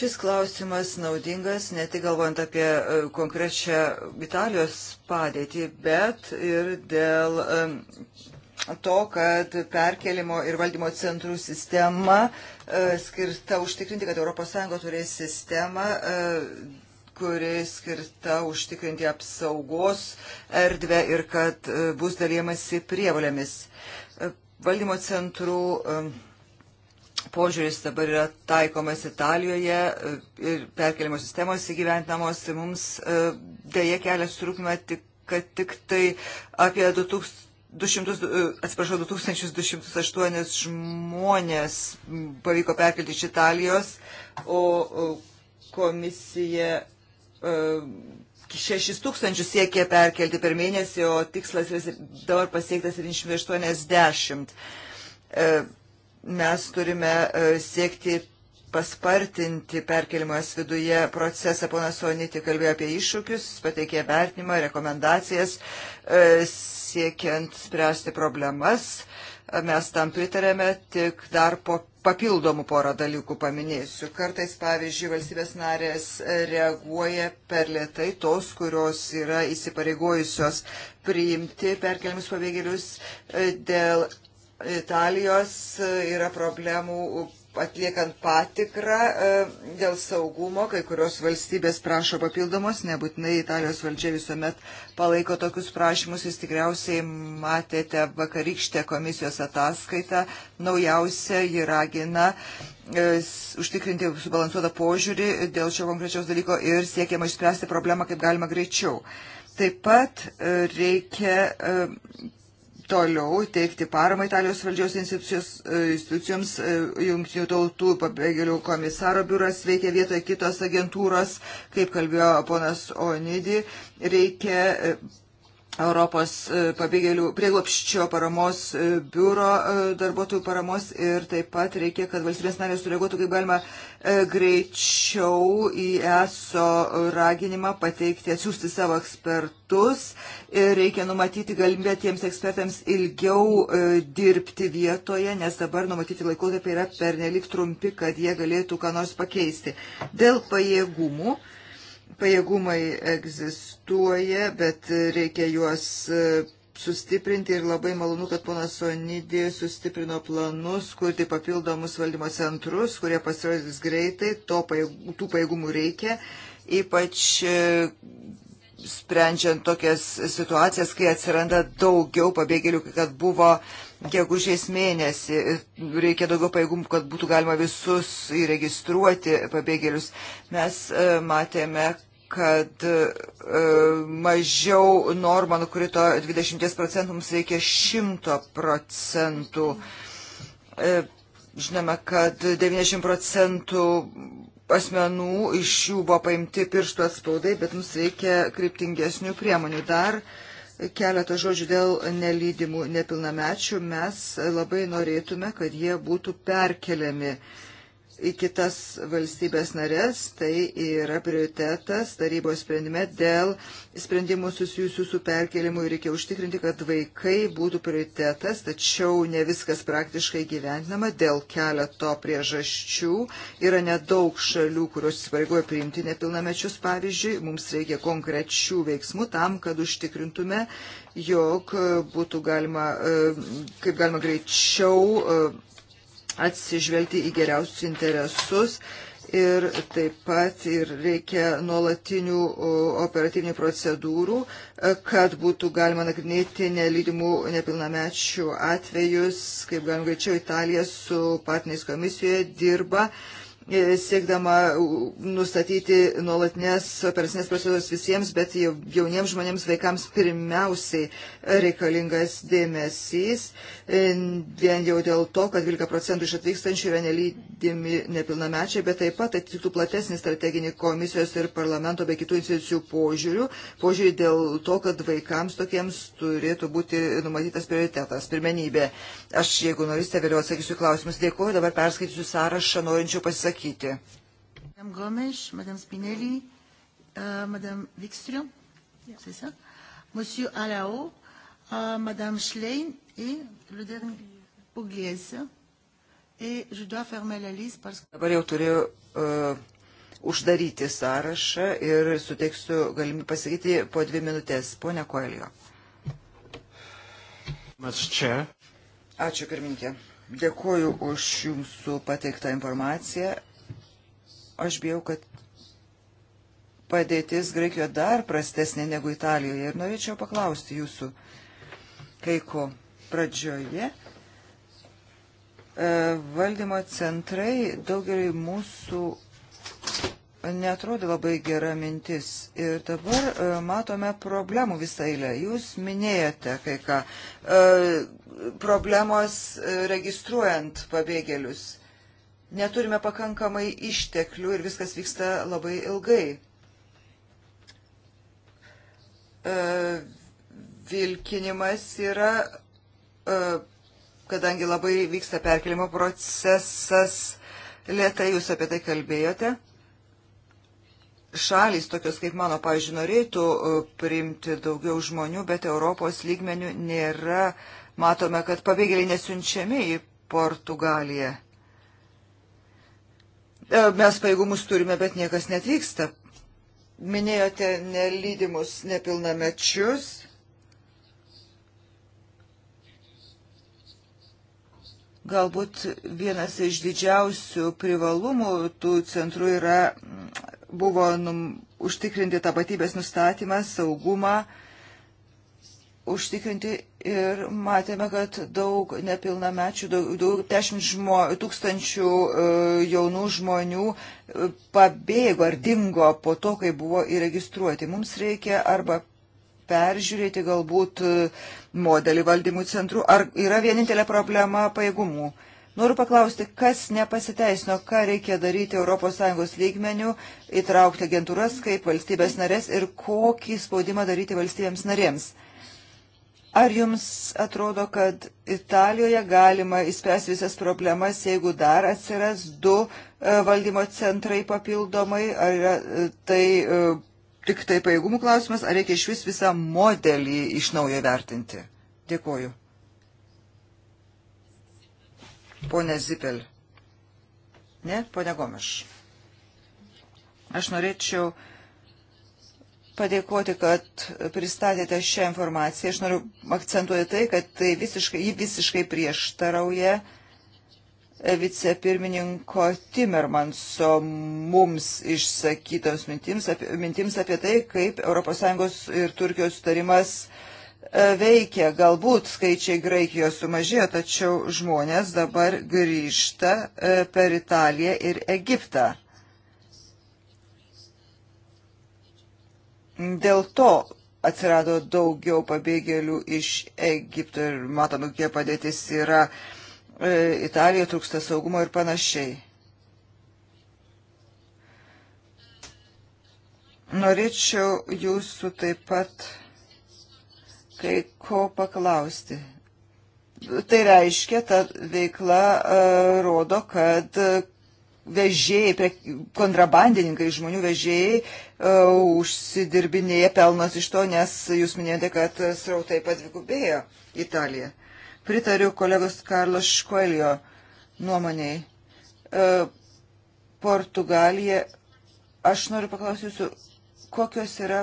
Šis klausimas naudingas ne tik galvojant apie e, konkrečią Italijos padėtį, bet ir dėl e, to, kad perkelimo ir valdymo centrų sistema e, skirta užtikrinti, kad ES turės sistemą kuri skirta užtikrinti apsaugos erdvę ir kad e, bus dalymasi prievalėmis. E, valdymo centrų e, požiūris dabar yra taikomas Italijoje ir perkelimo sistemos įgyventinamos. Mums dėja kelia surūpimą, kad tik tai apie 2000. 200, atsiprašau, 2208 žmonės pavyko perkelti iš Italijos, o komisija 6 e, tūkstančių siekė perkelti per mėnesį, o tikslas dabar pasiektas 780. E, mes turime e, siekti paspartinti perkelimas viduje procesą. Ponas Sonitė kalbėjo apie iššūkius, pateikė vertinimą, rekomendacijas, siekiant spręsti problemas. Mes tam pritarėme, tik dar po papildomų porą dalykų paminėsiu. Kartais, pavyzdžiui, valstybės narės e, reaguoja per lietai tos, kurios yra įsipareigojusios priimti perkeliamus pabėgėlius. E, dėl Italijos e, yra problemų atliekant patikrą e, dėl saugumo, kai kurios valstybės prašo papildomos, nebūtinai Italijos valdžia visuomet palaiko tokius prašymus, jūs tikriausiai matėte vakarykštę komisijos ataskaitą, naujausia jį ragina e, užtikrinti subalansuotą požiūrį dėl šio konkrečiaus dalyko ir siekiama išspręsti problemą kaip galima greičiau. Taip pat e, reikia toliau teikti paramą Italijos valdžios e, institucijoms, e, jungtinių tautų pabėgėlių komisaro biuras veikia vietoje kitos agentūros, kaip kalbėjo ponas Onidi, reikia e, Europos e, pabėgėlių prieglopščio paramos e, biuro e, darbuotojų paramos ir taip pat reikia, kad valstybės narės sureaguotų kaip galima greičiau į ESO raginimą pateikti, atsiųsti savo ekspertus ir reikia numatyti galimybę tiems ekspertams ilgiau dirbti vietoje, nes dabar numatyti laikotarpiai yra pernelik trumpi, kad jie galėtų ką nors pakeisti. Dėl pajėgumų. Pajėgumai egzistuoja, bet reikia juos e, sustiprinti ir labai malonu, kad ponas Sonidė sustiprino planus, kurti papildomus valdymo centrus, kurie pasirodys greitai, to, tų pajėgumų reikia, ypač e, sprendžiant tokias situacijas, kai atsiranda daugiau pabėgėlių, kad buvo gegužės mėnesį. Reikia daugiau paėgumų, kad būtų galima visus įregistruoti pabėgėlius. Mes e, matėme, kad e, mažiau norma nukrito 20 procentų, mums reikia 100 procentų. E, žinome, kad 90 procentų asmenų iš jų buvo paimti pirštų atspaudai, bet mums reikia kryptingesnių priemonių. Dar uh, Keletą žodžių dėl nelydimų nepilnamečių mes labai norėtume, kad jie būtų perkeliami uh, į kitas valstybės narės, tai yra prioritetas tarybos sprendime dėl sprendimų susijusių su perkelimu ir reikia užtikrinti, kad vaikai būtų prioritetas, tačiau ne viskas praktiškai gyventinama dėl keleto priežasčių. Yra nedaug šalių, kurios įsipareigoja priimti nepilnamečius, pavyzdžiui, mums reikia konkrečių veiksmų tam, kad užtikrintume, jog būtų galima, e, kaip galima greičiau e, atsižvelgti į geriausius interesus ir taip pat ir reikia nuolatinių operatyvinių procedūrų, e, kad būtų galima nagrinėti nelydimų nepilnamečių atvejus, kaip galim greičiau Italija su partneriais komisijoje dirba E, siekdama nustatyti nuolatinės operacinės procedūros visiems, bet jauniems žmonėms vaikams pirmiausiai reikalingas dėmesys, e, vien jau dėl to, kad 12 procentų iš atvykstančių yra nelydimi nepilnamečiai, bet taip pat atitiktų platesnį strateginį komisijos ir parlamento bei kitų institucijų požiūrių, požiūrį dėl to, kad vaikams tokiems turėtų būti numatytas prioritetas, pirmenybė. Aš, jeigu norite, vėliau atsakysiu klausimus. Dėkuoju, dabar perskaitysiu sąrašą norinčių pasisakyti pasisakyti. Madame Gomes, Madame Spinelli, uh, Madame Wikström, yeah. c'est ça? Monsieur Alao, uh, Madame Schlein et le dernier Pugliese. Et je dois fermer la liste parce que... Dabar jau turiu uh, uždaryti sąrašą ir suteiksiu galimybę pasakyti po dvi minutės. Pone Koelio. Ačiū pirmininkė. Dėkuoju už jūsų pateiktą informaciją. Aš bijau, kad padėtis Graikijoje dar prastesnė negu Italijoje ir norėčiau paklausti jūsų kai ko pradžioje. E, valdymo centrai daugeliai mūsų netrodo labai gera mintis. Ir dabar e, matome problemų visą eilę. Jūs minėjote kai ką. E, problemos e, registruojant pabėgėlius. Neturime pakankamai išteklių ir viskas vyksta labai ilgai. E, vilkinimas yra, e, kadangi labai vyksta perkelimo procesas, lėtai jūs apie tai kalbėjote. E, šalys, tokios kaip mano, pavyzdžiui, norėtų e, priimti daugiau žmonių, bet Europos lygmenių nėra. Matome, kad pabėgėliai nesiunčiami į Portugaliją. E, mes paėgumus turime, bet niekas netvyksta. Minėjote nelydimus nepilnamečius. Galbūt vienas iš didžiausių privalumų tų centrų yra, mm, buvo num, užtikrinti tapatybės nustatymą, saugumą, užtikrinti ir matėme, kad daug nepilnamečių, daug, daug dešimt žmo, tūkstančių e, jaunų žmonių e, pabėgo ar dingo po to, kai buvo įregistruoti. Mums reikia arba peržiūrėti galbūt e, modelį valdymų centrų, ar yra vienintelė problema pajėgumų. Noriu paklausti, kas nepasiteisino, ką reikia daryti ES lygmenių, įtraukti agentūras kaip valstybės narės ir kokį spaudimą daryti valstybėms narėms. Ar jums atrodo, kad Italijoje galima įspręsti visas problemas, jeigu dar atsiras du e, valdymo centrai papildomai, ar yra e, tai tik tai pajėgumų klausimas, ar reikia iš vis visą modelį iš naujo vertinti? Dėkuoju. Pone Zipel. Ne, pone Gomeš. Aš norėčiau padėkoti, kad pristatėte šią informaciją. Aš noriu akcentuoti tai, kad tai visiškai, ji visiškai prieštarauja uh, vicepirmininko Timermanso mums išsakytoms mintims apie, mintims apie tai, kaip ES ir Turkijos sutarimas e, veikia. Galbūt skaičiai Graikijos sumažėjo, tačiau žmonės dabar grįžta e, per Italiją ir Egiptą. Dėl to atsirado daugiau pabėgėlių iš Egipto ir matome, kokia padėtis yra uh, E, Italijoje trūksta saugumo ir panašiai. Norėčiau jūsų taip pat kai ko paklausti. Tai reiškia, ta veikla uh, rodo, kad vežėjai, kontrabandininkai, žmonių vežėjai uh, užsidirbinėja pelnos iš to, nes jūs minėjote, kad srautai padvigubėjo Italija. Pritariu kolegos Karlos Škoelio nuomoniai. E, Portugalija, aš noriu paklausyti jūsų, kokios yra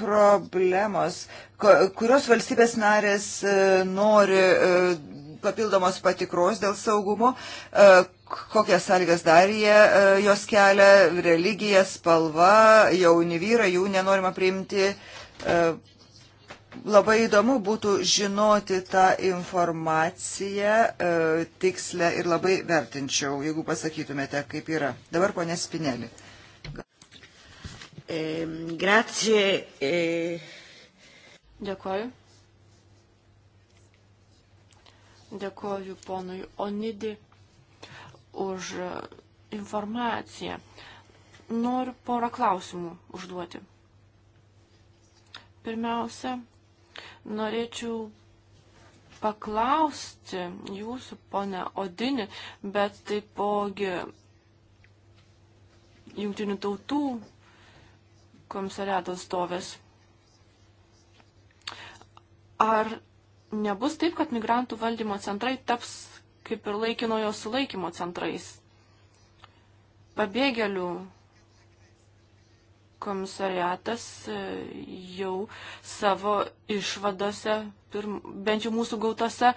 problemos, kurios valstybės narės e, nori e, papildomos patikros dėl saugumo, kokias sąlygas dar jie jos kelia, religija, spalva, jauni vyrai, jų nenorima priimti Labai įdomu būtų žinoti tą informaciją e, tikslę ir labai vertinčiau, jeigu pasakytumėte, kaip yra. Dabar ponė Spinelį. E, grazie. E... Dėkuoju. Dėkuoju ponui Onidi už informaciją. Noriu porą klausimų užduoti. Pirmiausia, Norėčiau paklausti jūsų, ponė Odini, bet taipogi jungtinių tautų komisariato atstovės. Ar nebus taip, kad migrantų valdymo centrai taps kaip ir laikinojo sulaikymo centrais? Pabėgėlių komisariatas e, jau savo išvadose, pirm, bent jau mūsų gautose,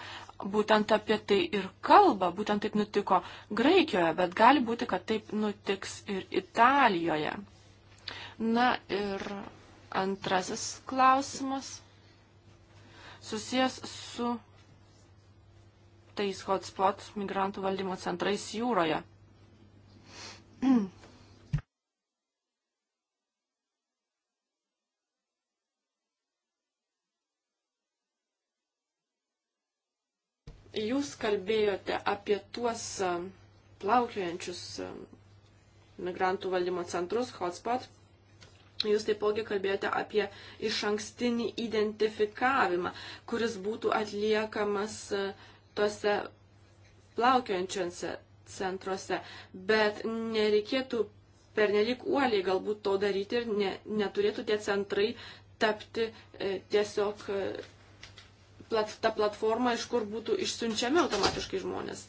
būtent apie tai ir kalba, būtent taip nutiko Graikijoje, bet gali būti, kad taip nutiks ir Italijoje. Na ir antrasis klausimas susijęs su tais hotspot migrantų valdymo centrais jūroje. <clears throat> Jūs kalbėjote apie tuos plaukiojančius migrantų valdymo centrus, hotspot. Jūs taipogi kalbėjote apie iš ankstinį identifikavimą, kuris būtų atliekamas tose plaukiojančiuose centruose, bet nereikėtų pernelik uoliai galbūt to daryti ir ne, neturėtų tie centrai tapti e, tiesiog e, plat, ta platforma, iš kur būtų išsiunčiami automatiškai žmonės.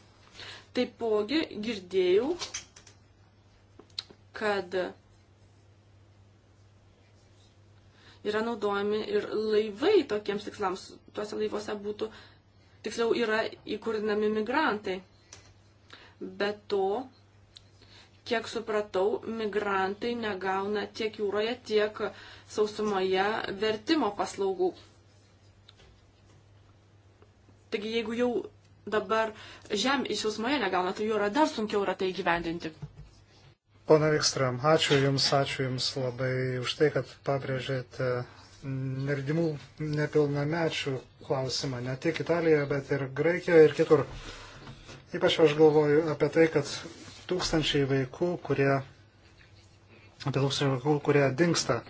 Taipogi girdėjau, kad yra naudojami ir laivai tokiems tikslams. Tuose laivuose būtų, tiksliau, yra įkurdinami migrantai. Be to, kiek supratau, migrantai negauna tiek jūroje, tiek sausumoje vertimo paslaugų. Taigi jeigu jau dabar žem įsiausmoje negauna, tai jau yra dar sunkiau yra tai gyvendinti. Pone Vikstram, ačiū Jums, ačiū Jums labai už tai, kad pabrėžėte nerdimų nepilnamečių klausimą, ne tik Italijoje, bet ir Graikijoje ir kitur. Ypač aš galvoju apie tai, kad tūkstančiai vaikų, kurie, apie tūkstančiai vaikų, kurie dinksta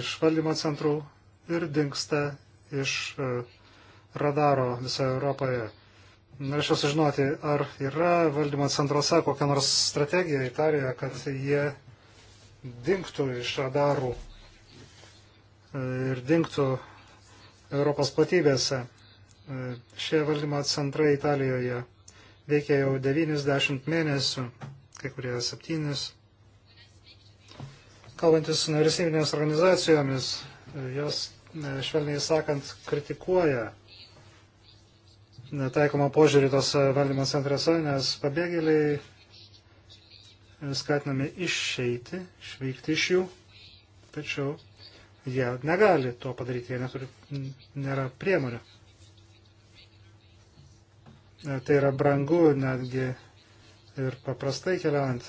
iš valdymo centrų ir dinksta iš uh, radaro visoje Europoje. Norėčiau sužinoti, ar yra valdymo centruose kokia nors strategija Italijoje, kad jie dinktų iš radarų e, ir dinktų Europos platybėse. E, šie valdymo centrai Italijoje veikia jau 90 mėnesių, kai kurie 7. Kalbantis su nevyriausybinėmis organizacijomis, e, jos, švelniai sakant, kritikuoja netaikomą požiūrį tos e, valdymo centruose, nes pabėgėliai e, skatinami išeiti, išvykti iš jų, tačiau jie negali to padaryti, jie neturi, nėra priemonių. E, tai yra brangu netgi ir paprastai keliaujant.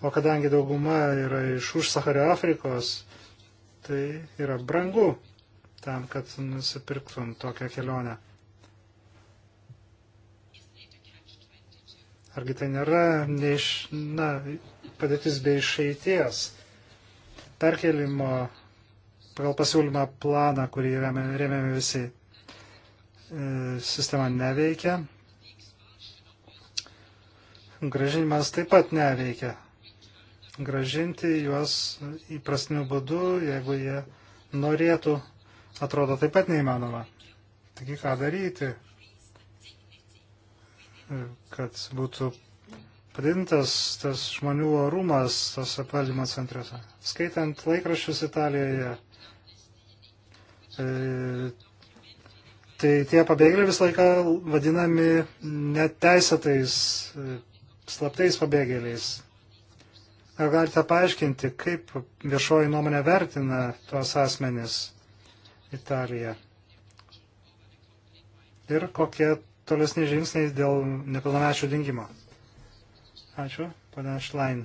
O kadangi dauguma yra iš už Sahario Afrikos, tai yra brangu tam, kad nusipirktum tokią kelionę. Argi tai nėra neiš, na, padėtis be išeities perkelimo pagal pasiūlymą planą, kurį rėmėme visi, e, sistema neveikia. Gražinimas taip pat neveikia. Gražinti juos įprastiniu būdu, jeigu jie norėtų, atrodo taip pat neįmanoma. Taigi ką daryti? kad būtų padidintas tas žmonių orumas tose valdymo centruose. Skaitant laikraščius Italijoje, e, tai tie pabėgėliai visą laiką vadinami neteisėtais, e, slaptais pabėgėliais. Ar galite paaiškinti, kaip viešoji nuomonė vertina tuos asmenis Italiją? Ir kokie tolesni žingsniai dėl nepilnamečių dingimo. Ačiū, pana Šlain.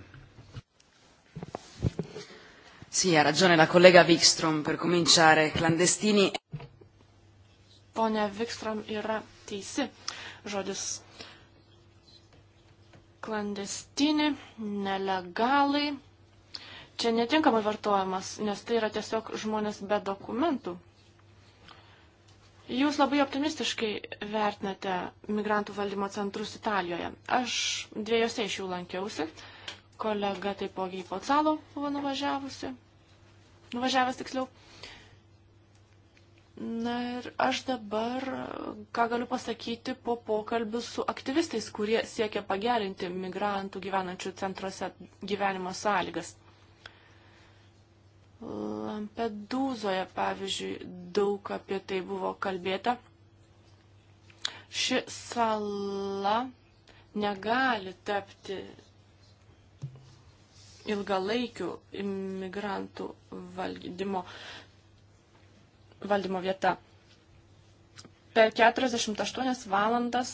Sì, ha ragione la collega Wikström per cominciare. Clandestini. Ponia Wikström yra teisi. Žodis klandestini, nelegalai. Čia netinkamai vartojamas, nes tai yra tiesiog žmonės be dokumentų. Jūs labai optimistiškai vertinate migrantų valdymo centrus Italijoje. Aš dviejose iš jų lankiausi. Kolega taipogi į Pocalo buvo nuvažiavusi. Nuvažiavęs tiksliau. Na ir aš dabar, ką galiu pasakyti po pokalbių su aktyvistais, kurie siekia pagerinti migrantų gyvenančių centruose gyvenimo sąlygas. Lampedūzoje, pavyzdžiui, daug apie tai buvo kalbėta. Ši sala negali tapti ilgalaikių imigrantų valdymo, valdymo vieta. Per 48 valandas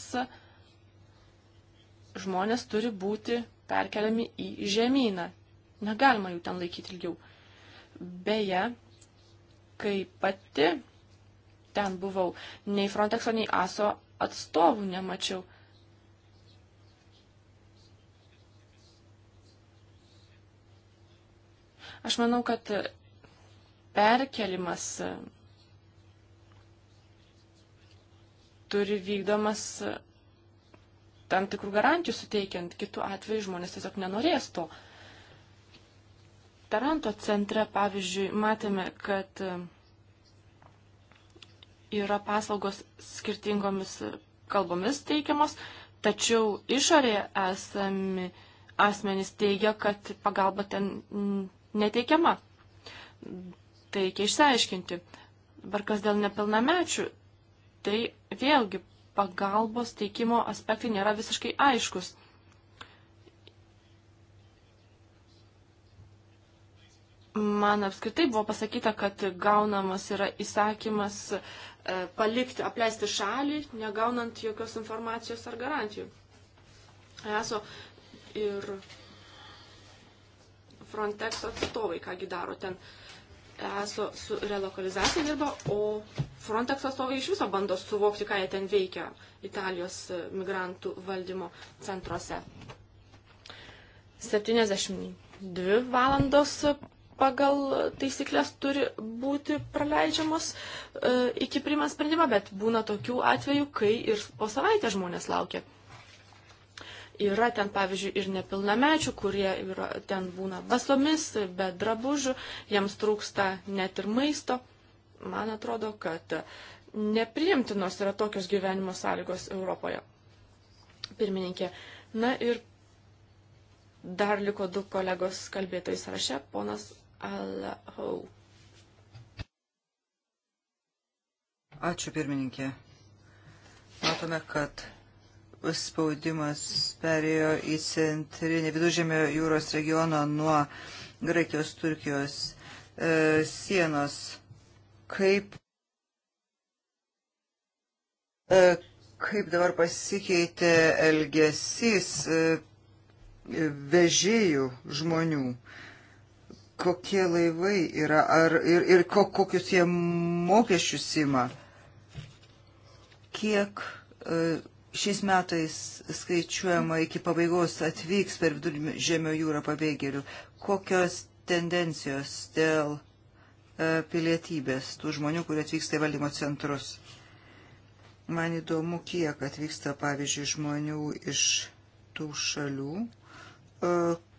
žmonės turi būti perkeliami į žemyną. Negalima jų ten laikyti ilgiau. Beje, kai pati ten buvau, nei Frontexo, nei ASO atstovų nemačiau. Aš manau, kad perkelimas turi vykdomas tam tikrų garantijų suteikiant, kitų atveju žmonės tiesiog nenorės to. Uh, Taranto centre, pavyzdžiui, matėme, kad e, yra paslaugos skirtingomis kalbomis teikiamos, tačiau išorėje esami asmenys teigia, kad pagalba ten neteikiama. Tai reikia išsiaiškinti. Dabar kas dėl nepilnamečių, tai vėlgi pagalbos teikimo aspektai nėra visiškai aiškus. Man apskritai buvo pasakyta, kad gaunamas yra įsakymas e, palikti, apleisti šalį, negaunant jokios informacijos ar garantijų. ESO ir Frontex atstovai, kągi daro ten. ESO su relokalizacija dirba, o Frontex atstovai iš viso bando suvokti, ką jie ten veikia Italijos e, migrantų valdymo centruose. 72 valandos pagal taisyklės turi būti praleidžiamos e, iki priimant sprendimą, bet būna tokių atvejų, kai ir po savaitę žmonės laukia. Yra ten, pavyzdžiui, ir nepilnamečių, kurie yra, ten būna basomis, be drabužių, jiems trūksta net ir maisto. Man atrodo, kad nepriimtinos yra tokios gyvenimo sąlygos Europoje. Pirmininkė. Na ir Dar liko du kolegos kalbėtojai sąraše, ponas al -Hou. Ačiū pirmininkė. Matome, kad spaudimas perėjo į centrinį viduržėmio jūros regioną nuo Graikijos Turkijos e, sienos. Kaip, e, kaip dabar pasikeitė elgesys e, vežėjų žmonių? E, kokie laivai yra ar, ir, ir kokius jie mokesčius ima. Kiek e, šiais metais skaičiuojama iki pabaigos atvyks per vidurį žemio jūrą pabėgėlių? Kokios tendencijos dėl e, pilietybės tų žmonių, kurie atvyksta į valdymo centrus? Man įdomu, kiek atvyksta, pavyzdžiui, žmonių iš tų šalių, e,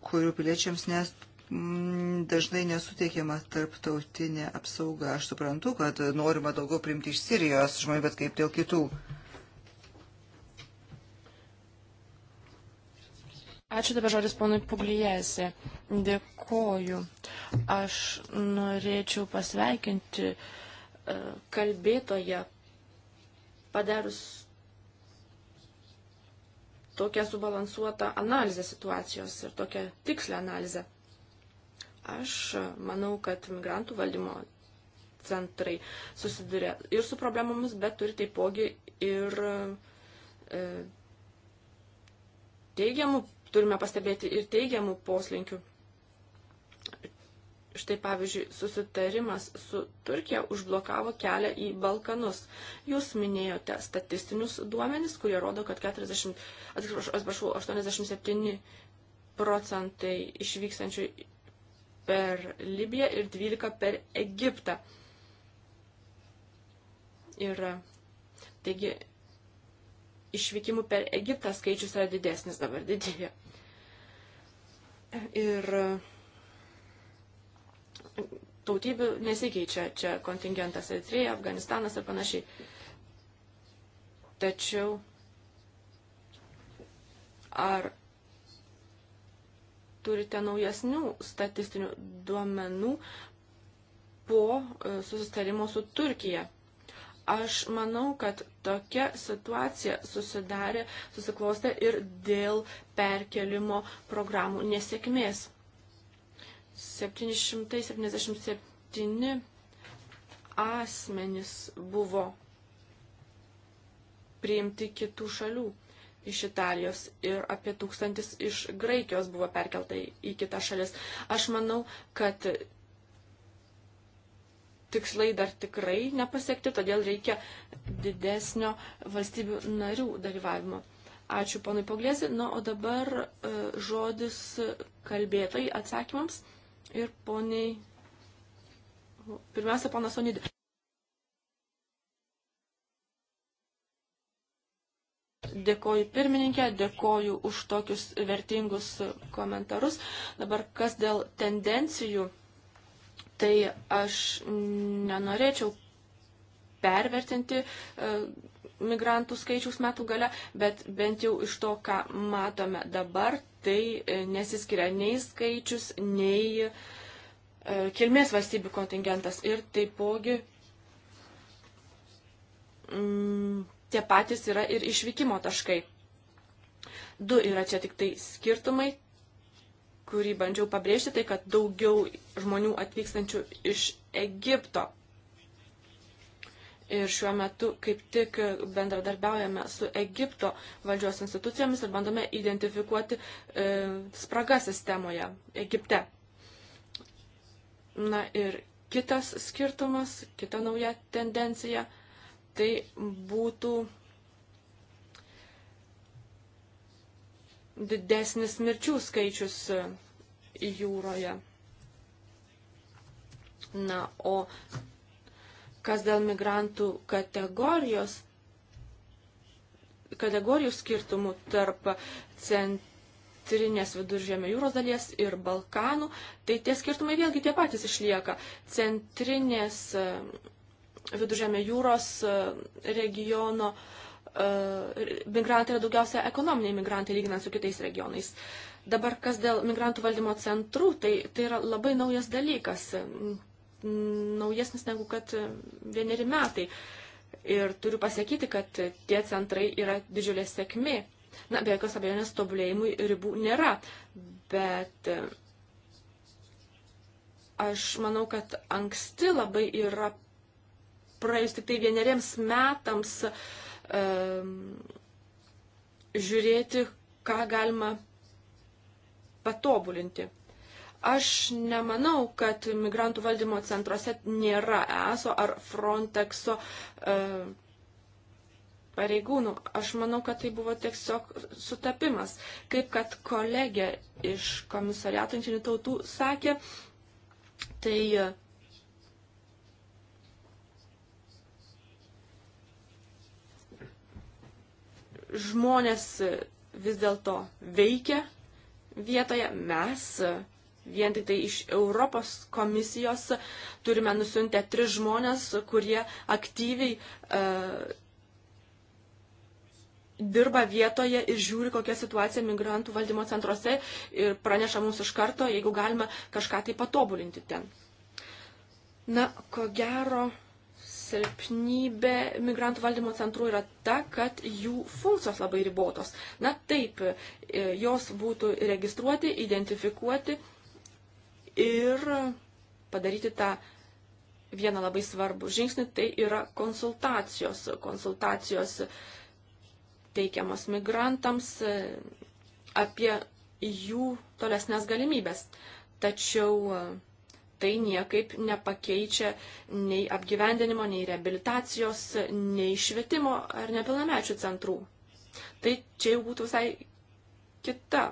kurių piliečiams net Mm, dažnai nesuteikiama tarptautinė apsauga. Aš suprantu, kad norima daugiau priimti iš Sirijos žmonių, bet kaip dėl kitų. Ačiū dabar žodis ponui Pugliesi. Dėkoju. Aš norėčiau pasveikinti e, kalbėtoje padarius tokią subalansuotą analizę situacijos ir tokią tikslę analizę. Aš manau, kad migrantų valdymo centrai susiduria ir su problemomis, bet turi taipogi ir e, teigiamų, turime pastebėti ir teigiamų poslinkių. Štai pavyzdžiui, susitarimas su Turkija užblokavo kelią į Balkanus. Jūs minėjote statistinius duomenis, kurie rodo, kad 40, atsiprašau, 87 procentai išvykstančių per Libiją ir 12 per Egiptą. Ir taigi išvykimų per Egiptą skaičius yra didesnis dabar didėja. Ir tautybių nesikeičia čia kontingentas Eritrėja, Afganistanas ir panašiai. Tačiau ar turite naujasnių statistinių duomenų po e, susitarimo su Turkija. Aš manau, kad tokia situacija susidarė, susiklostė ir dėl perkelimo programų nesėkmės. 777 asmenys buvo priimti kitų šalių iš Italijos ir apie tūkstantis iš Graikijos buvo perkelta į kitą šalis. Aš manau, kad tikslai dar tikrai nepasiekti, todėl reikia didesnio valstybių narių dalyvavimo. Ačiū ponui Paglėsi. Na, o dabar e, žodis kalbėtojai atsakymams ir poniai. Pirmiausia, ponas Onidė. Dėkoju pirmininkė, dėkoju už tokius vertingus komentarus. Dabar kas dėl tendencijų, tai aš nenorėčiau pervertinti e, migrantų skaičiaus metų gale, bet bent jau iš to, ką matome dabar, tai e, nesiskiria nei skaičius, nei e, kilmės valstybių kontingentas ir taipogi mm, tie patys yra ir išvykimo taškai. Du yra čia tik tai skirtumai, kurį bandžiau pabrėžti, tai kad daugiau žmonių atvykstančių iš Egipto. Ir šiuo metu kaip tik bendradarbiaujame su Egipto valdžios institucijomis ir bandome identifikuoti e, spragas sistemoje Egipte. Na ir kitas skirtumas, kita nauja tendencija tai būtų didesnis mirčių skaičius jūroje. Na, o kas dėl migrantų kategorijos, kategorijų skirtumų tarp centrinės viduržėmio jūros dalies ir Balkanų, tai tie skirtumai vėlgi tie patys išlieka. Centrinės viduržėmė jūros e, regiono e, migrantai yra daugiausia ekonominiai migrantai lyginant su kitais regionais. Dabar kas dėl migrantų valdymo centrų, tai, tai yra labai naujas dalykas, naujesnis negu kad vieneri metai. Ir turiu pasakyti, kad tie centrai yra didžiulė sėkmė. Na, be jokios abejonės tobulėjimui ribų nėra, bet e, aš manau, kad anksti labai yra praėjus tik tai vieneriems metams žiūrėti, ką galima patobulinti. Aš nemanau, kad migrantų valdymo centruose nėra ESO ar Frontexo e, pareigūnų. Aš manau, kad tai buvo tiesiog sutapimas. Kaip kad kolegė iš komisariato jungtinių tautų sakė, tai žmonės vis dėlto veikia vietoje. Mes vien tik tai iš Europos komisijos turime nusiuntę tris žmonės, kurie aktyviai e, dirba vietoje ir žiūri, kokia situacija migrantų valdymo centruose ir praneša mums iš karto, jeigu galima kažką tai patobulinti ten. Na, ko gero, silpnybė migrantų valdymo centrų yra ta, kad jų funkcijos labai ribotos. Na taip, e, jos būtų registruoti, identifikuoti ir padaryti tą vieną labai svarbų žingsnį, tai yra konsultacijos. Konsultacijos teikiamos migrantams e, apie jų tolesnės galimybės. Tačiau e, tai niekaip nepakeičia nei apgyvendinimo, nei reabilitacijos, nei švietimo ar nepilnamečių centrų. Tai čia jau būtų visai kita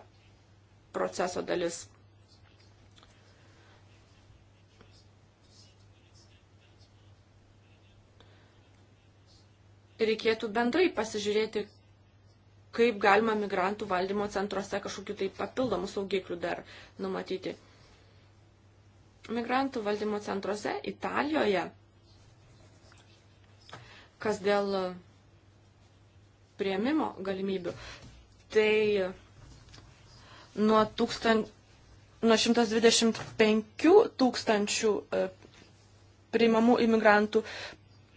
proceso dalis. Reikėtų bendrai pasižiūrėti, kaip galima migrantų valdymo centruose kažkokiu tai papildomų saugiklių dar numatyti migrantų valdymo centruose Italijoje, kas dėl prieimimo galimybių, tai nuo, tūkstan, nuo 125 tūkstančių e, priimamų imigrantų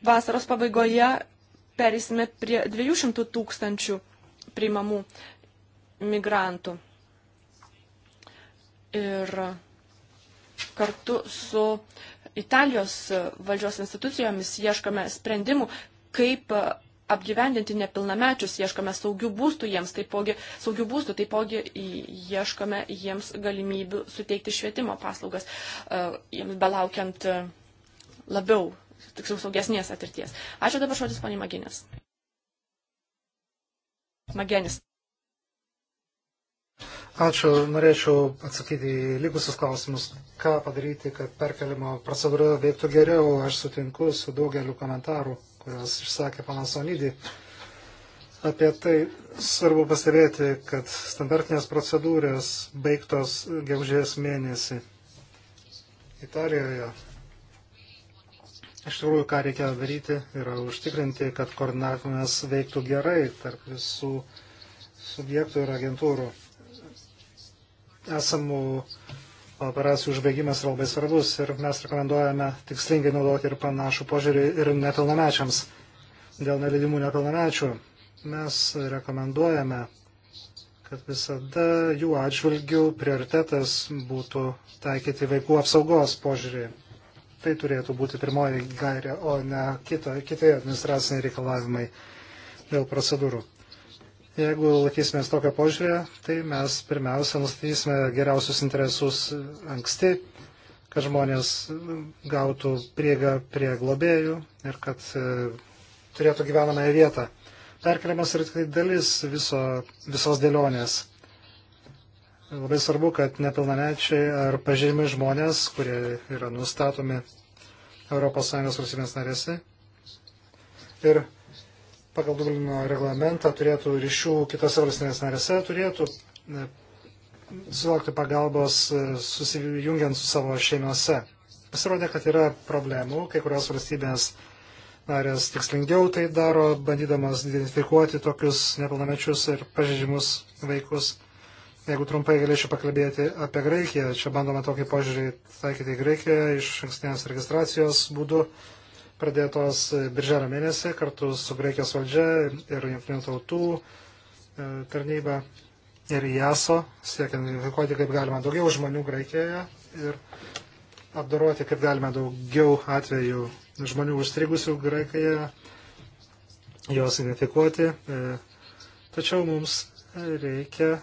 vasaros pabaigoje perėsime prie 200 tūkstančių priimamų migrantų. Ir kartu su Italijos valdžios institucijomis ieškome sprendimų, kaip apgyvendinti nepilnamečius, ieškome saugių būstų jiems, taipogi, saugių būstų, taipogi ieškome jiems galimybių suteikti švietimo paslaugas, e, jiems belaukiant e, labiau, tiksliau, saugesnės atirties. Ačiū dabar šodis, ponė Maginės. Magenis. Ačiū. Norėčiau atsakyti į likusius klausimus. Ką padaryti, kad perkelimo procedūra veiktų geriau? Aš sutinku su daugeliu komentarų, kuriuos išsakė panas Onydį. Apie tai svarbu pastebėti, kad standartinės procedūros baigtos gegužės mėnesį Italijoje. Iš tikrųjų, ką reikia daryti, yra užtikrinti, kad koordinavimas veiktų gerai tarp visų subjektų ir agentūrų esamų operacijų užbaigimas yra labai svarbus ir mes rekomenduojame tikslingai naudoti ir panašų požiūrį ir nepilnamečiams. Dėl nelidimų nepilnamečių mes rekomenduojame, kad visada jų atžvilgių prioritetas būtų taikyti vaikų apsaugos požiūrį. Tai turėtų būti pirmoji gairė, o ne kito, kiti administraciniai reikalavimai dėl procedūrų. Jeigu laikysimės tokio požiūrė, tai mes pirmiausia nustatysime geriausius interesus anksti, kad žmonės gautų prieigą prie globėjų ir kad e, turėtų gyvenamąją vietą. Perkeliamas yra tik dalis viso, visos dėlionės. Labai svarbu, kad nepilnamečiai ar pažymimi žmonės, kurie yra nustatomi ES valstybės narėse ir pagal Dublino reglamentą turėtų ryšių kitose valstybės narėse, turėtų e, sulaukti pagalbos e, susijungiant su savo šeimose. Pasirodė, kad yra problemų, kai kurios valstybės narės tikslingiau tai daro, bandydamas identifikuoti tokius nepilnamečius ir pažeidžiamus vaikus. Jeigu trumpai galėčiau pakalbėti apie Graikiją, čia bandome tokį požiūrį taikyti į Graikiją iš ankstinės registracijos būdu pradėtos e, birželio mėnesį kartu su Graikijos valdžia ir Junktinių tautų e, tarnyba ir JASO, siekiant identifikuoti kaip galima daugiau žmonių Graikijoje ir apdoroti kaip galima daugiau atvejų žmonių užstrigusių Graikijoje, juos identifikuoti. E, tačiau mums reikia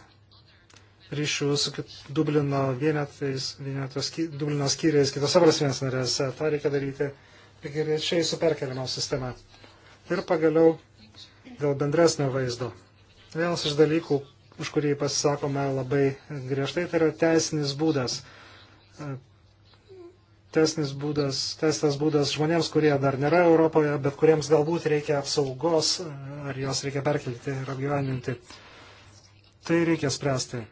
ryšių su Dublino vienetais, vienetos, Dublino skyriais kitose valstybės narėse. Ta reikia daryti lygiai su perkeliamo sistema. Ir pagaliau dėl bendresnio vaizdo. Vienas iš dalykų, už kurį pasisakome labai griežtai, tai yra teisinis būdas. Teisinis būdas, teisinis būdas žmonėms, kurie dar nėra Europoje, bet kuriems galbūt reikia apsaugos, ar jos reikia perkelti ir apgyveninti. Tai reikia spręsti.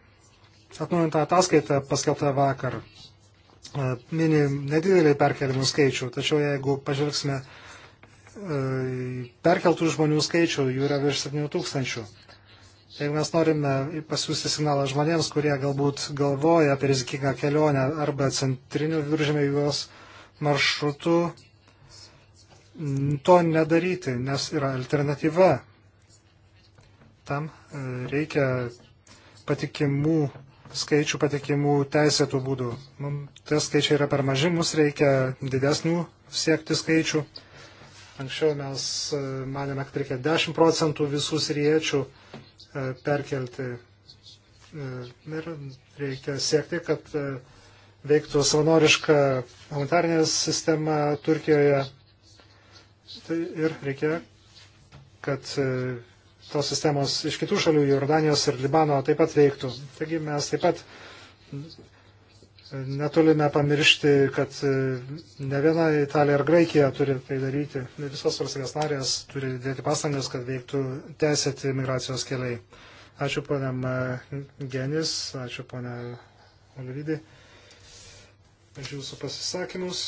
Atnaujinta ataskaita paskelbta vakar E, mini nedidelį perkelimų skaičių, tačiau jeigu pažvelgsime e, perkeltų žmonių skaičių, jų yra virš 7 tūkstančių. Jeigu mes norime pasiūsti signalą žmonėms, kurie galbūt galvoja apie rizikingą kelionę arba centrinių viržėmė juos maršrutų, to nedaryti, nes yra alternatyva. Tam e, reikia patikimų skaičių patikimų teisėtų būdų. Mums tie skaičiai yra per maži, mums reikia didesnių siekti skaičių. Anksčiau mes e, manėme, kad reikia 10 procentų visų siriečių e, perkelti. E, ir reikia siekti, kad veiktų savanoriška humanitarinė sistema Turkijoje. Tai ir reikia, kad tos sistemos iš kitų šalių, Jordanijos ir Libano, taip pat veiktų. Taigi mes taip pat netolime pamiršti, kad e, ne viena Italija ar Graikija turi tai daryti. Visos valstybės narės turi dėti pastangas, kad veiktų teisėti migracijos keliai. Ačiū poniam Genis, ačiū poniam Olvidį. Ačiū jūsų pasisakymus.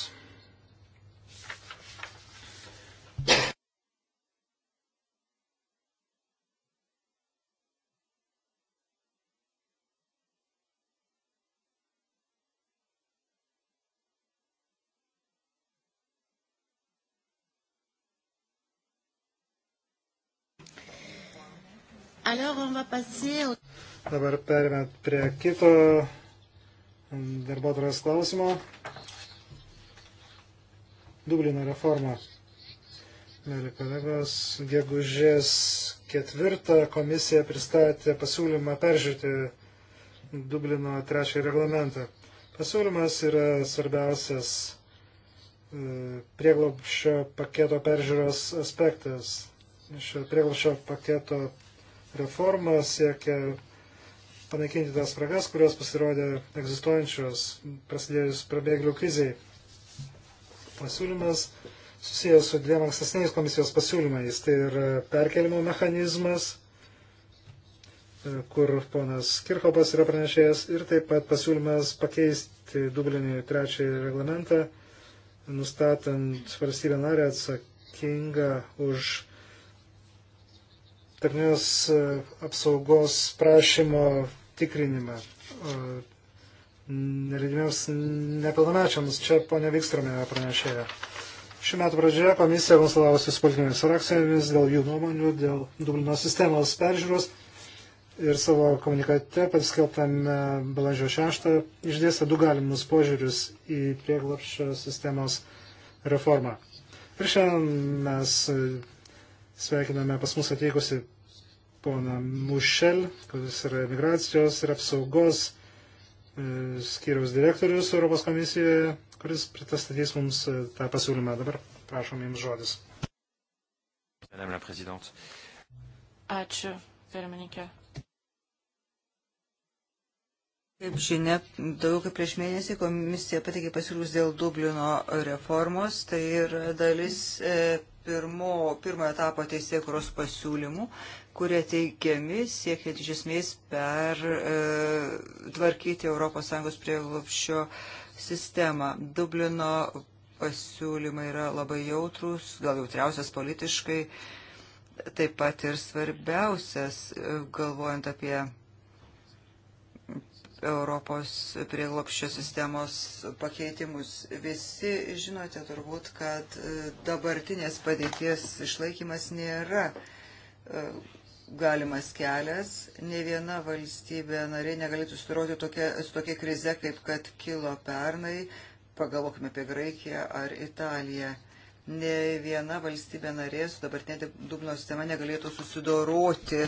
Dabar perėmė prie kito darbotojas klausimo. Dublino reforma. Mėly kolegos, gegužės ketvirtą komisija pristatė pasiūlymą peržiūrėti Dublino trečiąjį reglamentą. Pasiūlymas yra svarbiausias e, prieglopščio paketo peržiūros aspektas. Šio prieglopščio paketo reforma siekia panaikinti tas spragas, kurios pasirodė egzistuojančios prasidėjus prabėglių kriziai. Pasiūlymas susijęs su dviem ankstesniais komisijos pasiūlymais. Tai ir perkelimo mechanizmas, e, kur ponas Kirchopas yra pranešėjas, ir taip pat pasiūlymas pakeisti Dublinį trečiąjį reglamentą, nustatant valstybę narę atsakingą už tarnybos e, apsaugos prašymo tikrinimą e, neridimiems nepilnamečiams. Čia ponia Vikstromė pranešėja. Šiuo metu pradžioje komisija konsultavosi su politinėmis frakcijomis dėl jų nuomonių, dėl Dublino sistemos peržiūros ir savo komunikate paskelbtame balandžio 6 išdėstė du galimus požiūrius į prieglapščio sistemos reformą. Ir šiandien mes Sveikiname pas mus atvykusi poną Mušel, kuris yra migracijos ir apsaugos e, skyriaus direktorius Europos komisijoje, kuris pristatys mums e, tą pasiūlymą. Dabar prašom jums žodis. Ačiū, pirmininkė. Kaip žinia, daugiau kaip prieš mėnesį komisija pateikė pasiūlymus dėl Dublino reformos, tai yra dalis e, pirmo, pirmojo etapo teisėkuros pasiūlymų, kurie teikiami siekiant iš esmės per e, tvarkyti ES prieglopščio sistemą. Dublino pasiūlymai yra labai jautrus, gal jautriausias politiškai, taip pat ir svarbiausias, e, galvojant apie Europos prieglopščio sistemos pakeitimus. Visi žinote turbūt, kad e, dabartinės padėties išlaikymas nėra e, galimas kelias. Ne viena valstybė narė negalėtų sudaroti tokia, su tokia krize, kaip kad kilo pernai. Pagalvokime apie Graikiją ar Italiją. Ne viena valstybė narė su dabartinė Dublino sistema negalėtų susidoroti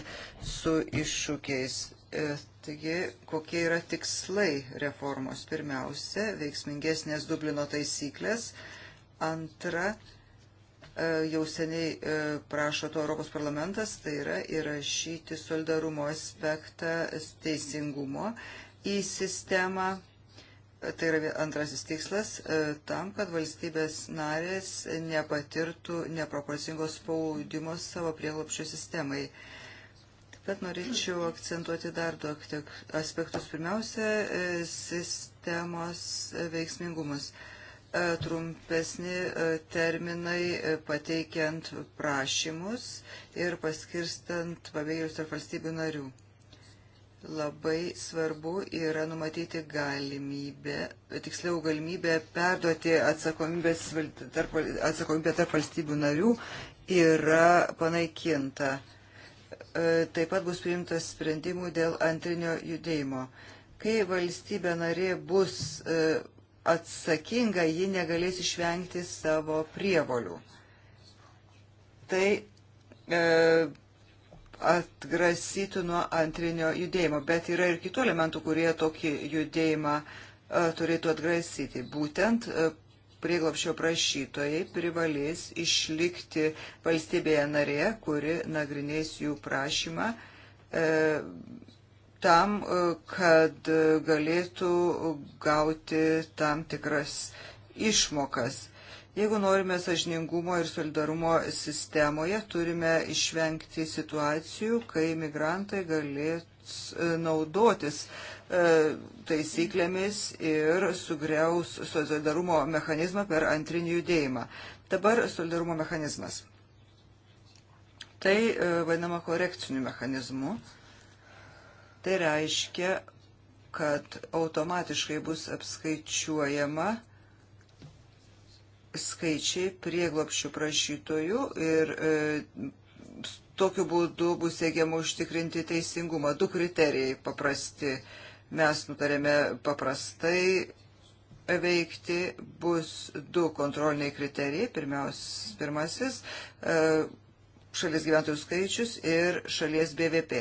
su iššūkiais E, taigi, kokie yra tikslai reformos? Pirmiausia, veiksmingesnės Dublino taisyklės. Antra, e, jau seniai e, prašo to Europos parlamentas, tai yra įrašyti solidarumo aspektą teisingumo į sistemą. Tai yra antrasis tikslas, tam, kad valstybės narės nepatirtų neproporcingos spaudimo savo prieglopščio sistemai bet norėčiau akcentuoti dar du aspektus. Pirmiausia, e, sistemos e, veiksmingumas. E, trumpesni terminai pateikiant prašymus ir paskirstant pabėgėlius tarp valstybių narių. Labai svarbu yra numatyti galimybę, tiksliau galimybę perduoti atsakomybę tarp, atsakomybę tarp valstybių narių yra panaikinta. E, taip pat bus priimtas sprendimų dėl antrinio judėjimo. Kai valstybė narė bus e, atsakinga, ji negalės išvengti savo prievolių. Tai e, atgrasytų nuo antrinio judėjimo, bet yra ir kitų elementų, kurie tokį judėjimą e, turėtų atgrasyti. Būtent e, prieglopšio prašytojai privalės išlikti valstybėje narėje, kuri nagrinės jų prašymą e, tam, e, kad galėtų gauti tam tikras išmokas. Jeigu norime sažiningumo ir solidarumo sistemoje, turime išvengti situacijų, kai migrantai galės e, naudotis E, taisyklėmis ir sugriaus solidarumo mechanizmą per antrinį judėjimą. Dabar solidarumo mechanizmas. Tai e, vadinama korekciniu mechanizmu. Tai reiškia, kad automatiškai bus apskaičiuojama skaičiai prieglopščių prašytojų ir e, tokiu būdu bus siekiama užtikrinti teisingumą. Du kriterijai paprasti Mes nutarėme paprastai veikti bus du kontroliniai kriterijai. Pirmiaus, pirmasis e, - šalies gyventojų skaičius ir šalies BVP.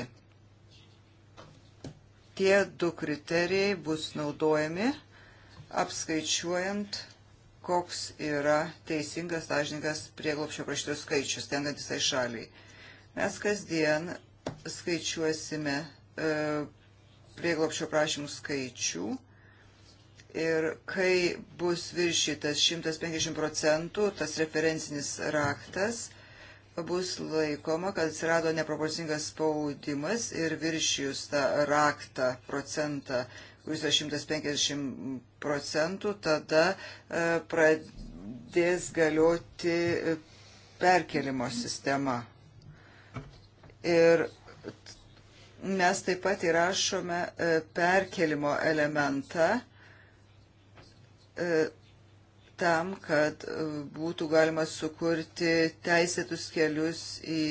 Tie du kriterijai bus naudojami apskaičiuojant, koks yra teisingas, sąžininkas prieglopščio prašytojų skaičius tenkantis tai šaliai. Mes kasdien skaičiuosime e, prieglopšio prašymų skaičių. Ir kai bus viršytas 150 procentų, tas referencinis raktas bus laikoma, kad atsirado neproporcingas spaudimas ir viršijus tą raktą procentą, kuris yra 150 procentų, tada e, pradės galioti e, perkelimo sistema. Ir mes taip pat įrašome e, perkelimo elementą e, tam, kad e, būtų galima sukurti teisėtus kelius į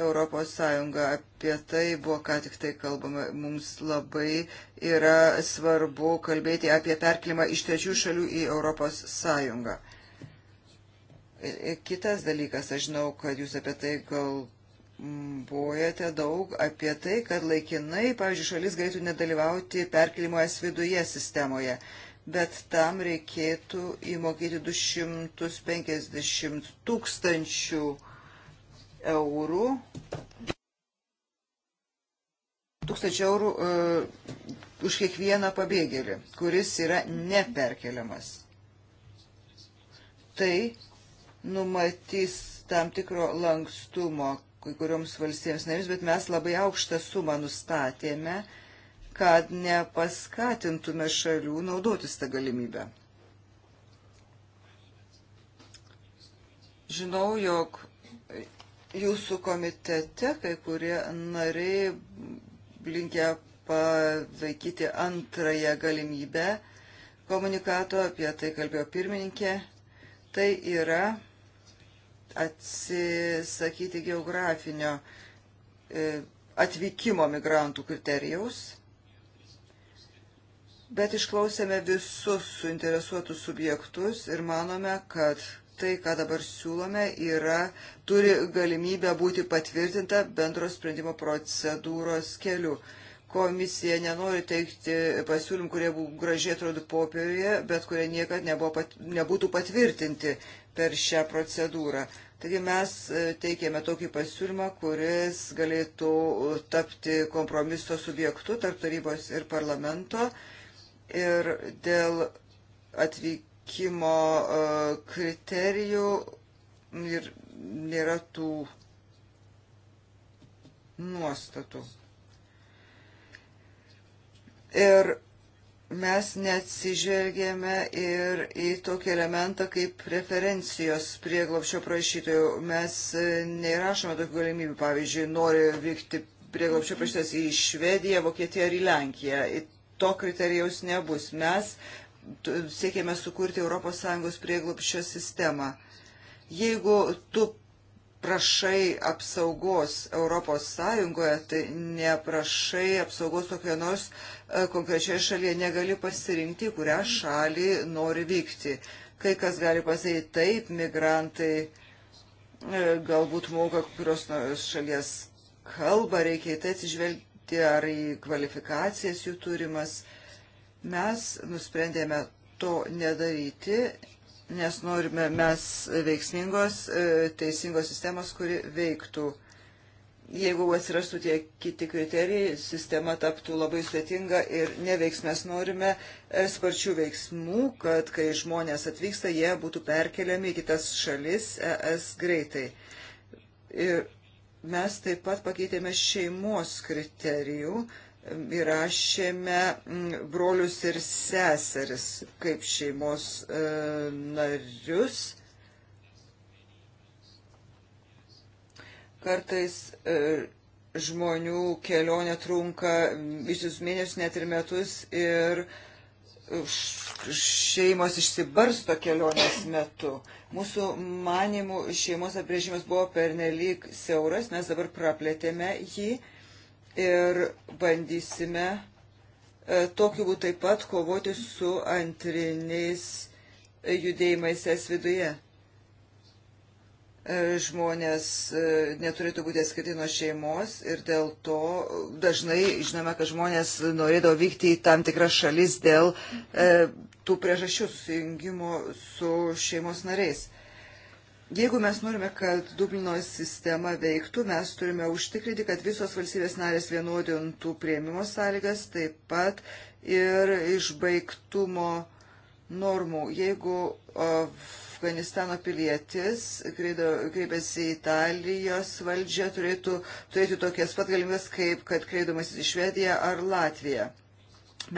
Europos Sąjungą. Apie tai buvo ką tik tai kalbama. Mums labai yra svarbu kalbėti apie perkelimą iš trečių šalių į Europos Sąjungą. Kitas dalykas, aš žinau, kad jūs apie tai galvojate kalbojate daug apie tai, kad laikinai, pavyzdžiui, šalis galėtų nedalyvauti perkelimo es viduje sistemoje, bet tam reikėtų įmokėti 250 tūkstančių eurų. Tūkstančių eurų uh, už kiekvieną pabėgėlį, kuris yra neperkeliamas. Tai numatys tam tikro lankstumo kai kurioms valstybėms narėms, bet mes labai aukštą sumą nustatėme, kad nepaskatintume šalių naudotis tą galimybę. Žinau, jog jūsų komitete kai kurie nariai linkia palaikyti antrąją galimybę komunikato, apie tai kalbėjo pirmininkė. Tai yra atsisakyti geografinio e, atvykimo migrantų kriterijaus. Bet išklausėme visus suinteresuotus subjektus ir manome, kad tai, ką dabar siūlome, yra, turi galimybę būti patvirtinta bendro sprendimo procedūros keliu. Komisija nenori teikti pasiūlymų, kurie gražiai atrodo popieriuje, bet kurie niekad pat, nebūtų patvirtinti per šią procedūrą. Taigi mes e, teikėme tokį pasiūlymą, kuris galėtų tapti kompromiso subjektu tarp tarybos ir parlamento. Ir dėl atvykimo e, kriterijų ir nėra tų nuostatų. Ir mes neatsižvelgėme ir į tokį elementą kaip preferencijos prieglopščio prašytojų. Mes e, neįrašome tokių galimybių. Pavyzdžiui, nori vykti prieglopščio prašytas į Švediją, Vokietiją ar į Lenkiją. Į to kriterijaus nebus. Mes siekėme sukurti ES prieglopščio sistemą. Jeigu tu prašai apsaugos Europos Sąjungoje, tai neprašai apsaugos kokio nors e, konkrečioje šalyje, negali pasirinkti, kurią šalį nori vykti. Kai kas gali pasakyti taip, migrantai e, galbūt moka kurios nors šalies kalbą, reikia į tai atsižvelgti ar į kvalifikacijas jų turimas. Mes nusprendėme to nedaryti, nes norime mes veiksmingos, e, teisingos sistemos, kuri veiktų. Jeigu atsirastų tie kiti kriterijai, sistema taptų labai sudėtinga ir neveiks. Mes norime e, sparčių veiksmų, kad kai žmonės atvyksta, jie būtų perkeliami į kitas šalis ES greitai. Ir mes taip pat pakeitėme šeimos kriterijų, įrašėme mm, brolius ir seseris kaip šeimos e, narius. Kartais e, žmonių kelionė trunka visus mėnesius, net ir metus ir šeimos išsibarsto kelionės metu. Mūsų manimų šeimos apibrėžimas buvo pernelyg siauras, mes dabar praplėtėme jį ir bandysime e, tokiu būdu taip pat kovoti su antriniais judėjimais es viduje. E, žmonės e, neturėtų būti atskirti nuo šeimos ir dėl to dažnai žinome, kad žmonės norėdavo vykti į tam tikras šalis dėl e, tų priežasčių susijungimo su šeimos nariais. E, Jeigu mes norime, kad Dublino sistema veiktų, mes turime užtikrinti, kad visos valstybės narės vienodintų prieimimo sąlygas, taip pat ir išbaigtumo normų. Jeigu Afganistano pilietis kreipiasi į Italijos valdžią, turėtų turėti tokias pat galimybės, kaip kad kreidomasis į Švediją ar Latviją.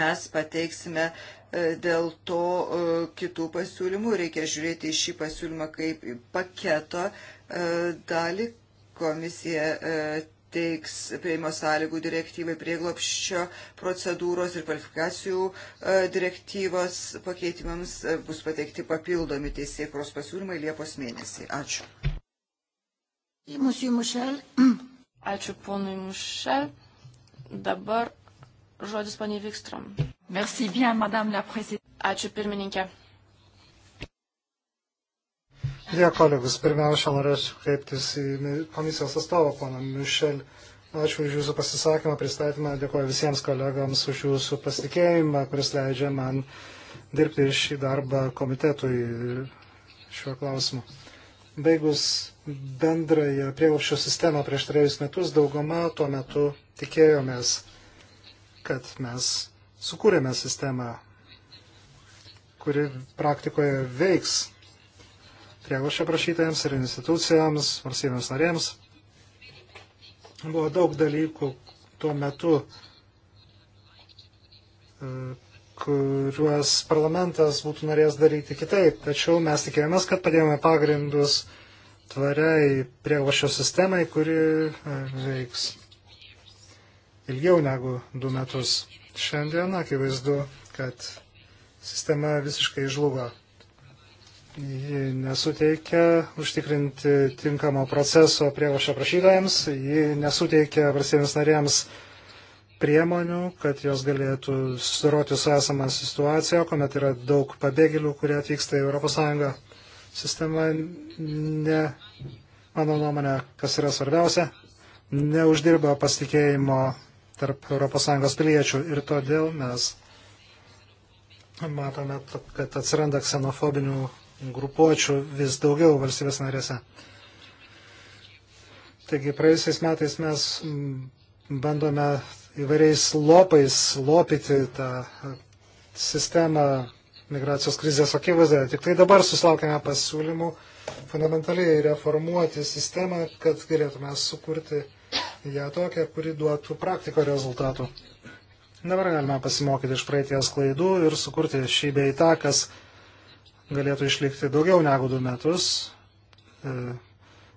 Mes pateiksime Dėl to e, kitų pasiūlymų reikia žiūrėti į šį pasiūlymą kaip paketo e, dalį. Komisija e, teiks prieimo sąlygų direktyvai prieglopščio procedūros ir kvalifikacijų direktyvos pakeitimams bus pateikti papildomi teisėkros pasiūlymai Liepos mėnesį. Ačiū. Ačiū ponui Mušel. Dabar žodis poniai Vikstrom. Merci bien, madame la prezidentė. Ačiū pirmininkė. Dėkui, kolegus. Pirmiausia, norėčiau kreiptis į komisijos atstovą, pana Mišel. Ačiū už jūsų pasisakymą, pristatymą. Dėkuoju visiems kolegams už jūsų pasitikėjimą, kuris leidžia man dirbti šį darbą komitetui šiuo klausimu. Baigus bendrąją prieglopščio sistemą prieš trejus metus, dauguma tuo metu tikėjomės, kad mes sukūrėme sistemą, kuri praktikoje veiks prieglošio prašytojams ir institucijams, valstybėms narėms. Buvo daug dalykų tuo metu, e, kuriuos parlamentas būtų norėjęs daryti kitaip. Tačiau mes tikėjomės, kad padėjome pagrindus tvariai prieglošio sistemai, kuri e, veiks ilgiau negu du metus. Šiandien akivaizdu, kad sistema visiškai žlugo. Ji nesuteikia užtikrinti tinkamo proceso prievašio prašytojams, ji nesuteikia valstybėms narėms priemonių, kad jos galėtų susidoroti su esama situacija, kuomet yra daug pabėgėlių, kurie atvyksta į ES. Sistema, ne, mano nuomonė, kas yra svarbiausia, neuždirba pasitikėjimo tarp ES piliečių ir todėl mes matome, kad atsiranda ksenofobinių grupuočių vis daugiau valstybės narėse. Taigi praėjusiais metais mes bandome įvairiais lopais lopyti tą sistemą migracijos krizės akivaizdoje. Tik tai dabar susilaukime pasiūlymų fundamentaliai reformuoti sistemą, kad galėtume sukurti ją tokią, kuri duotų praktiko rezultatų. Dabar galime pasimokyti iš praeities klaidų ir sukurti šį beitą, kas galėtų išlikti daugiau negu du metus e,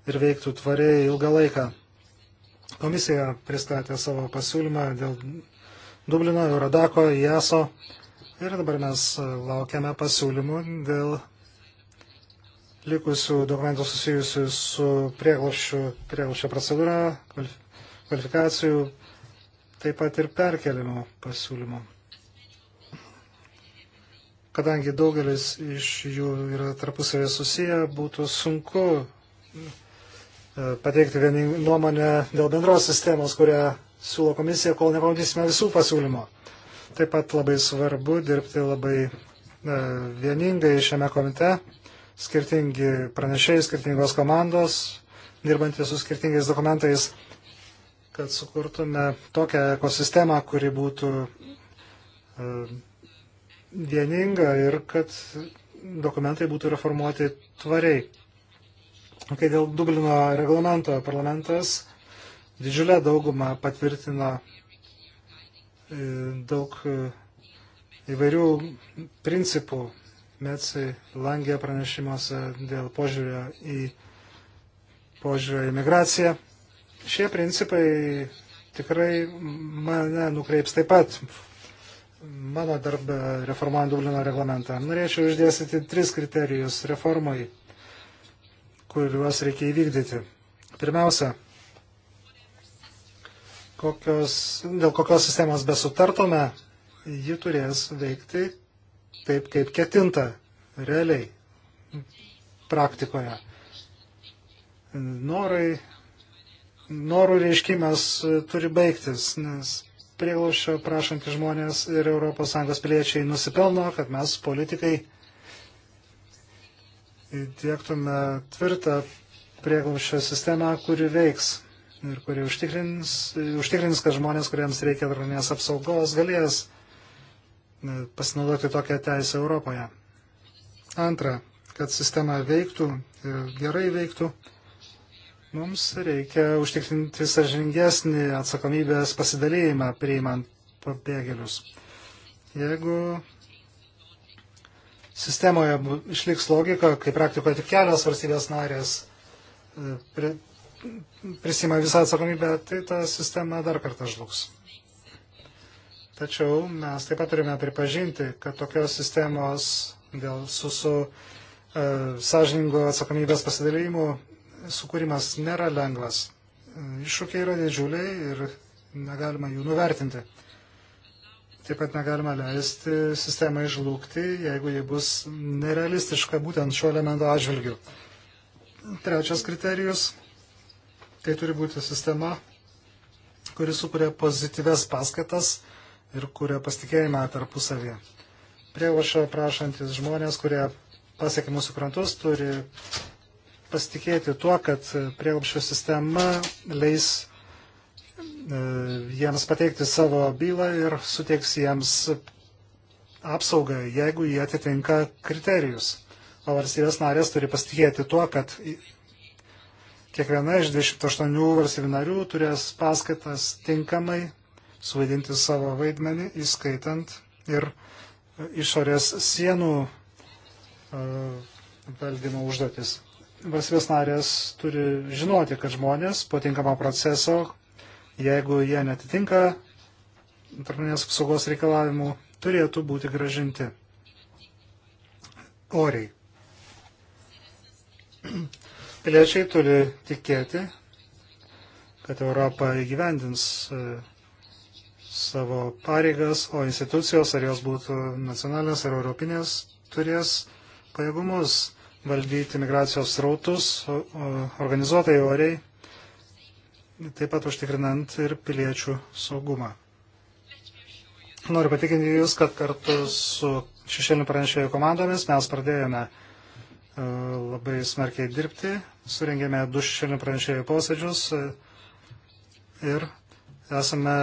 ir veiktų tvariai ilgą laiką. Komisija pristatė savo pasiūlymą dėl Dublino, Eurodako, IASO ir dabar mes laukiame pasiūlymų dėl likusių dokumentų susijusių su prieglapščio procedūra, kvalifikacija kvalifikacijų, taip pat ir perkelimo pasiūlymų. Kadangi daugelis iš jų yra tarpusavė susiję, būtų sunku e, pateikti vieningą nuomonę dėl bendros sistemos, kurią siūlo komisija, kol nepamatysime visų pasiūlymo. Taip pat labai svarbu dirbti labai e, vieningai šiame komite, skirtingi pranešėjai, skirtingos komandos, dirbantys su skirtingais dokumentais kad sukurtume tokią ekosistemą, kuri būtų e, vieninga ir kad dokumentai būtų reformuoti tvariai. Kai dėl Dublino reglamento parlamentas didžiulę daugumą patvirtino e, daug e, įvairių principų Metsai langė pranešimuose dėl požiūrio į, požiūrio į migraciją. Šie principai tikrai mane nukreips taip pat mano darbą reformuojant Dublino reglamentą. Norėčiau išdėstyti tris kriterijus reformai, kuriuos reikia įvykdyti. Pirmiausia, kokios, dėl kokios sistemos besutartume, ji turės veikti taip, kaip ketinta, realiai, praktikoje. Norai, norų reiškimas e, turi baigtis, nes prieglaušio prašantys žmonės ir ES piliečiai nusipelno, kad mes politikai įdėktume tvirtą prieglaušio sistemą, kuri veiks ir kuri užtikrins, užtikrins kad žmonės, kuriems reikia dronės apsaugos, galės e, pasinaudoti tokią teisę Europoje. Antra, kad sistema veiktų ir gerai veiktų, Mums reikia užtikrinti sažingesnį atsakomybės pasidalėjimą priimant pabėgėlius. Jeigu sistemoje išliks logika, kai praktikoje tik kelios valstybės narės e, pri, prisima visą atsakomybę, tai ta sistema dar kartą žlugs. Tačiau mes taip pat turime pripažinti, kad tokios sistemos dėl su, su e, sąžiningo atsakomybės pasidalymų sukūrimas nėra lengvas. Iššūkiai yra didžiuliai ir negalima jų nuvertinti. Taip pat negalima leisti sistemai žlugti, jeigu ji bus nerealistiška būtent šio elemento atžvilgiu. Trečias kriterijus - tai turi būti sistema, kuri sukuria pozityves paskatas ir kuria pasitikėjimą tarpusavį. Prievašą prašantis žmonės, kurie pasiekia mūsų krantus, turi pasitikėti tuo, kad prieglapščio sistema leis e, jiems pateikti savo bylą ir suteiks jiems apsaugą, jeigu jie atitinka kriterijus. O valstybės narės turi pasitikėti tuo, kad kiekviena iš 28 valstybių narių turės paskaitas tinkamai suvaidinti savo vaidmenį, įskaitant ir e, išorės sienų e, valdymo užduotis valstybės narės turi žinoti, kad žmonės po tinkamo proceso, jeigu jie netitinka tarptautinės apsaugos reikalavimų, turėtų būti gražinti oriai. Piliečiai turi tikėti, kad Europa įgyvendins e, savo pareigas, o institucijos, ar jos būtų nacionalinės ar europinės, turės pajėgumus valdyti migracijos srautus organizuotai oriai, taip pat užtikrinant ir piliečių saugumą. Noriu patikinti Jūs, kad kartu su šešėlinių pranešėjų komandomis mes pradėjome e, labai smarkiai dirbti, surengėme du šešėlinių pranešėjų posėdžius e, ir esame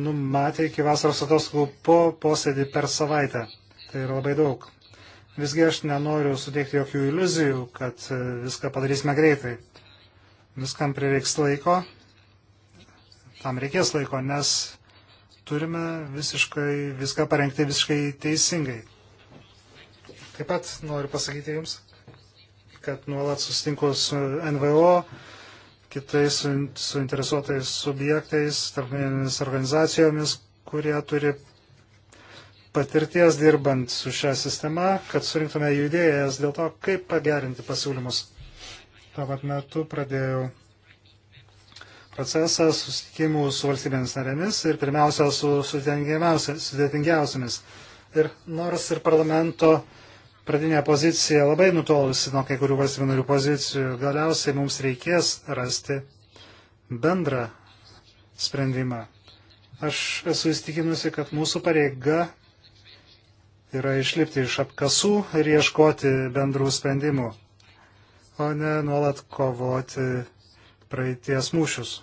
numatę iki vasaros atostogų po posėdį per savaitę. Tai yra labai daug. Visgi aš nenoriu suteikti jokių iliuzijų, kad e, viską padarysime greitai. Viskam prireiks laiko, tam reikės laiko, nes turime visiškai viską parengti visiškai teisingai. Taip pat noriu pasakyti Jums, kad nuolat susitinku su NVO, kitais suinteresuotais subjektais, tarptautinėmis organizacijomis, kurie turi patirties dirbant su šią sistemą, kad surinktume jų idėjas dėl to, kaip pagerinti pasiūlymus. Tuo pat metu pradėjau procesą susitikimų su valstybėmis narėmis ir pirmiausia su sudėtingiausiamis. Ir nors ir parlamento pradinė pozicija labai nutolusi nuo kai kurių valstybių narių pozicijų, galiausiai mums reikės rasti bendrą sprendimą. Aš esu įstikinusi, kad mūsų pareiga yra išlipti iš apkasų ir ieškoti bendrų sprendimų, o ne nuolat kovoti praeities mūšius.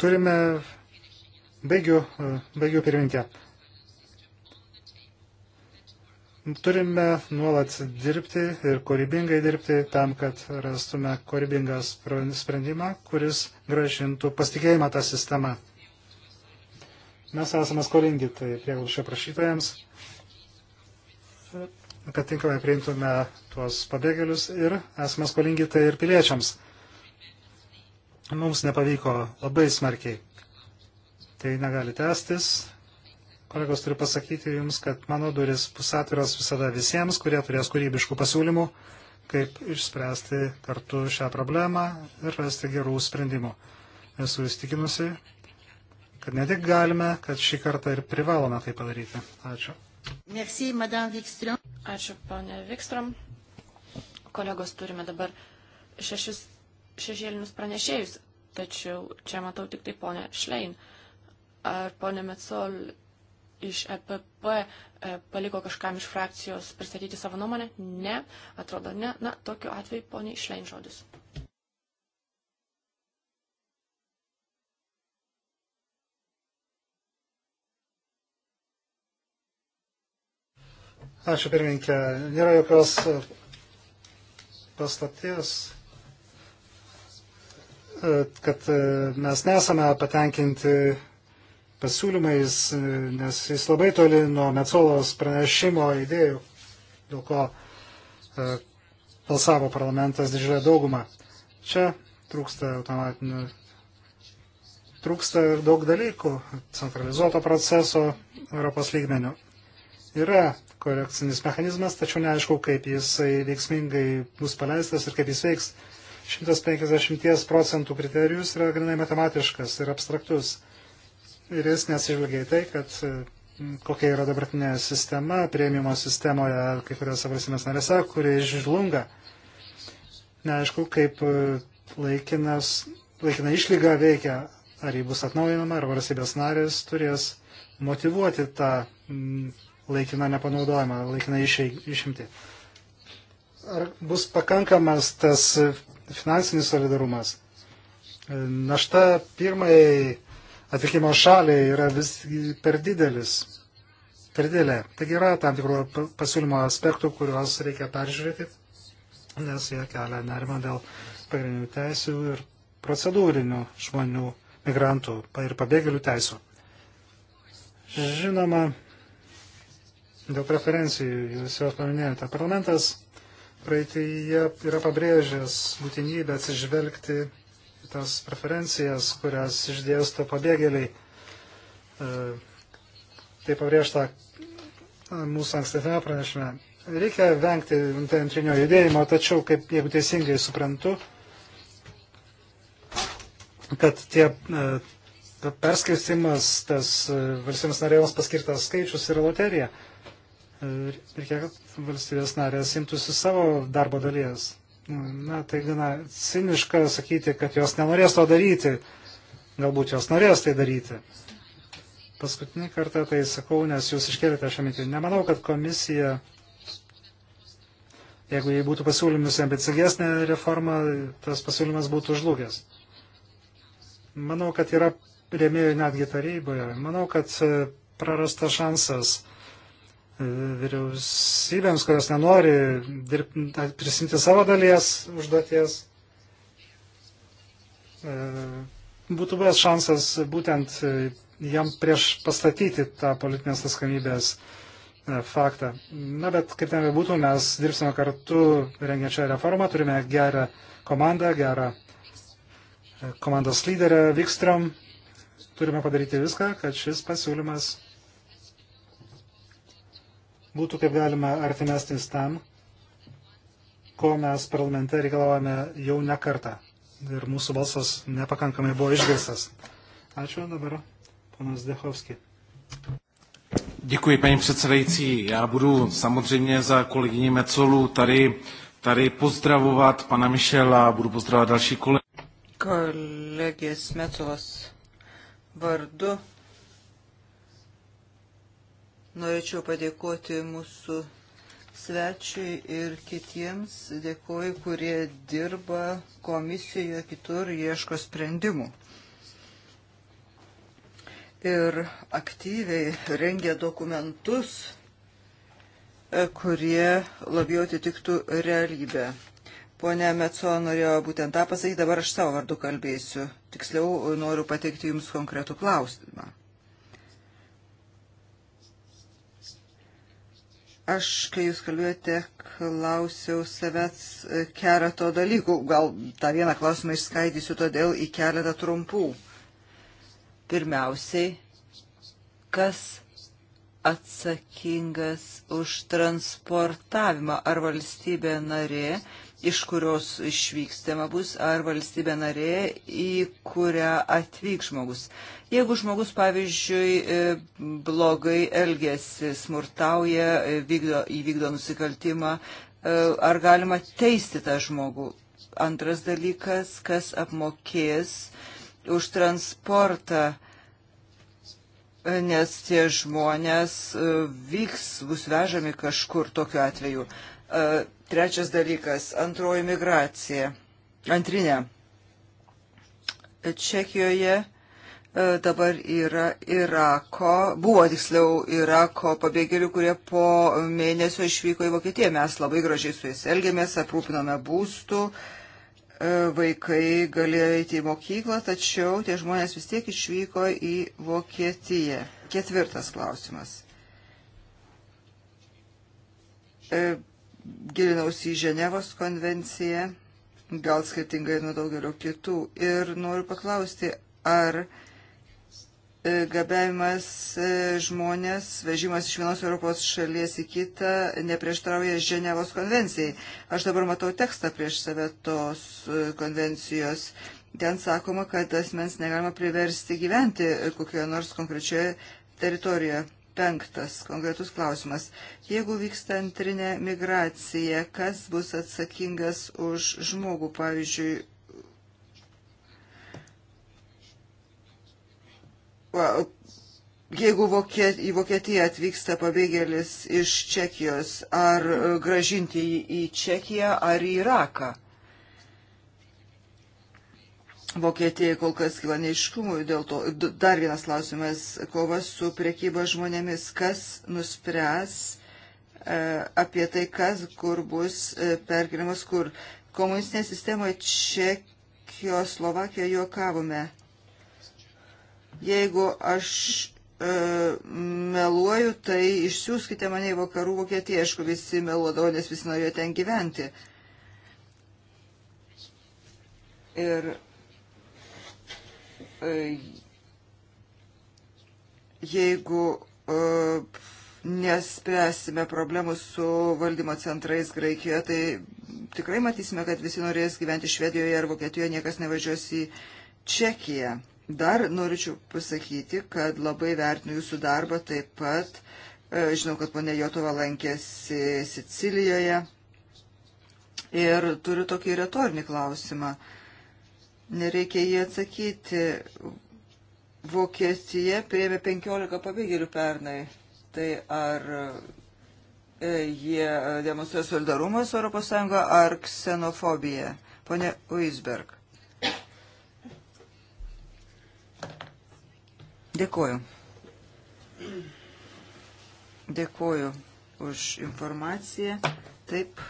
Turime, baigiu, baigiu pirminkę, turime nuolat dirbti ir kūrybingai dirbti tam, kad rastume kūrybingą sprendimą, kuris gražintų pasitikėjimą tą sistemą. Mes esame skolingi tai prieglobščio prašytojams, kad tinkamai priimtume tuos pabėgėlius ir esame skolingi tai ir piliečiams. Mums nepavyko labai smarkiai. Tai negali tęstis, kolegos turiu pasakyti Jums, kad mano duris bus atviros visada visiems, kurie turės kūrybiškų pasiūlymų, kaip išspręsti kartu šią problemą ir rasti gerų sprendimų. Esu įstikinusi, kad ne tik galime, kad šį kartą ir privalome tai padaryti. Ačiū. Merci, Madame Vikstrom. Ačiū, ponė Vikstrom. Kolegos, turime dabar šešis, šešėlinius pranešėjus, tačiau čia matau tik tai ponę Šlein. Ar ponė Metsol iš EPP e, paliko kažkam iš frakcijos pristatyti savo nuomonę? Ne, atrodo ne. Na, tokiu atveju ponė Šlein žodis. Ačiū pirmininkė. Nėra jokios paslapties, e, kad e, mes nesame patenkinti pasiūlymais, e, nes jis labai toli nuo Metsolos pranešimo idėjų, dėl ko balsavo parlamentas didžiulę daugumą. Čia trūksta automatinių, trūksta ir daug dalykų centralizuoto proceso Europos lygmenių. Yra korekcinis mechanizmas, tačiau neaišku, kaip jisai veiksmingai bus paleistas ir kaip jis veiks. 150 procentų kriterijus yra grinai matematiškas ir abstraktus. Ir jis nesižvelgia į tai, kad kokia yra dabartinė sistema, prieimimo sistemoje kai kuriuose valstybės narėse, kuri žlunga. Neaišku, kaip e, laikinas, laikina išlyga veikia, ar jį bus atnaujinama, ar valstybės narės turės motivuoti tą laikiną nepanaudojimą, laikiną išimti. Ar bus pakankamas tas finansinis solidarumas? Našta pirmai atvykimo šaliai yra vis per didelis. Per didelė. Taigi yra tam tikrų pasiūlymo aspektų, kuriuos reikia peržiūrėti, nes jie kelia nerimą dėl pagrindinių teisių ir procedūrinių žmonių, migrantų ir pabėgėlių teisų. Žinoma, Dėl preferencijų, jūs juos paminėjote. Parlamentas praeitįje yra pabrėžęs būtinybę atsižvelgti tas preferencijas, kurias išdėsto pabėgėliai. E, tai pabrėžta mūsų ankstesnėme pranešime. Reikia vengti antrinio judėjimo, tačiau, kaip jeigu teisingai suprantu, kad tie e, perskirstimas, tas e, valstybės narėjams paskirtas skaičius yra loterija reikia, kad valstybės narės imtųsi savo darbo dalies. Na, tai gana ciniška sakyti, kad jos nenorės to daryti. Galbūt jos norės tai daryti. Paskutinį kartą tai sakau, nes jūs iškėlėte šią mintį. Nemanau, kad komisija, jeigu jį būtų pasiūlymusi ambicingesnė reforma, tas pasiūlymas būtų žlugęs. Manau, kad yra rėmėjų netgi taryboje. Manau, kad prarastas šansas uh, vyriausybėms, kurios nenori dirb, prisimti savo dalies užduoties, e, būtų buvęs šansas būtent e, jam prieš pastatyti tą politinės atskamybės e, faktą. Na, bet kaip ten bebūtų, mes dirbsime kartu rengiančią reformą, turime gerą komandą, gerą komandos lyderę Vikstrom. Turime padaryti viską, kad šis pasiūlymas būtų kaip galima artimesnis tam, ko mes parlamente reikalavome jau ne kartą. Ir mūsų balsas nepakankamai buvo išgirstas. Ačiū dabar, panas Dechovski. Děkuji, paní předsedající. Já budu samozřejmě za kolegyni Mecolu tady, tady pozdravovat pana Michela, budu pozdravovat další kolegy. Kolegės Mecolas vardu Norėčiau padėkoti mūsų svečiui ir kitiems. Dėkuoju, kurie dirba komisijoje kitur, ieško sprendimų. Ir aktyviai rengia dokumentus, e, kurie labiau atitiktų realybę. Pone Metso norėjo būtent tą pasakyti, dabar aš savo vardu kalbėsiu. Tiksliau noriu pateikti Jums konkretų klausimą. Aš, kai jūs kalbėjote, klausiau savęs e, keletą dalykų. Gal tą vieną klausimą išskaidysiu todėl į keletą trumpų. Pirmiausiai, kas atsakingas už transportavimą ar valstybė narė? iš kurios išvykstama bus, ar valstybė narė, į kurią atvyks žmogus. Jeigu žmogus, pavyzdžiui, e, blogai elgesi, smurtauja, e, vykdo, įvykdo nusikaltimą, e, ar galima teisti tą žmogų? Antras dalykas, kas apmokės už transportą nes tie žmonės vyks, bus vežami kažkur tokiu atveju. Trečias dalykas - antroji migracija. Antrinė. Čekijoje e, dabar yra Irako, buvo tiksliau Irako pabėgėlių, kurie po mėnesio išvyko į Vokietiją. Mes labai gražiai su jais elgėmės, aprūpinome būstų, e, vaikai galėjo eiti į mokyklą, tačiau tie žmonės vis tiek išvyko į Vokietiją. Ketvirtas klausimas. E, gilinausi į Ženevos konvenciją, gal skirtingai nuo daugelio kitų. Ir noriu paklausti, ar e, gabiavimas e, žmonės, vežimas iš vienos Europos šalies į kitą neprieštrauja Ženevos konvencijai. Aš dabar matau tekstą prieš save tos e, konvencijos. Ten sakoma, kad asmens negalima priversti gyventi kokioje nors konkrečioje teritorijoje. Penktas konkretus klausimas. Jeigu vyksta antrinė migracija, kas bus atsakingas už žmogų, pavyzdžiui, jeigu Vokiet, į Vokietiją atvyksta pabėgėlis iš Čekijos, ar gražinti jį į Čekiją ar į Iraką? Vokietijai kol kas kyla neiškumų dėl to. Dar vienas klausimas - kova su priekyba žmonėmis. Kas nuspręs e, apie tai, kas kur bus e, perkeliamas, kur komunistinė sistemoje Čekijos, Slovakijoje juokavome. Jeigu aš e, meluoju, tai išsiųskite mane į vakarų Vokietiją. Aišku, visi meluodavo, nes visi norėjo ten gyventi. Ir E, jeigu e, nespręsime problemų su valdymo centrais Graikijoje, tai tikrai matysime, kad visi norės gyventi Švedijoje ar Vokietijoje, niekas nevažiuos į Čekiją. Dar norėčiau pasakyti, kad labai vertinu jūsų darbą taip pat. E, žinau, kad ponė Jotova lankėsi Sicilijoje. Ir turiu tokį retorinį klausimą. Nereikia jį atsakyti. Vokietija prieėmė 15 pabėgėlių pernai. Tai ar e, jie demonstruoja solidarumą su ES ar ksenofobiją? Pone Uisberg. Dėkuoju. Dėkuoju už informaciją. Taip,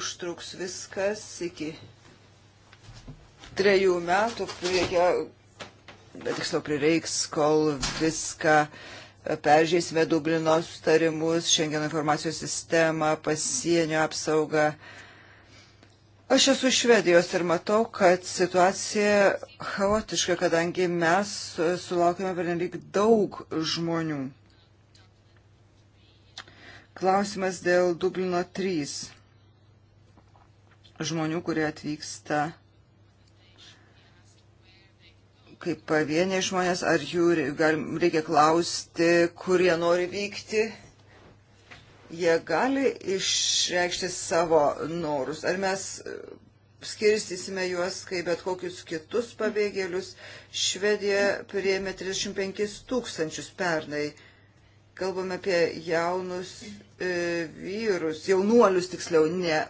užtruks viskas iki trejų metų reikia, tiksliau prireiks, kol viską peržiūrėsime Dublino sustarimus, Šengeno informacijos sistemą, pasienio apsaugą. Aš esu Švedijos ir matau, kad situacija chaotiška, kadangi mes sulaukime pernelyg daug žmonių. Klausimas dėl Dublino 3 žmonių, kurie atvyksta kaip pavieniai žmonės, ar jų reikia klausti, kur jie nori vykti. Jie gali išreikšti savo norus. Ar mes e, skirstysime juos kaip bet kokius kitus pabėgėlius. Švedija priėmė 35 tūkstančius pernai. Kalbame apie jaunus e, vyrus, jaunuolius tiksliau, ne.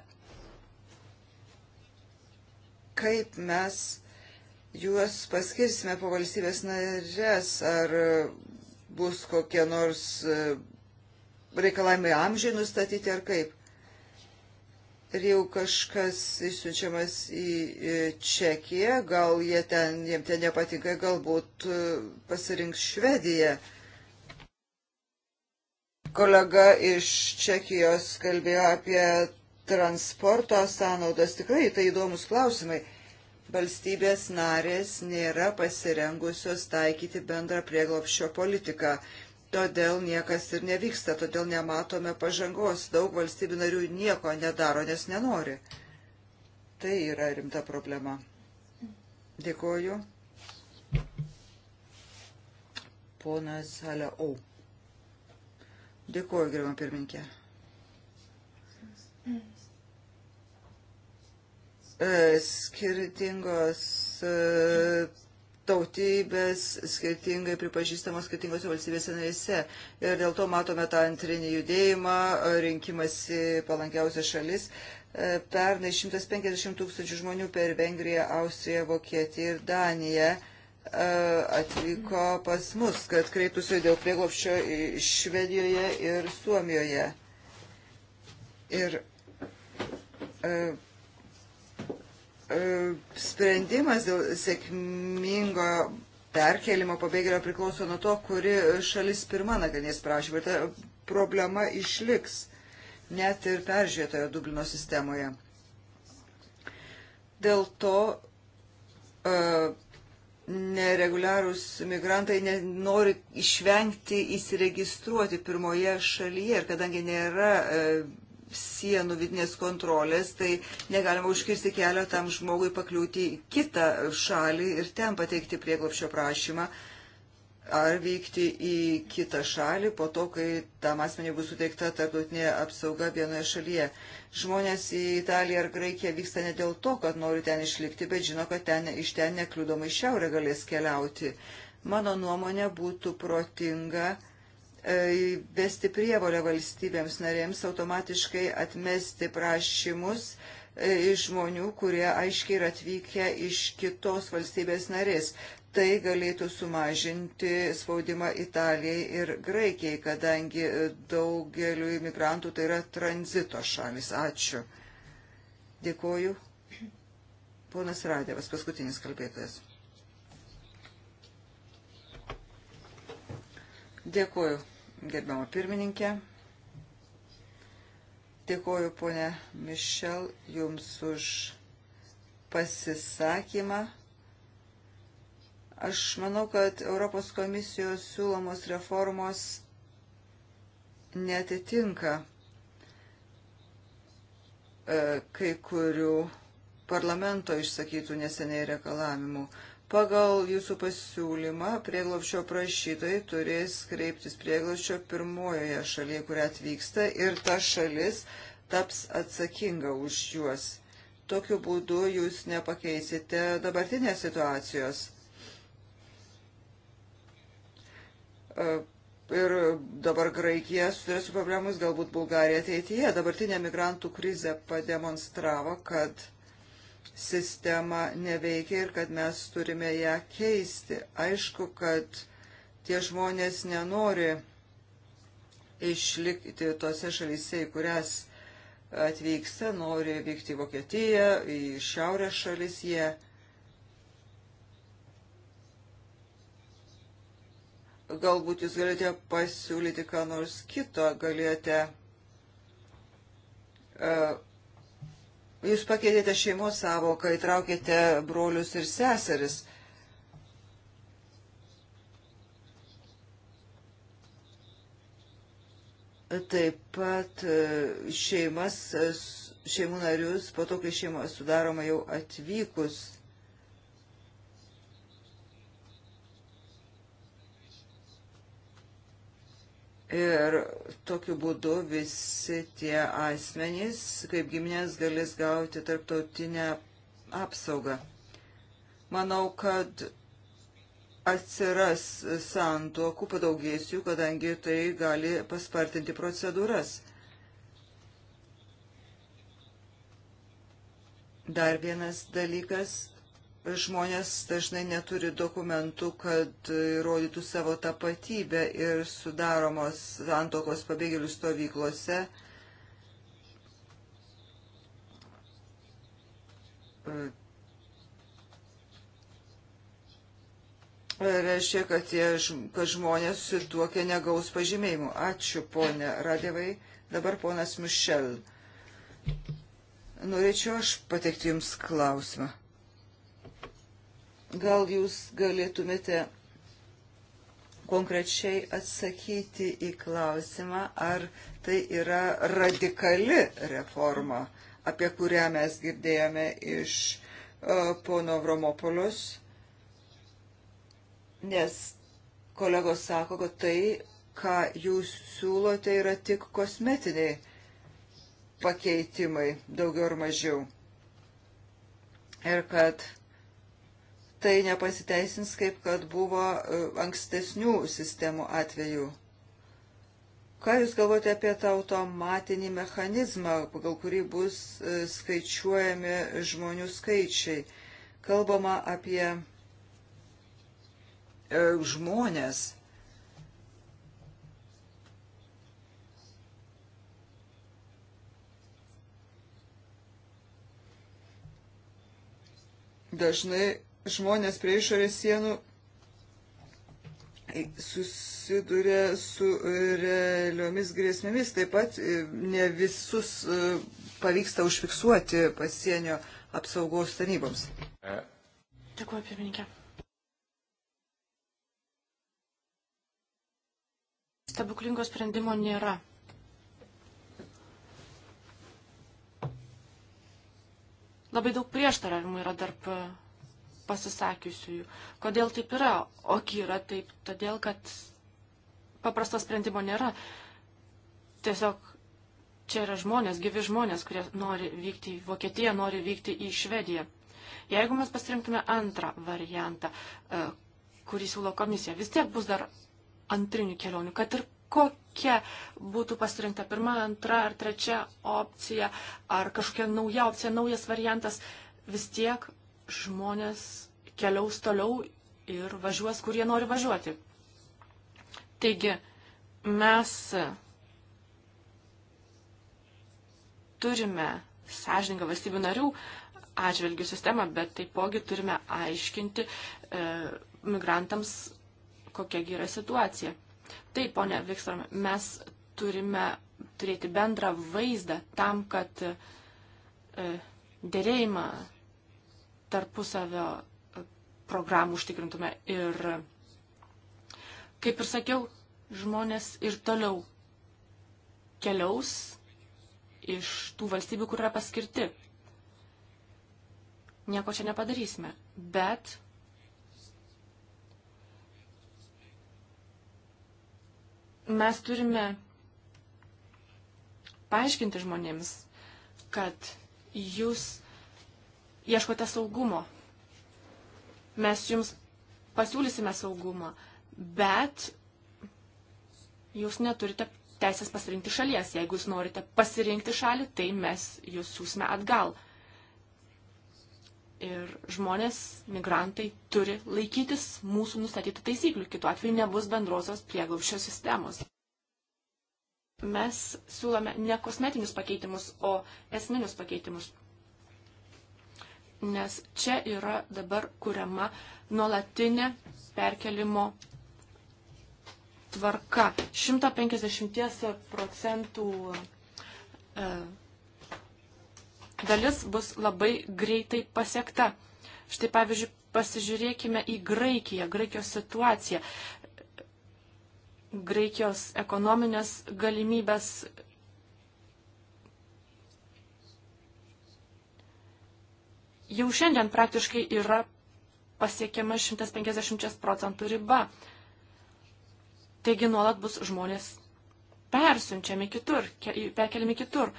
Kaip mes juos paskirsime po valstybės narės, ar bus kokie nors e, reikalavimai amžiai nustatyti ar kaip. Ir jau kažkas išsiunčiamas į Čekiją, gal jie ten, jiem ten nepatinka, galbūt e, pasirinks Švediją. Kolega iš Čekijos kalbėjo apie transporto sąnaudas, tikrai tai įdomus klausimai valstybės narės nėra pasirengusios taikyti bendrą prieglopščio politiką. Todėl niekas ir nevyksta, todėl nematome pažangos. Daug valstybių narių nieko nedaro, nes nenori. Tai yra rimta problema. Dėkoju. Ponas Haleau. Dėkoju, gerbam pirminkė. E, skirtingos e, tautybės skirtingai pripažįstamos skirtingose valstybėse narėse. Ir dėl to matome tą antrinį judėjimą, e, rinkimasi palankiausias šalis. Pernai 150 tūkstančių žmonių per Vengriją, Austriją, Vokietiją ir Daniją atvyko pas mus, kad kreiptųsi dėl prieglopščio Švedijoje ir Suomijoje. Ir E, sprendimas dėl sėkmingo perkelimo pabėgėlio priklauso nuo to, kuri šalis pirma nagrinės prašymą. Ir ta problema išliks net ir peržiūrėtojo Dublino sistemoje. Dėl to uh, nereguliarūs migrantai nori išvengti įsiregistruoti pirmoje šalyje ir kadangi nėra uh, sienų vidinės kontrolės, tai negalima užkirsti kelio tam žmogui pakliūti į kitą šalį ir ten pateikti prieglopšio prašymą ar vykti į kitą šalį po to, kai tam asmeniai bus suteikta tarptautinė apsauga vienoje šalyje. Žmonės į Italiją ar Graikiją vyksta ne dėl to, kad nori ten išlikti, bet žino, kad ten, iš ten nekliudomai šiaurę galės keliauti. Mano nuomonė būtų protinga E, vesti prievolę valstybėms narėms automatiškai atmesti prašymus e, iš žmonių, kurie aiškiai yra atvykę iš kitos valstybės narės. Tai galėtų sumažinti spaudimą Italijai ir Graikijai, kadangi e, daugeliu imigrantų tai yra tranzito šalis. Ačiū. Dėkoju. Ponas Radėvas, paskutinis kalbėtojas. Dėkoju gerbiamą pirmininkę. Dėkoju, ponė Mišel, jums už pasisakymą. Aš manau, kad Europos komisijos siūlomos reformos netitinka e, kai kurių parlamento išsakytų neseniai reikalavimų. Pagal jūsų pasiūlymą prieglopščio prašytojai turės kreiptis prieglopščio pirmojoje šalyje, kurią atvyksta ir ta šalis taps atsakinga už juos. Tokiu būdu jūs nepakeisite dabartinės situacijos. E, ir dabar Graikija susiduria su problemus, galbūt Bulgarija ateityje. Dabartinė migrantų krizė pademonstravo, kad sistema neveikia ir kad mes turime ją keisti. Aišku, kad tie žmonės nenori išlikti tose šalyse, į kurias atvyksta, nori vykti į Vokietiją, į šiaurės šalis jie. Galbūt jūs galite pasiūlyti ką nors kito, galite uh, e, Jūs pakeitėte šeimos savoką, įtraukėte brolius ir seseris. Taip pat e, šeimas, e, šeimų narius, po to, kai šeima sudaroma jau atvykus Ir tokiu būdu visi tie asmenys, kaip giminės, galės gauti tarptautinę apsaugą. Manau, kad atsiras santuokų, padaugės jų, kadangi tai gali paspartinti procedūras. Dar vienas dalykas žmonės dažnai neturi dokumentų, kad įrodytų savo tapatybę ir sudaromos santokos pabėgėlių stovyklose. E, reiškia, kad, tie, kad žmonės susituokia negaus pažymėjimų. Ačiū, ponė Radėvai. Dabar ponas Mišel. Norėčiau aš patekti Jums klausimą. Gal jūs galėtumėte konkrečiai atsakyti į klausimą, ar tai yra radikali reforma, apie kurią mes girdėjome iš uh, pono Vromopolius, nes kolegos sako, kad tai, ką jūs siūlote, yra tik kosmetiniai pakeitimai, daugiau ar mažiau. Ir kad tai nepasiteisins, kaip kad buvo e, ankstesnių sistemų atveju. Ką Jūs galvote apie tą automatinį mechanizmą, pagal kurį bus e, skaičiuojami žmonių skaičiai? Kalbama apie e, žmonės, dažnai žmonės prie išorės sienų susiduria su realiomis grėsmėmis. Taip pat e, ne visus e, pavyksta užfiksuoti pasienio apsaugos tarnyboms. E. Dėkuoju, pirmininkė. Stebuklingo sprendimo nėra. Labai daug prieštaravimų yra tarp darb pasisakiusiųjų. Kodėl taip yra? Ogi yra taip, todėl kad paprasto sprendimo nėra. Tiesiog čia yra žmonės, gyvi žmonės, kurie nori vykti į Vokietiją, nori vykti į Švediją. Jeigu mes pasirinktume antrą variantą, e, kurį siūlo komisija, vis tiek bus dar antrinių kelionių, kad ir kokia būtų pasirinkta pirma, antra ar trečia opcija, ar kažkokia nauja opcija, naujas variantas, vis tiek žmonės keliaus toliau ir važiuos, kur jie nori važiuoti. Taigi, mes turime sąžininką valstybių narių atžvilgių sistemą, bet taipogi turime aiškinti e, migrantams, kokiagi yra situacija. Taip, ponė Vikstrom, mes turime turėti bendrą vaizdą tam, kad e, dėrėjimą tarpusavio programų užtikrintume. Ir, kaip ir sakiau, žmonės ir toliau keliaus iš tų valstybių, kur yra paskirti. Nieko čia nepadarysime. Bet mes turime paaiškinti žmonėms, kad jūs ieškote saugumo. Mes jums pasiūlysime saugumą, bet jūs neturite teisės pasirinkti šalies. Jeigu jūs norite pasirinkti šalį, tai mes jūs siūsime atgal. Ir žmonės, migrantai turi laikytis mūsų nustatytų taisyklių, kitu atveju nebus bendrosios prieglaušio sistemos. Mes siūlome ne kosmetinius pakeitimus, o esminius pakeitimus nes čia yra dabar kuriama nuolatinė perkelimo tvarka. 150 procentų e, dalis bus labai greitai pasiekta. Štai pavyzdžiui, pasižiūrėkime į Graikiją, Graikijos situaciją. Graikijos ekonominės galimybės jau šiandien praktiškai yra pasiekiama 150 procentų riba. Taigi nuolat bus žmonės persiunčiami kitur, perkeliami kitur.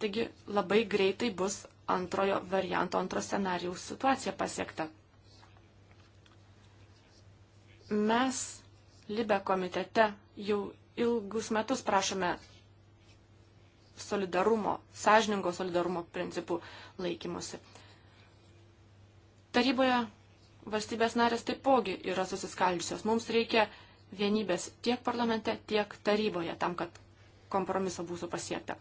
Taigi labai greitai bus antrojo varianto, antro scenarijaus situacija pasiekta. Mes Libe komitete jau ilgus metus prašome solidarumo, sąžiningo solidarumo principų laikymosi. Taryboje valstybės narės taipogi yra susiskaldžiusios. Mums reikia vienybės tiek parlamente, tiek taryboje tam, kad kompromiso būtų pasiekta.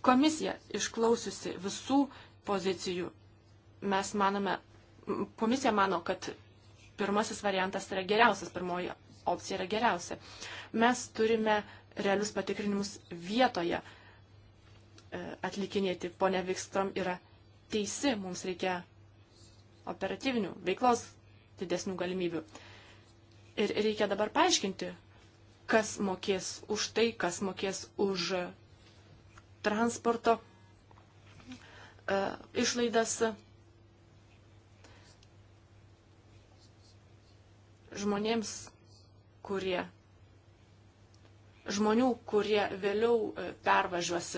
Komisija išklausiusi visų pozicijų, mes manome, komisija mano, kad pirmasis variantas yra geriausias, pirmoji opcija yra geriausia. Mes turime realius patikrinimus vietoje E, atlikinėti. Pone Vikstrom yra teisi, mums reikia operatyvinių veiklos didesnių galimybių. Ir reikia dabar paaiškinti, kas mokės už tai, kas mokės už transporto e, išlaidas. Žmonėms, kurie žmonių, kurie vėliau e, pervažiuos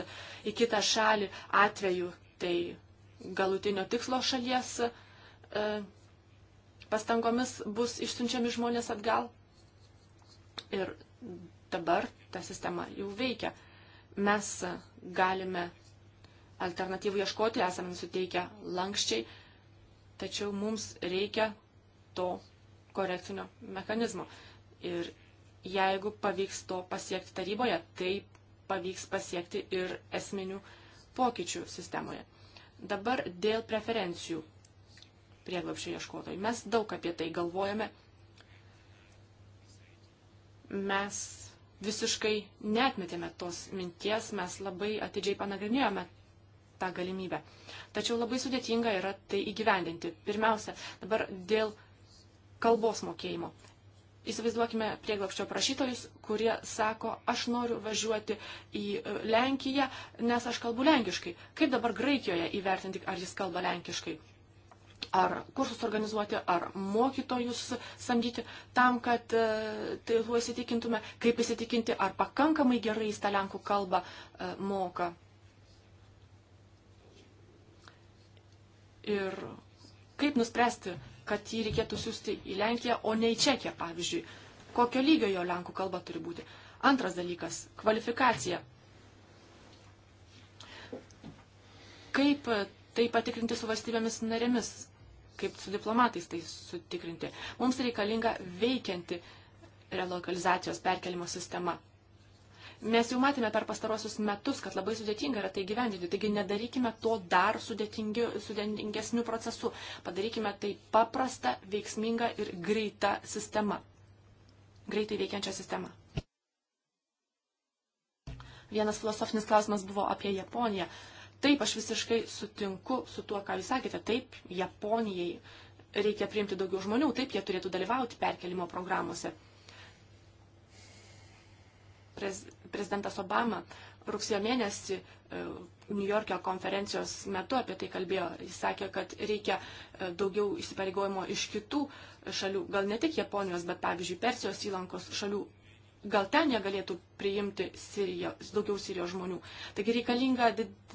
į kitą šalį atveju, tai galutinio tikslo šalies e, pastangomis bus išsiunčiami žmonės atgal. Ir dabar ta sistema jau veikia. Mes galime alternatyvų ieškoti, esame suteikę lankščiai, tačiau mums reikia to korekcinio mechanizmo. Ir jeigu pavyks to pasiekti taryboje, tai pavyks pasiekti ir esminių pokyčių sistemoje. Dabar dėl preferencijų prieglapšio ieškotojai. Mes daug apie tai galvojame. Mes visiškai netmetėme tos minties, mes labai atidžiai panagrinėjome tą galimybę. Tačiau labai sudėtinga yra tai įgyvendinti. Pirmiausia, dabar dėl kalbos mokėjimo. Įsivaizduokime prieglapščio prašytojus, kurie sako, aš noriu važiuoti į e, Lenkiją, nes aš kalbu lenkiškai. Kaip dabar Graikijoje įvertinti, ar jis kalba lenkiškai? Ar kursus organizuoti, ar mokytojus samdyti tam, kad e, tai tuo įsitikintume, kaip įsitikinti, ar pakankamai gerai jis tą lenkų kalbą e, moka. Ir Kaip nuspręsti, kad jį reikėtų siūsti į Lenkiją, o ne į Čekiją, pavyzdžiui? Kokio lygio jo Lenkų kalba turi būti? Antras dalykas - kvalifikacija. Kaip tai patikrinti su valstybėmis narėmis? Kaip su diplomatais tai sutikrinti? Mums reikalinga veikianti relokalizacijos perkelimo sistema. Mes jau matėme per pastarosius metus, kad labai sudėtinga yra tai gyvendinti. Taigi nedarykime to dar sudėtingesnių procesų. Padarykime tai paprastą, veiksmingą ir greitą sistemą. Greitai veikiančią sistemą. Vienas filosofinis klausimas buvo apie Japoniją. Taip, aš visiškai sutinku su tuo, ką jūs sakėte. Taip, Japonijai reikia priimti daugiau žmonių, taip jie turėtų dalyvauti perkelimo programuose prez, prezidentas Obama rugsėjo mėnesį e, New York'o konferencijos metu apie tai kalbėjo. Jis sakė, kad reikia e, daugiau įsipareigojimo iš kitų šalių, gal ne tik Japonijos, bet pavyzdžiui, Persijos įlankos šalių. Gal ten jie galėtų priimti Sirijo, daugiau Sirijos žmonių. Taigi reikalinga,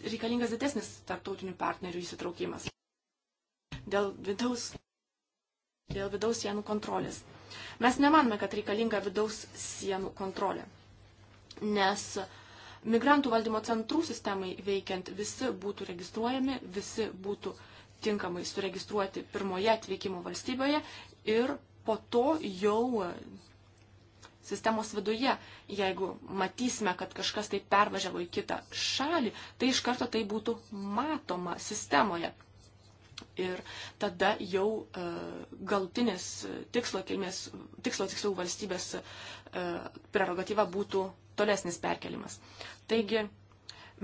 reikalingas didesnis tarptautinių partnerių įsitraukimas. Dėl vidaus, dėl vidaus sienų kontrolės. Mes nemanome, kad reikalinga vidaus sienų kontrolė nes migrantų valdymo centrų sistemai veikiant visi būtų registruojami, visi būtų tinkamai suregistruoti pirmoje atvykimo valstybėje ir po to jau sistemos viduje, jeigu matysime, kad kažkas tai pervažiavo į kitą šalį, tai iš karto tai būtų matoma sistemoje. Ir tada jau e, galtinis tikslo kilmės, tikslo tiksliau valstybės e, prerogatyva būtų tolesnis perkelimas. Taigi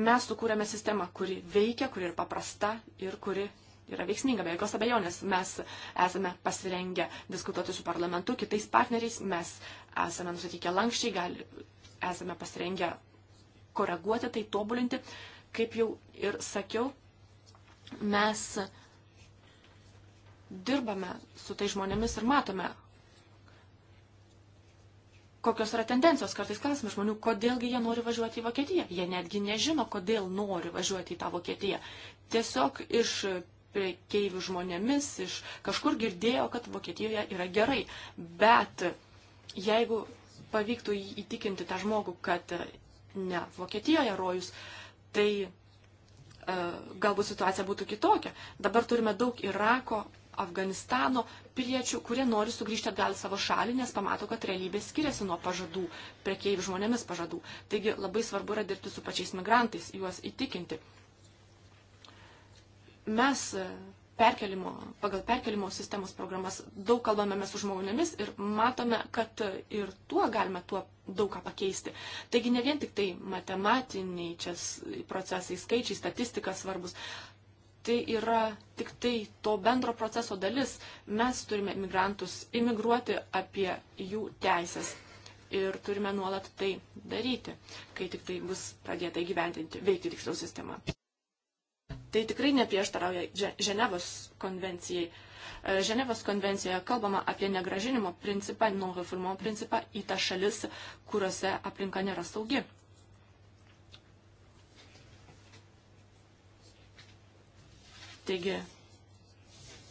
mes sukūrėme sistemą, kuri veikia, kuri yra paprasta ir kuri yra veiksminga, be jokios abejonės. Mes esame pasirengę diskutuoti su parlamentu, kitais partneriais, mes esame nusitikę lankščiai, gali, esame pasirengę koreguoti tai, tobulinti. Kaip jau ir sakiau, mes dirbame su tai žmonėmis ir matome, kokios yra tendencijos. Kartais klausime žmonių, kodėlgi jie nori važiuoti į Vokietiją. Jie netgi nežino, kodėl nori važiuoti į tą Vokietiją. Tiesiog iš priekeivių žmonėmis, iš kažkur girdėjo, kad Vokietijoje yra gerai. Bet jeigu pavyktų įtikinti tą žmogų, kad ne Vokietijoje rojus, tai e, galbūt situacija būtų kitokia. Dabar turime daug Irako Afganistano piliečių, kurie nori sugrįžti atgal į savo šalį, nes pamato, kad realybė skiriasi nuo pažadų, priekeivių žmonėmis pažadų. Taigi labai svarbu yra dirbti su pačiais migrantais, juos įtikinti. Mes e, perkelimo, pagal perkelimo sistemos programas daug kalbame su žmonėmis ir matome, kad e, ir tuo galime tuo daug ką pakeisti. Taigi ne vien tik tai matematiniai čia procesai, skaičiai, statistika svarbus tai yra tik tai to bendro proceso dalis. Mes turime imigrantus imigruoti apie jų teisės ir turime nuolat tai daryti, kai tik tai bus pradėta įgyvendinti, veikti tiksliau sistema. Tai tikrai neprieštarauja Ženevos konvencijai. E, Ženevos konvencijoje kalbama apie negražinimo principą, non-refoulement principą į tą šalis, kuriuose aplinka nėra saugi. Taigi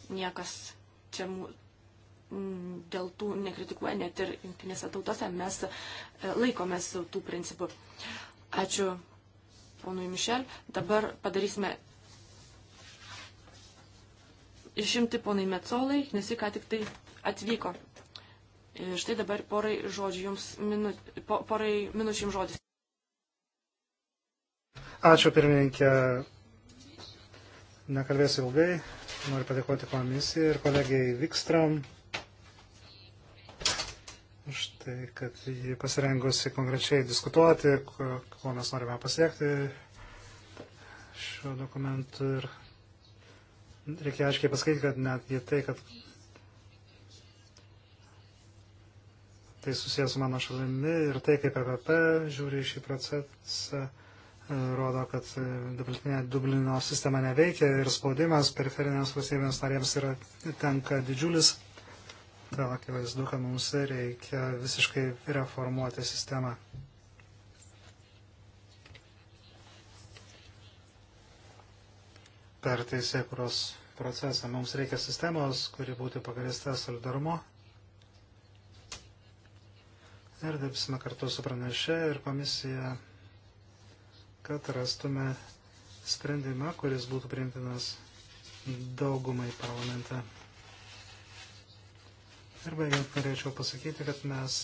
niekas čia mū, dėl tų nekritikuoja, net ir jungtinėse tautose mes e, laikomės tų principų. Ačiū ponui Mišel. Dabar padarysime išimti ponai Metsolai, nes jis ką tik tai atvyko. Ir e, štai dabar porai žodžių jums, minu, po, porai minučių jums žodis. Ačiū pirmininkė nekalbėsiu ilgai. Noriu padėkoti komisijai ir kolegijai Vikstram už tai, kad ji pasirengusi konkrečiai diskutuoti, ko, ko mes norime pasiekti šiuo dokumentu. Ir reikia aiškiai pasakyti, kad net jie tai, kad tai susijęs su mano šalimi ir tai, kaip EPP žiūri į šį procesą rodo, kad e, dabartinė Dublino sistema neveikia ir spaudimas periferinėms valstybėms narėms yra tenka didžiulis. Tai akivaizdu, kad mums reikia visiškai reformuoti sistemą. Per teisėkuros procesą mums reikia sistemos, kuri būtų pagrįsta solidarumo. Ir dirbsime kartu su praneše ir komisija kad rastume sprendimą, kuris būtų priimtinas daugumai parlamente. Ir baigiant norėčiau pasakyti, kad mes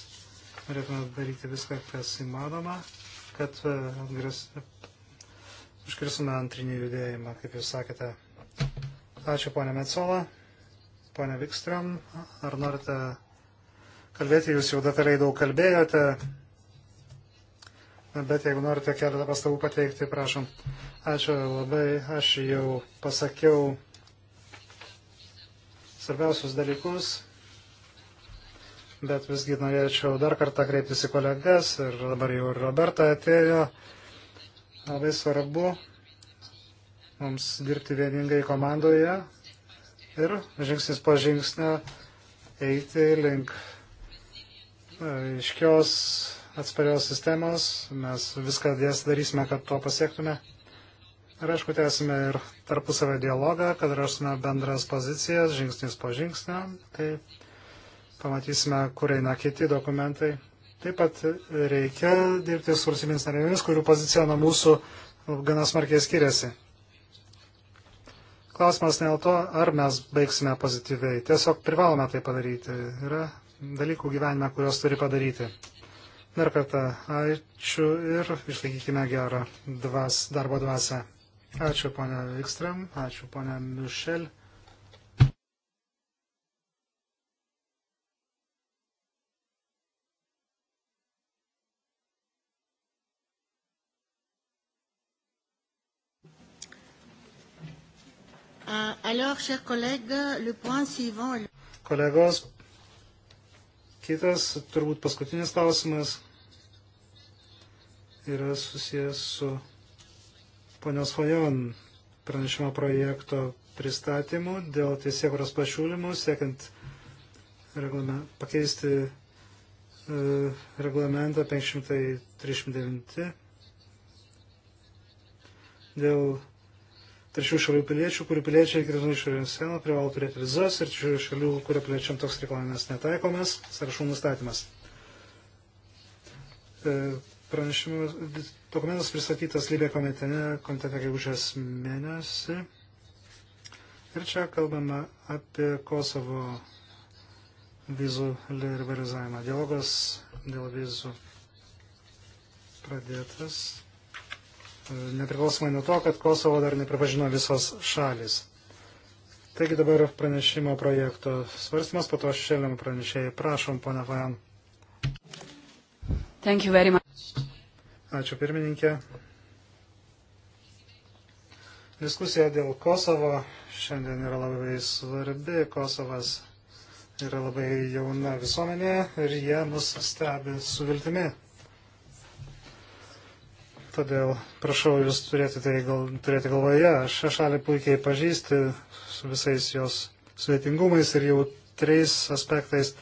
norėtume daryti viską, kas įmanoma, kad e, atgras, užkirsime antrinį judėjimą, kaip jūs sakėte. Ačiū ponė Metsola, ponė Vikstram, ar norite kalbėti, jūs jau detaliai daug kalbėjote bet jeigu norite keletą pastabų pateikti, prašom. Ačiū labai, aš jau pasakiau svarbiausius dalykus, bet visgi norėčiau dar kartą kreiptis į kolegas ir dabar jau ir Roberta atėjo. Labai svarbu mums dirbti vieningai komandoje ir žingsnis po žingsnio eiti link e, aiškios atsparios sistemos. Mes viską dės darysime, kad to pasiektume. Ir aišku, tęsime ir tarpusavę dialogą, kad rastume bendras pozicijas, žingsnis po žingsnio. Tai pamatysime, kur eina kiti dokumentai. Taip pat reikia dirbti su valstybėmis narėmis, kurių pozicija nuo mūsų gana smarkiai skiriasi. Klausimas ne dėl to, ar mes baigsime pozityviai. Tiesiog privalome tai padaryti. Yra dalykų gyvenime, kuriuos turi padaryti. Dar kartą ačiū ir išlaikykime gerą dvas, darbo dvasę. Ačiū ponia Vikström, ačiū ponia Mišel. Euh, alors, chers collègues, le point suivant. Kolegos, Kitas, turbūt paskutinis klausimas yra susijęs su ponios Fajon pranešimo projekto pristatymu dėl teisėkuros pasiūlymų, siekiant reglame, pakeisti e, reglamentą 539 dėl trečių šalių piliečių, kurių piliečiai kirzinų išorės sieną privalo turėti vizas ir trečių šalių, kurio piliečiam toks reikalavimas netaikomas, sąrašų nustatymas. E, Pranešimų dokumentas pristatytas Libė komitete, komitete gegužės mėnesį. Ir čia kalbame apie Kosovo vizų liberalizavimą. Dialogas dėl vizų pradėtas nepriklausomai nuo to, kad Kosovo dar nepripažino visos šalis. Taigi dabar pranešimo projekto svarstymas, po to šėliam pranešėjai. Prašom, pana Fajan. Ačiū pirmininkė. Diskusija dėl Kosovo šiandien yra labai svarbi. Kosovas yra labai jauna visuomenė ir jie mus stebi su viltimi todėl prašau jūs turėti tai gal, turėti galvoje. Aš šią šalį puikiai pažįsti su visais jos sudėtingumais ir jau trejais aspektais.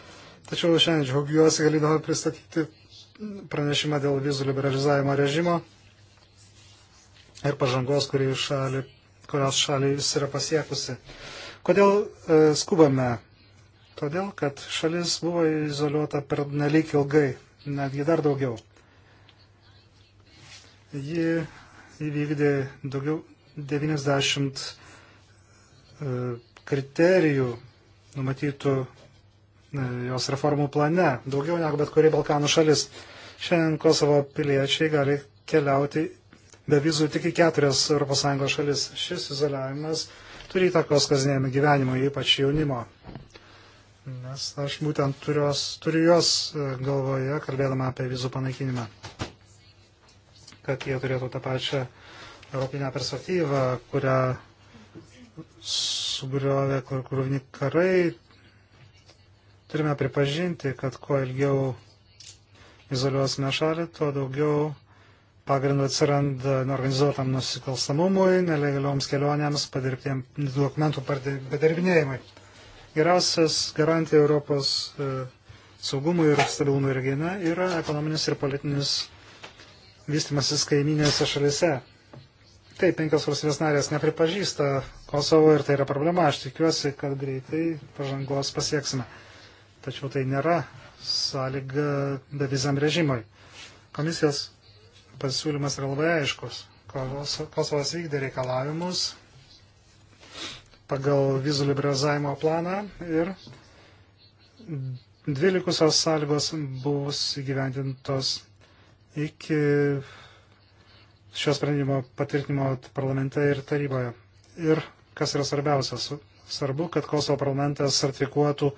Tačiau šiandien džiaugiuosi galėdama pristatyti pranešimą dėl vizų liberalizavimo režimo ir pažangos, kurį šalį, kurios šalis yra pasiekusi. Kodėl e, skubame? Todėl, kad šalis buvo izoliuota per nelik ilgai, netgi dar daugiau. Ji įvykdė daugiau 90 e, kriterijų numatytų e, jos reformų plane, daugiau negu bet kuri Balkanų šalis. Šiandien Kosovo piliečiai gali keliauti be vizų tik į keturias ES šalis. Šis izoliavimas turi įtakos kasdieniam gyvenimui, ypač jaunimo. Nes aš būtent turiu juos, turiu e, juos galvoje, kalbėdama apie vizų panaikinimą kad jie turėtų tą pačią europinę perspektyvą, kurią sugriovė krūvini karai. Turime pripažinti, kad kuo ilgiau izoliuosime šalį, tuo daugiau pagrindų atsiranda neorganizuotam nusikalstamumui, nelegalioms kelionėms, padirbtiems dokumentų padirbinėjimui. Geriausias garantija Europos e, saugumui ir stabilumui regione yra ekonominis ir politinis vystimasis kaiminėse šalise. Taip, penkios valstybės narės nepripažįsta Kosovo ir tai yra problema. Aš tikiuosi, kad greitai pažangos pasieksime. Tačiau tai nėra sąlyga bevizam režimui. Komisijos pasiūlymas yra labai aiškus. Kosovas vykdė reikalavimus pagal vizų liberalizavimo planą ir dvi likusios sąlygos bus įgyvendintos iki šio sprendimo patvirtinimo parlamente ir taryboje. Ir kas yra svarbiausia, svarbu, kad Kosovo parlamentas ratifikuotų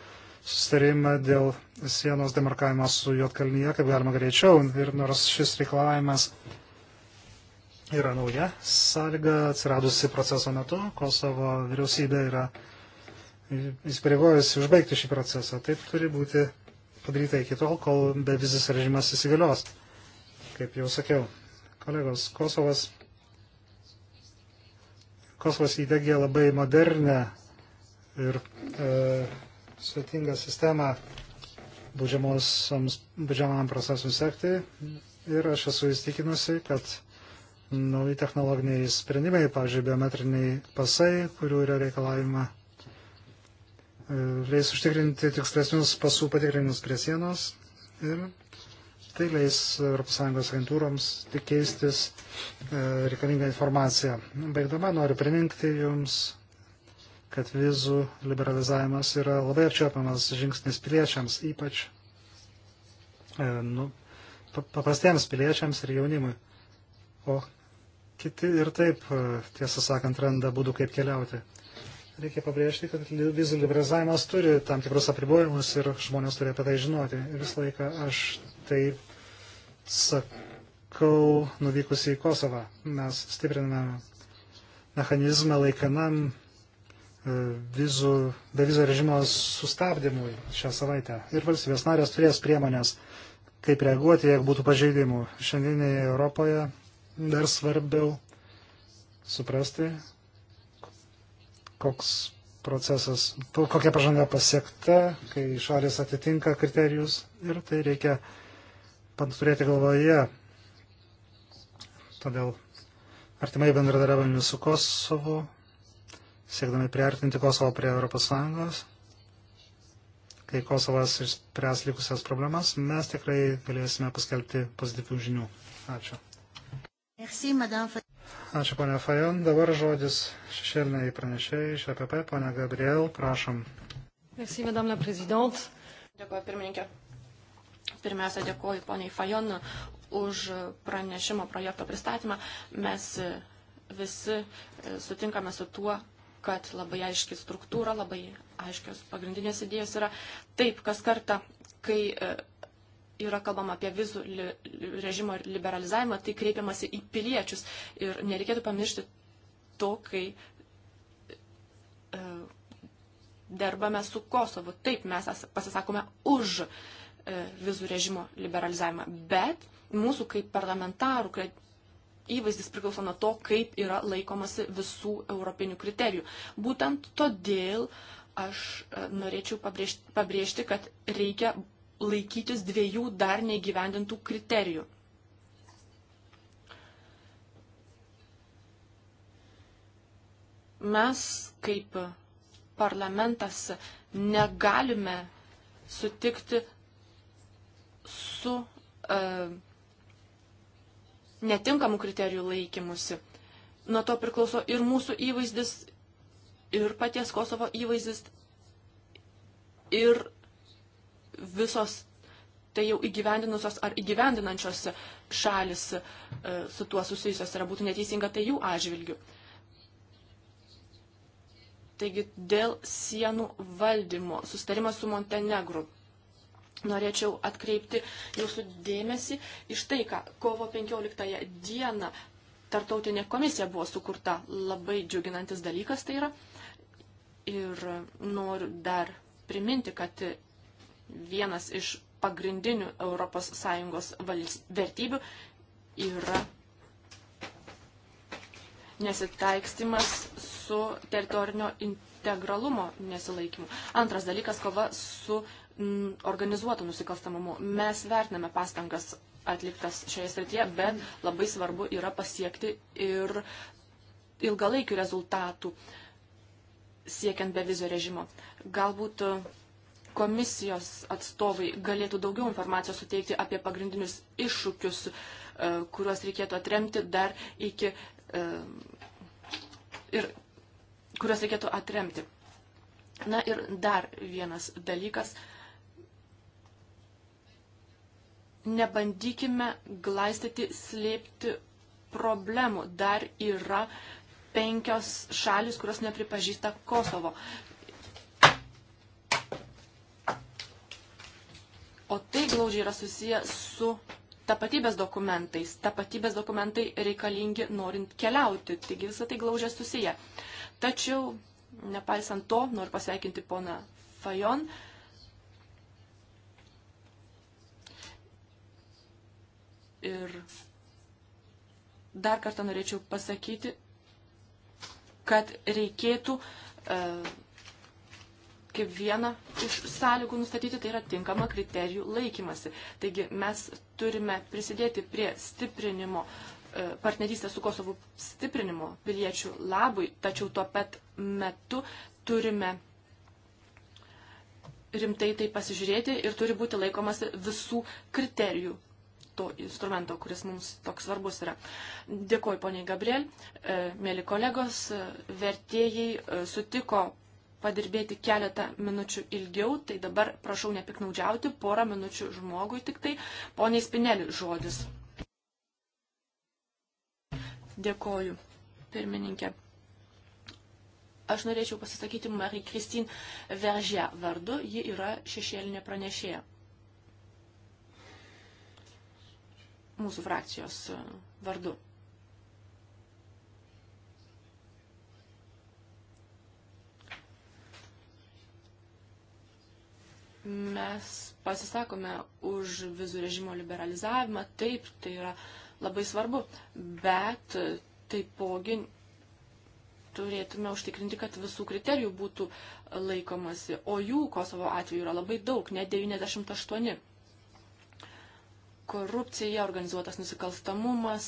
sustarimą dėl sienos demarkavimo su Jotkalnyje, kaip galima greičiau. Ir nors šis reikalavimas yra nauja sąlyga atsiradusi proceso metu, Kosovo vyriausybė yra įsipareigojusi užbaigti šį procesą. Taip turi būti padaryta iki tol, kol bevizis režimas įsigalios kaip jau sakiau. Kolegos, Kosovas, Kosovas įdegė labai modernę ir e, svetingą sistemą būdžiamam procesui sekti. Ir aš esu įstikinusi, kad nauji technologiniai sprendimai, pavyzdžiui, biometriniai pasai, kurių yra reikalavima, e, leis užtikrinti tikslesnius pasų patikrinimus prie sienos ir Tai leis ES agentūroms tik keistis e, reikalingą informaciją. Baigdama noriu priminkti Jums, kad vizų liberalizavimas yra labai apčiopiamas žingsnis piliečiams, ypač e, nu, paprastiems piliečiams ir jaunimui. O kiti ir taip, e, tiesą sakant, randa būdų, kaip keliauti. Reikia pabrėžti, kad vizų liberalizavimas turi tam tikrus apribojimus ir žmonės turi apie tai žinoti. Ir visą laiką aš tai sakau, nuvykus į Kosovą. Mes stipriname mechanizmą laikinam e, vizų, bevizų režimo sustabdymui šią savaitę. Ir valstybės narės turės priemonės, kaip reaguoti, jeigu būtų pažeidimų. Šiandienėje Europoje dar svarbiau suprasti, koks procesas, kokia pažanga pasiekta, kai šalis atitinka kriterijus ir tai reikia turėti galvoje. Todėl artimai bendradarbiavame su Kosovu, siekdami priartinti Kosovą prie ES. Kai Kosovas išspręs likusias problemas, mes tikrai galėsime paskelbti pozityvių žinių. Ačiū. Merci, madame. Ačiū, ponia Fajon. Dabar žodis šešėliniai pranešėjai iš APP. E ponia Gabriel, prašom. Merci, madame la prezidente. Dėkuoju, pirmininkė. Pirmiausia, dėkoju poniai Fajon už pranešimo projekto pristatymą. Mes visi sutinkame su tuo, kad labai aiški struktūra, labai aiškios pagrindinės idėjos yra. Taip, kas kartą, kai e, yra kalbama apie vizų li, režimo liberalizavimą, tai kreipiamasi į piliečius. Ir nereikėtų pamiršti to, kai e, darbame su Kosovu. Taip, mes pasisakome už E, vizų režimo liberalizavimą, bet mūsų kaip parlamentarų kaip įvaizdis priklauso nuo to, kaip yra laikomasi visų europinių kriterijų. Būtent todėl aš e, norėčiau pabrėžti, pabrėžti kad reikia laikytis dviejų dar neįgyvendintų kriterijų. Mes kaip parlamentas negalime sutikti su e, netinkamų kriterijų laikymusi. Nuo to priklauso ir mūsų įvaizdis, ir paties Kosovo įvaizdis, ir visos tai jau įgyvendinusios ar įgyvendinančios šalis e, su tuo susijusios yra būtų neteisinga tai jų atžvilgių. Taigi dėl sienų valdymo sustarimas su Montenegru norėčiau atkreipti jūsų dėmesį iš tai, ką kovo 15 dieną tartautinė komisija buvo sukurta. Labai džiuginantis dalykas tai yra. Ir noriu dar priminti, kad vienas iš pagrindinių ES vertybių yra nesitaikstimas su teritorinio integralumo nesilaikymu. Antras dalykas - kova su Mm, organizuotų nusikalstamumu. Mes vertiname pastangas atliktas šioje srityje, bet labai svarbu yra pasiekti ir ilgalaikių rezultatų siekiant bevizio režimo. Galbūt e, komisijos atstovai galėtų daugiau informacijos suteikti apie pagrindinius iššūkius, e, kuriuos reikėtų atremti dar iki e, ir kuriuos reikėtų atremti. Na ir dar vienas dalykas, nebandykime glaistyti, slėpti problemų. Dar yra penkios šalis, kurios nepripažįsta Kosovo. O tai glaudžiai yra susiję su tapatybės dokumentais. Tapatybės dokumentai reikalingi norint keliauti, taigi visą tai glaudžiai susiję. Tačiau, nepaisant to, noriu pasveikinti poną Fajon, Ir dar kartą norėčiau pasakyti, kad reikėtų e, kaip vieną iš sąlygų nustatyti, tai yra tinkama kriterijų laikymasi. Taigi mes turime prisidėti prie stiprinimo, e, partnerystės su Kosovu stiprinimo piliečių labui, tačiau tuo pat metu turime rimtai tai pasižiūrėti ir turi būti laikomasi visų kriterijų to instrumento, kuris mums toks svarbus yra. Dėkuoju, poniai Gabriel, e, mėly kolegos, e, vertėjai e, sutiko padirbėti keletą minučių ilgiau, tai dabar prašau nepiknaudžiauti, porą minučių žmogui tik tai. Poniai Spinelį žodis. Dėkoju, pirmininkė. Aš norėčiau pasisakyti Marie-Christine Veržė vardu, ji yra šešėlinė pranešėja. mūsų frakcijos e, vardu. Mes pasisakome už vizų režimo liberalizavimą, taip, tai yra labai svarbu, bet taipogi turėtume užtikrinti, kad visų kriterijų būtų laikomasi, o jų Kosovo atveju yra labai daug, net 98 korupcija, organizuotas nusikalstamumas,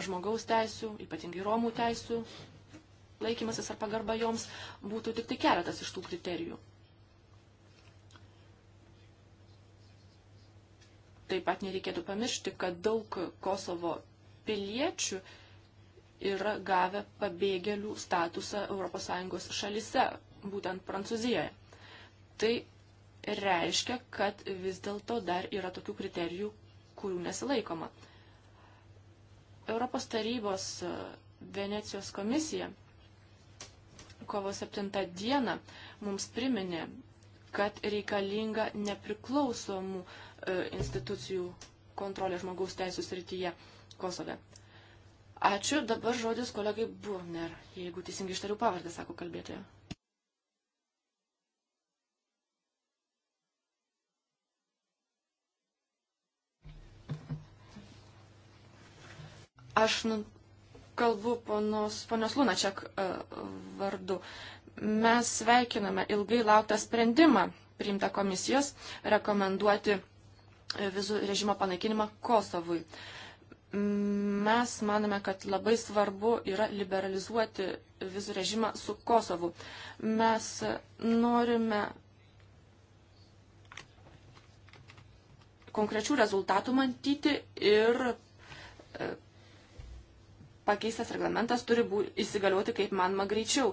žmogaus teisų, ypatingai Romų teisų laikymasis ar pagarba joms būtų tik tai keletas iš tų kriterijų. Taip pat nereikėtų pamiršti, kad daug Kosovo piliečių yra gavę pabėgėlių statusą ES šalise, būtent Prancūzijoje. Tai reiškia, kad vis dėlto dar yra tokių kriterijų, kurių nesilaikoma. Europos tarybos e, Venecijos komisija kovo 7 dieną mums priminė, kad reikalinga nepriklausomų e, institucijų kontrolė žmogaus teisų srityje Kosove. Ačiū, dabar žodis kolegai Burner, jeigu teisingai ištariu pavardę, sako kalbėtoja. Aš nu, kalbu ponos, ponios Lunačiak e, vardu. Mes sveikiname ilgai lauktą sprendimą priimtą komisijos rekomenduoti e, vizų režimo panaikinimą Kosovui. Mes manome, kad labai svarbu yra liberalizuoti vizų režimą su Kosovu. Mes norime konkrečių rezultatų matyti ir e, pakeistas reglamentas turi bū, įsigalioti kaip manoma greičiau.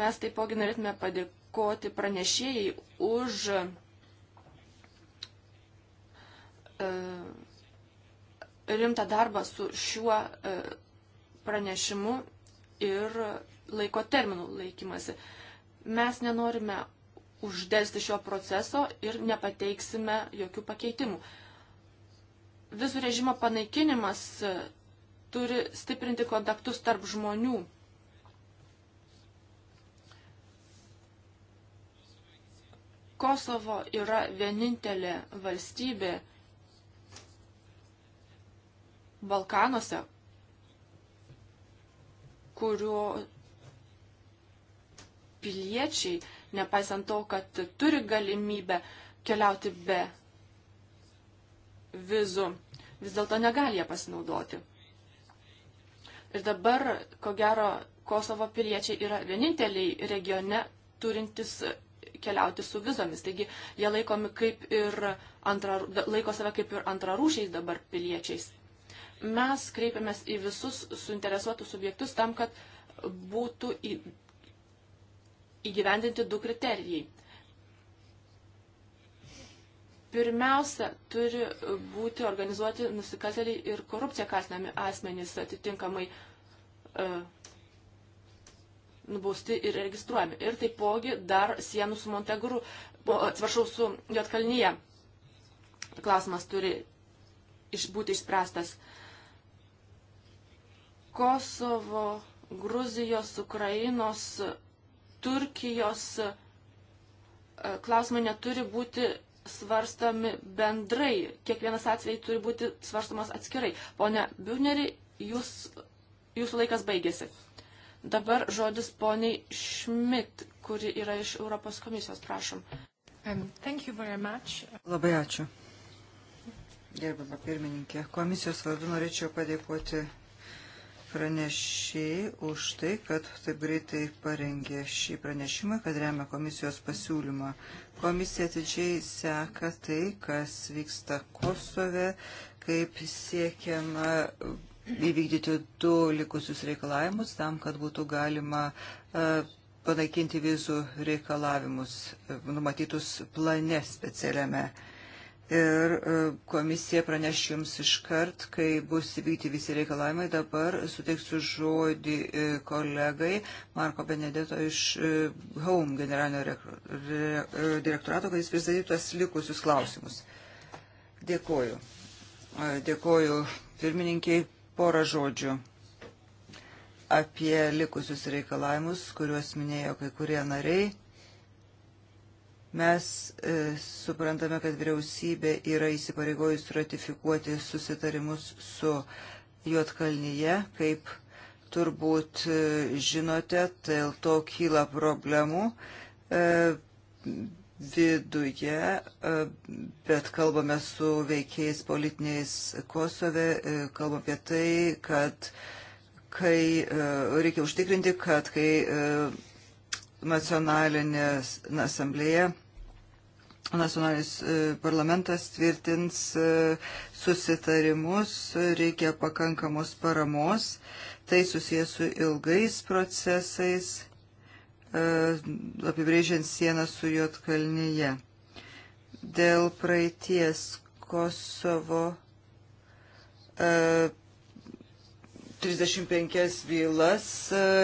Mes taipogi norėtume padėkoti pranešėjai už e, rimtą darbą su šiuo e, pranešimu ir laiko terminų laikymasi. Mes nenorime uždėlsti šio proceso ir nepateiksime jokių pakeitimų. Visų režimo panaikinimas turi stiprinti kontaktus tarp žmonių. Kosovo yra vienintelė valstybė Balkanuose, kurio piliečiai, nepaisant to, kad turi galimybę keliauti be vizų, vis dėlto negali ją pasinaudoti. Ir dabar, ko gero, Kosovo piliečiai yra vieninteliai regione turintis e, keliauti su vizomis. Taigi jie laikomi kaip ir antra, laiko save kaip ir antrarūšiais dabar piliečiais. Mes kreipiamės į visus suinteresuotus subjektus tam, kad būtų į, įgyvendinti du kriterijai. Pirmiausia, turi būti organizuoti nusikaltėliai ir korupcija kaltinami asmenys atitinkamai e, nubausti ir registruojami. Ir taipogi dar sienų su Montegru, atsiprašau, su Jotkalnyje. Klausimas turi iš, būti išspręstas. Kosovo, Gruzijos, Ukrainos, Turkijos e, klausimai neturi būti svarstomi bendrai, kiekvienas atvejai turi būti svarstomas atskirai. Pone Biurneri, jūs, jūsų laikas baigėsi. Dabar žodis poniai Šmit, kuri yra iš Europos komisijos, prašom. Um, Labai ačiū. Gerbama pirmininkė, komisijos vardu norėčiau padėkoti pranešiai už tai, kad taip greitai parengė šį pranešimą, kad remia komisijos pasiūlymą. Komisija atidžiai seka tai, kas vyksta Kosove, kaip siekiama įvykdyti du likusius reikalavimus tam, kad būtų galima e, panaikinti vizų reikalavimus e, numatytus plane specialiame ir e, komisija praneš jums iškart, kai bus įvykti visi reikalavimai. Dabar suteiksiu žodį e, kolegai Marko Benedeto iš e, Home generalinio direktorato, kad jis pristatytų tas likusius klausimus. Dėkoju. Dėkoju pirmininkiai porą žodžių apie likusius reikalavimus, kuriuos minėjo kai kurie nariai Mes e, suprantame, kad vyriausybė yra įsipareigojus ratifikuoti susitarimus su Juotkalnyje, kaip turbūt e, žinote, dėl to kyla problemų. E, viduje, e, bet kalbame su veikiais politiniais Kosove, e, kalbam apie tai, kad kai e, reikia užtikrinti, kad kai nacionalinė asamblėja nacionalinis e, parlamentas tvirtins e, susitarimus, reikia pakankamos paramos, tai susijęs su ilgais procesais, e, apibrėžiant sieną su Jotkalnyje. Dėl praeities Kosovo 35 bylas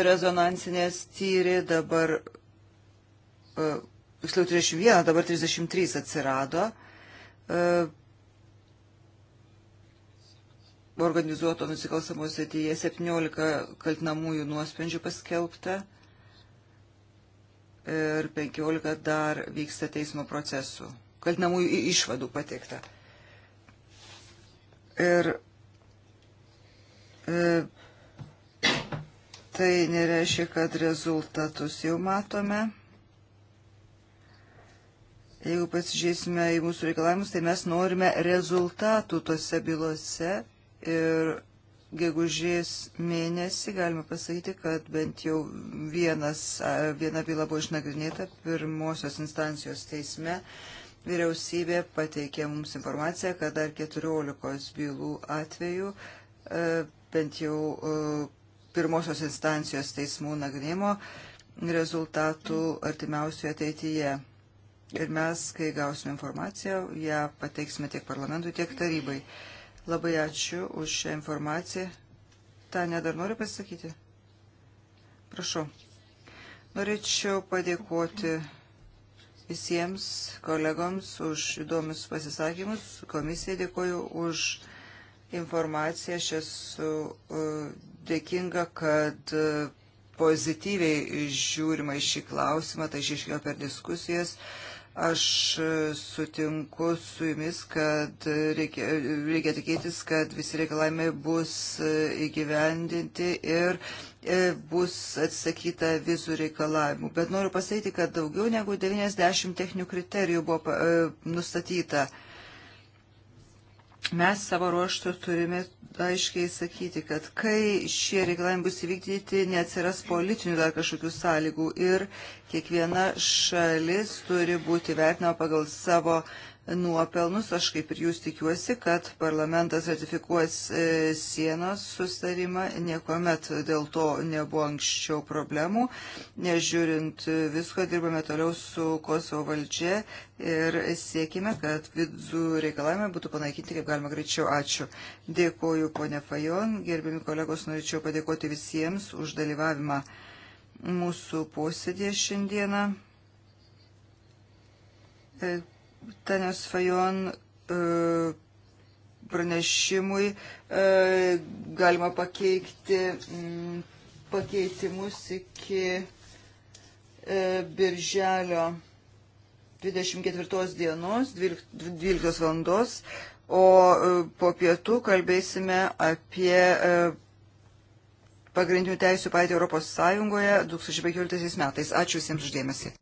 rezonansinės tyri, dabar tiksliau 31, dabar 33 atsirado e, organizuoto nusikalstamo srityje 17 kaltinamųjų nuosprendžių paskelbta ir 15 dar vyksta teismo procesų. Kaltinamųjų išvadų pateikta. Ir e, tai nereiškia, kad rezultatus jau matome. Jeigu pasižiūrėsime į mūsų reikalavimus, tai mes norime rezultatų tose bylose ir gegužės mėnesį galime pasakyti, kad bent jau vienas, viena byla buvo išnagrinėta pirmosios instancijos teisme. Vyriausybė pateikė mums informaciją, kad dar 14 bylų atveju e, bent jau e, pirmosios instancijos teismų nagrinėjimo rezultatų artimiausioje ateityje Ir mes, kai gausime informaciją, ją pateiksime tiek parlamentui, tiek tarybai. Labai ačiū už šią informaciją. Tane, dar noriu pasakyti? Prašau. Norėčiau padėkoti visiems kolegoms už įdomius pasisakymus. Komisija dėkoju už informaciją. Aš esu e, dėkinga, kad e, pozityviai žiūrima į šį klausimą, tai išiškėjo per diskusijas. Aš sutinku su jumis, kad reikia, reikia tikėtis, kad visi reikalavimai bus įgyvendinti ir e, bus atsakyta vizų reikalavimų. Bet noriu pasakyti, kad daugiau negu 90 techninių kriterijų buvo e, nustatyta. Uh, Mes savo ruoštų turime aiškiai sakyti, kad kai šie reikalavimai bus įvykdyti, neatsiras politinių dar kažkokių sąlygų ir kiekviena šalis turi būti vertinama pagal savo uh, nuopelnus. Aš kaip ir jūs tikiuosi, kad parlamentas ratifikuos e, sienos sustarimą. Niekuomet dėl to nebuvo anksčiau problemų. Nežiūrint visko, dirbame toliau su Kosovo valdžia ir siekime, kad vidų reikalavimai būtų panaikinti kaip galima greičiau. Ačiū. Dėkoju, ponė Fajon. Gerbiami kolegos, norėčiau padėkoti visiems už dalyvavimą mūsų posėdėje šiandieną. E, Tanės Fajon e, pranešimui e, galima pakeikti pakeitimus iki e, birželio 24 dienos, 12 valandos, o po pietų kalbėsime apie pagrindinių teisių patį Europos Sąjungoje 2015 metais. Ačiū visiems uždėmesi.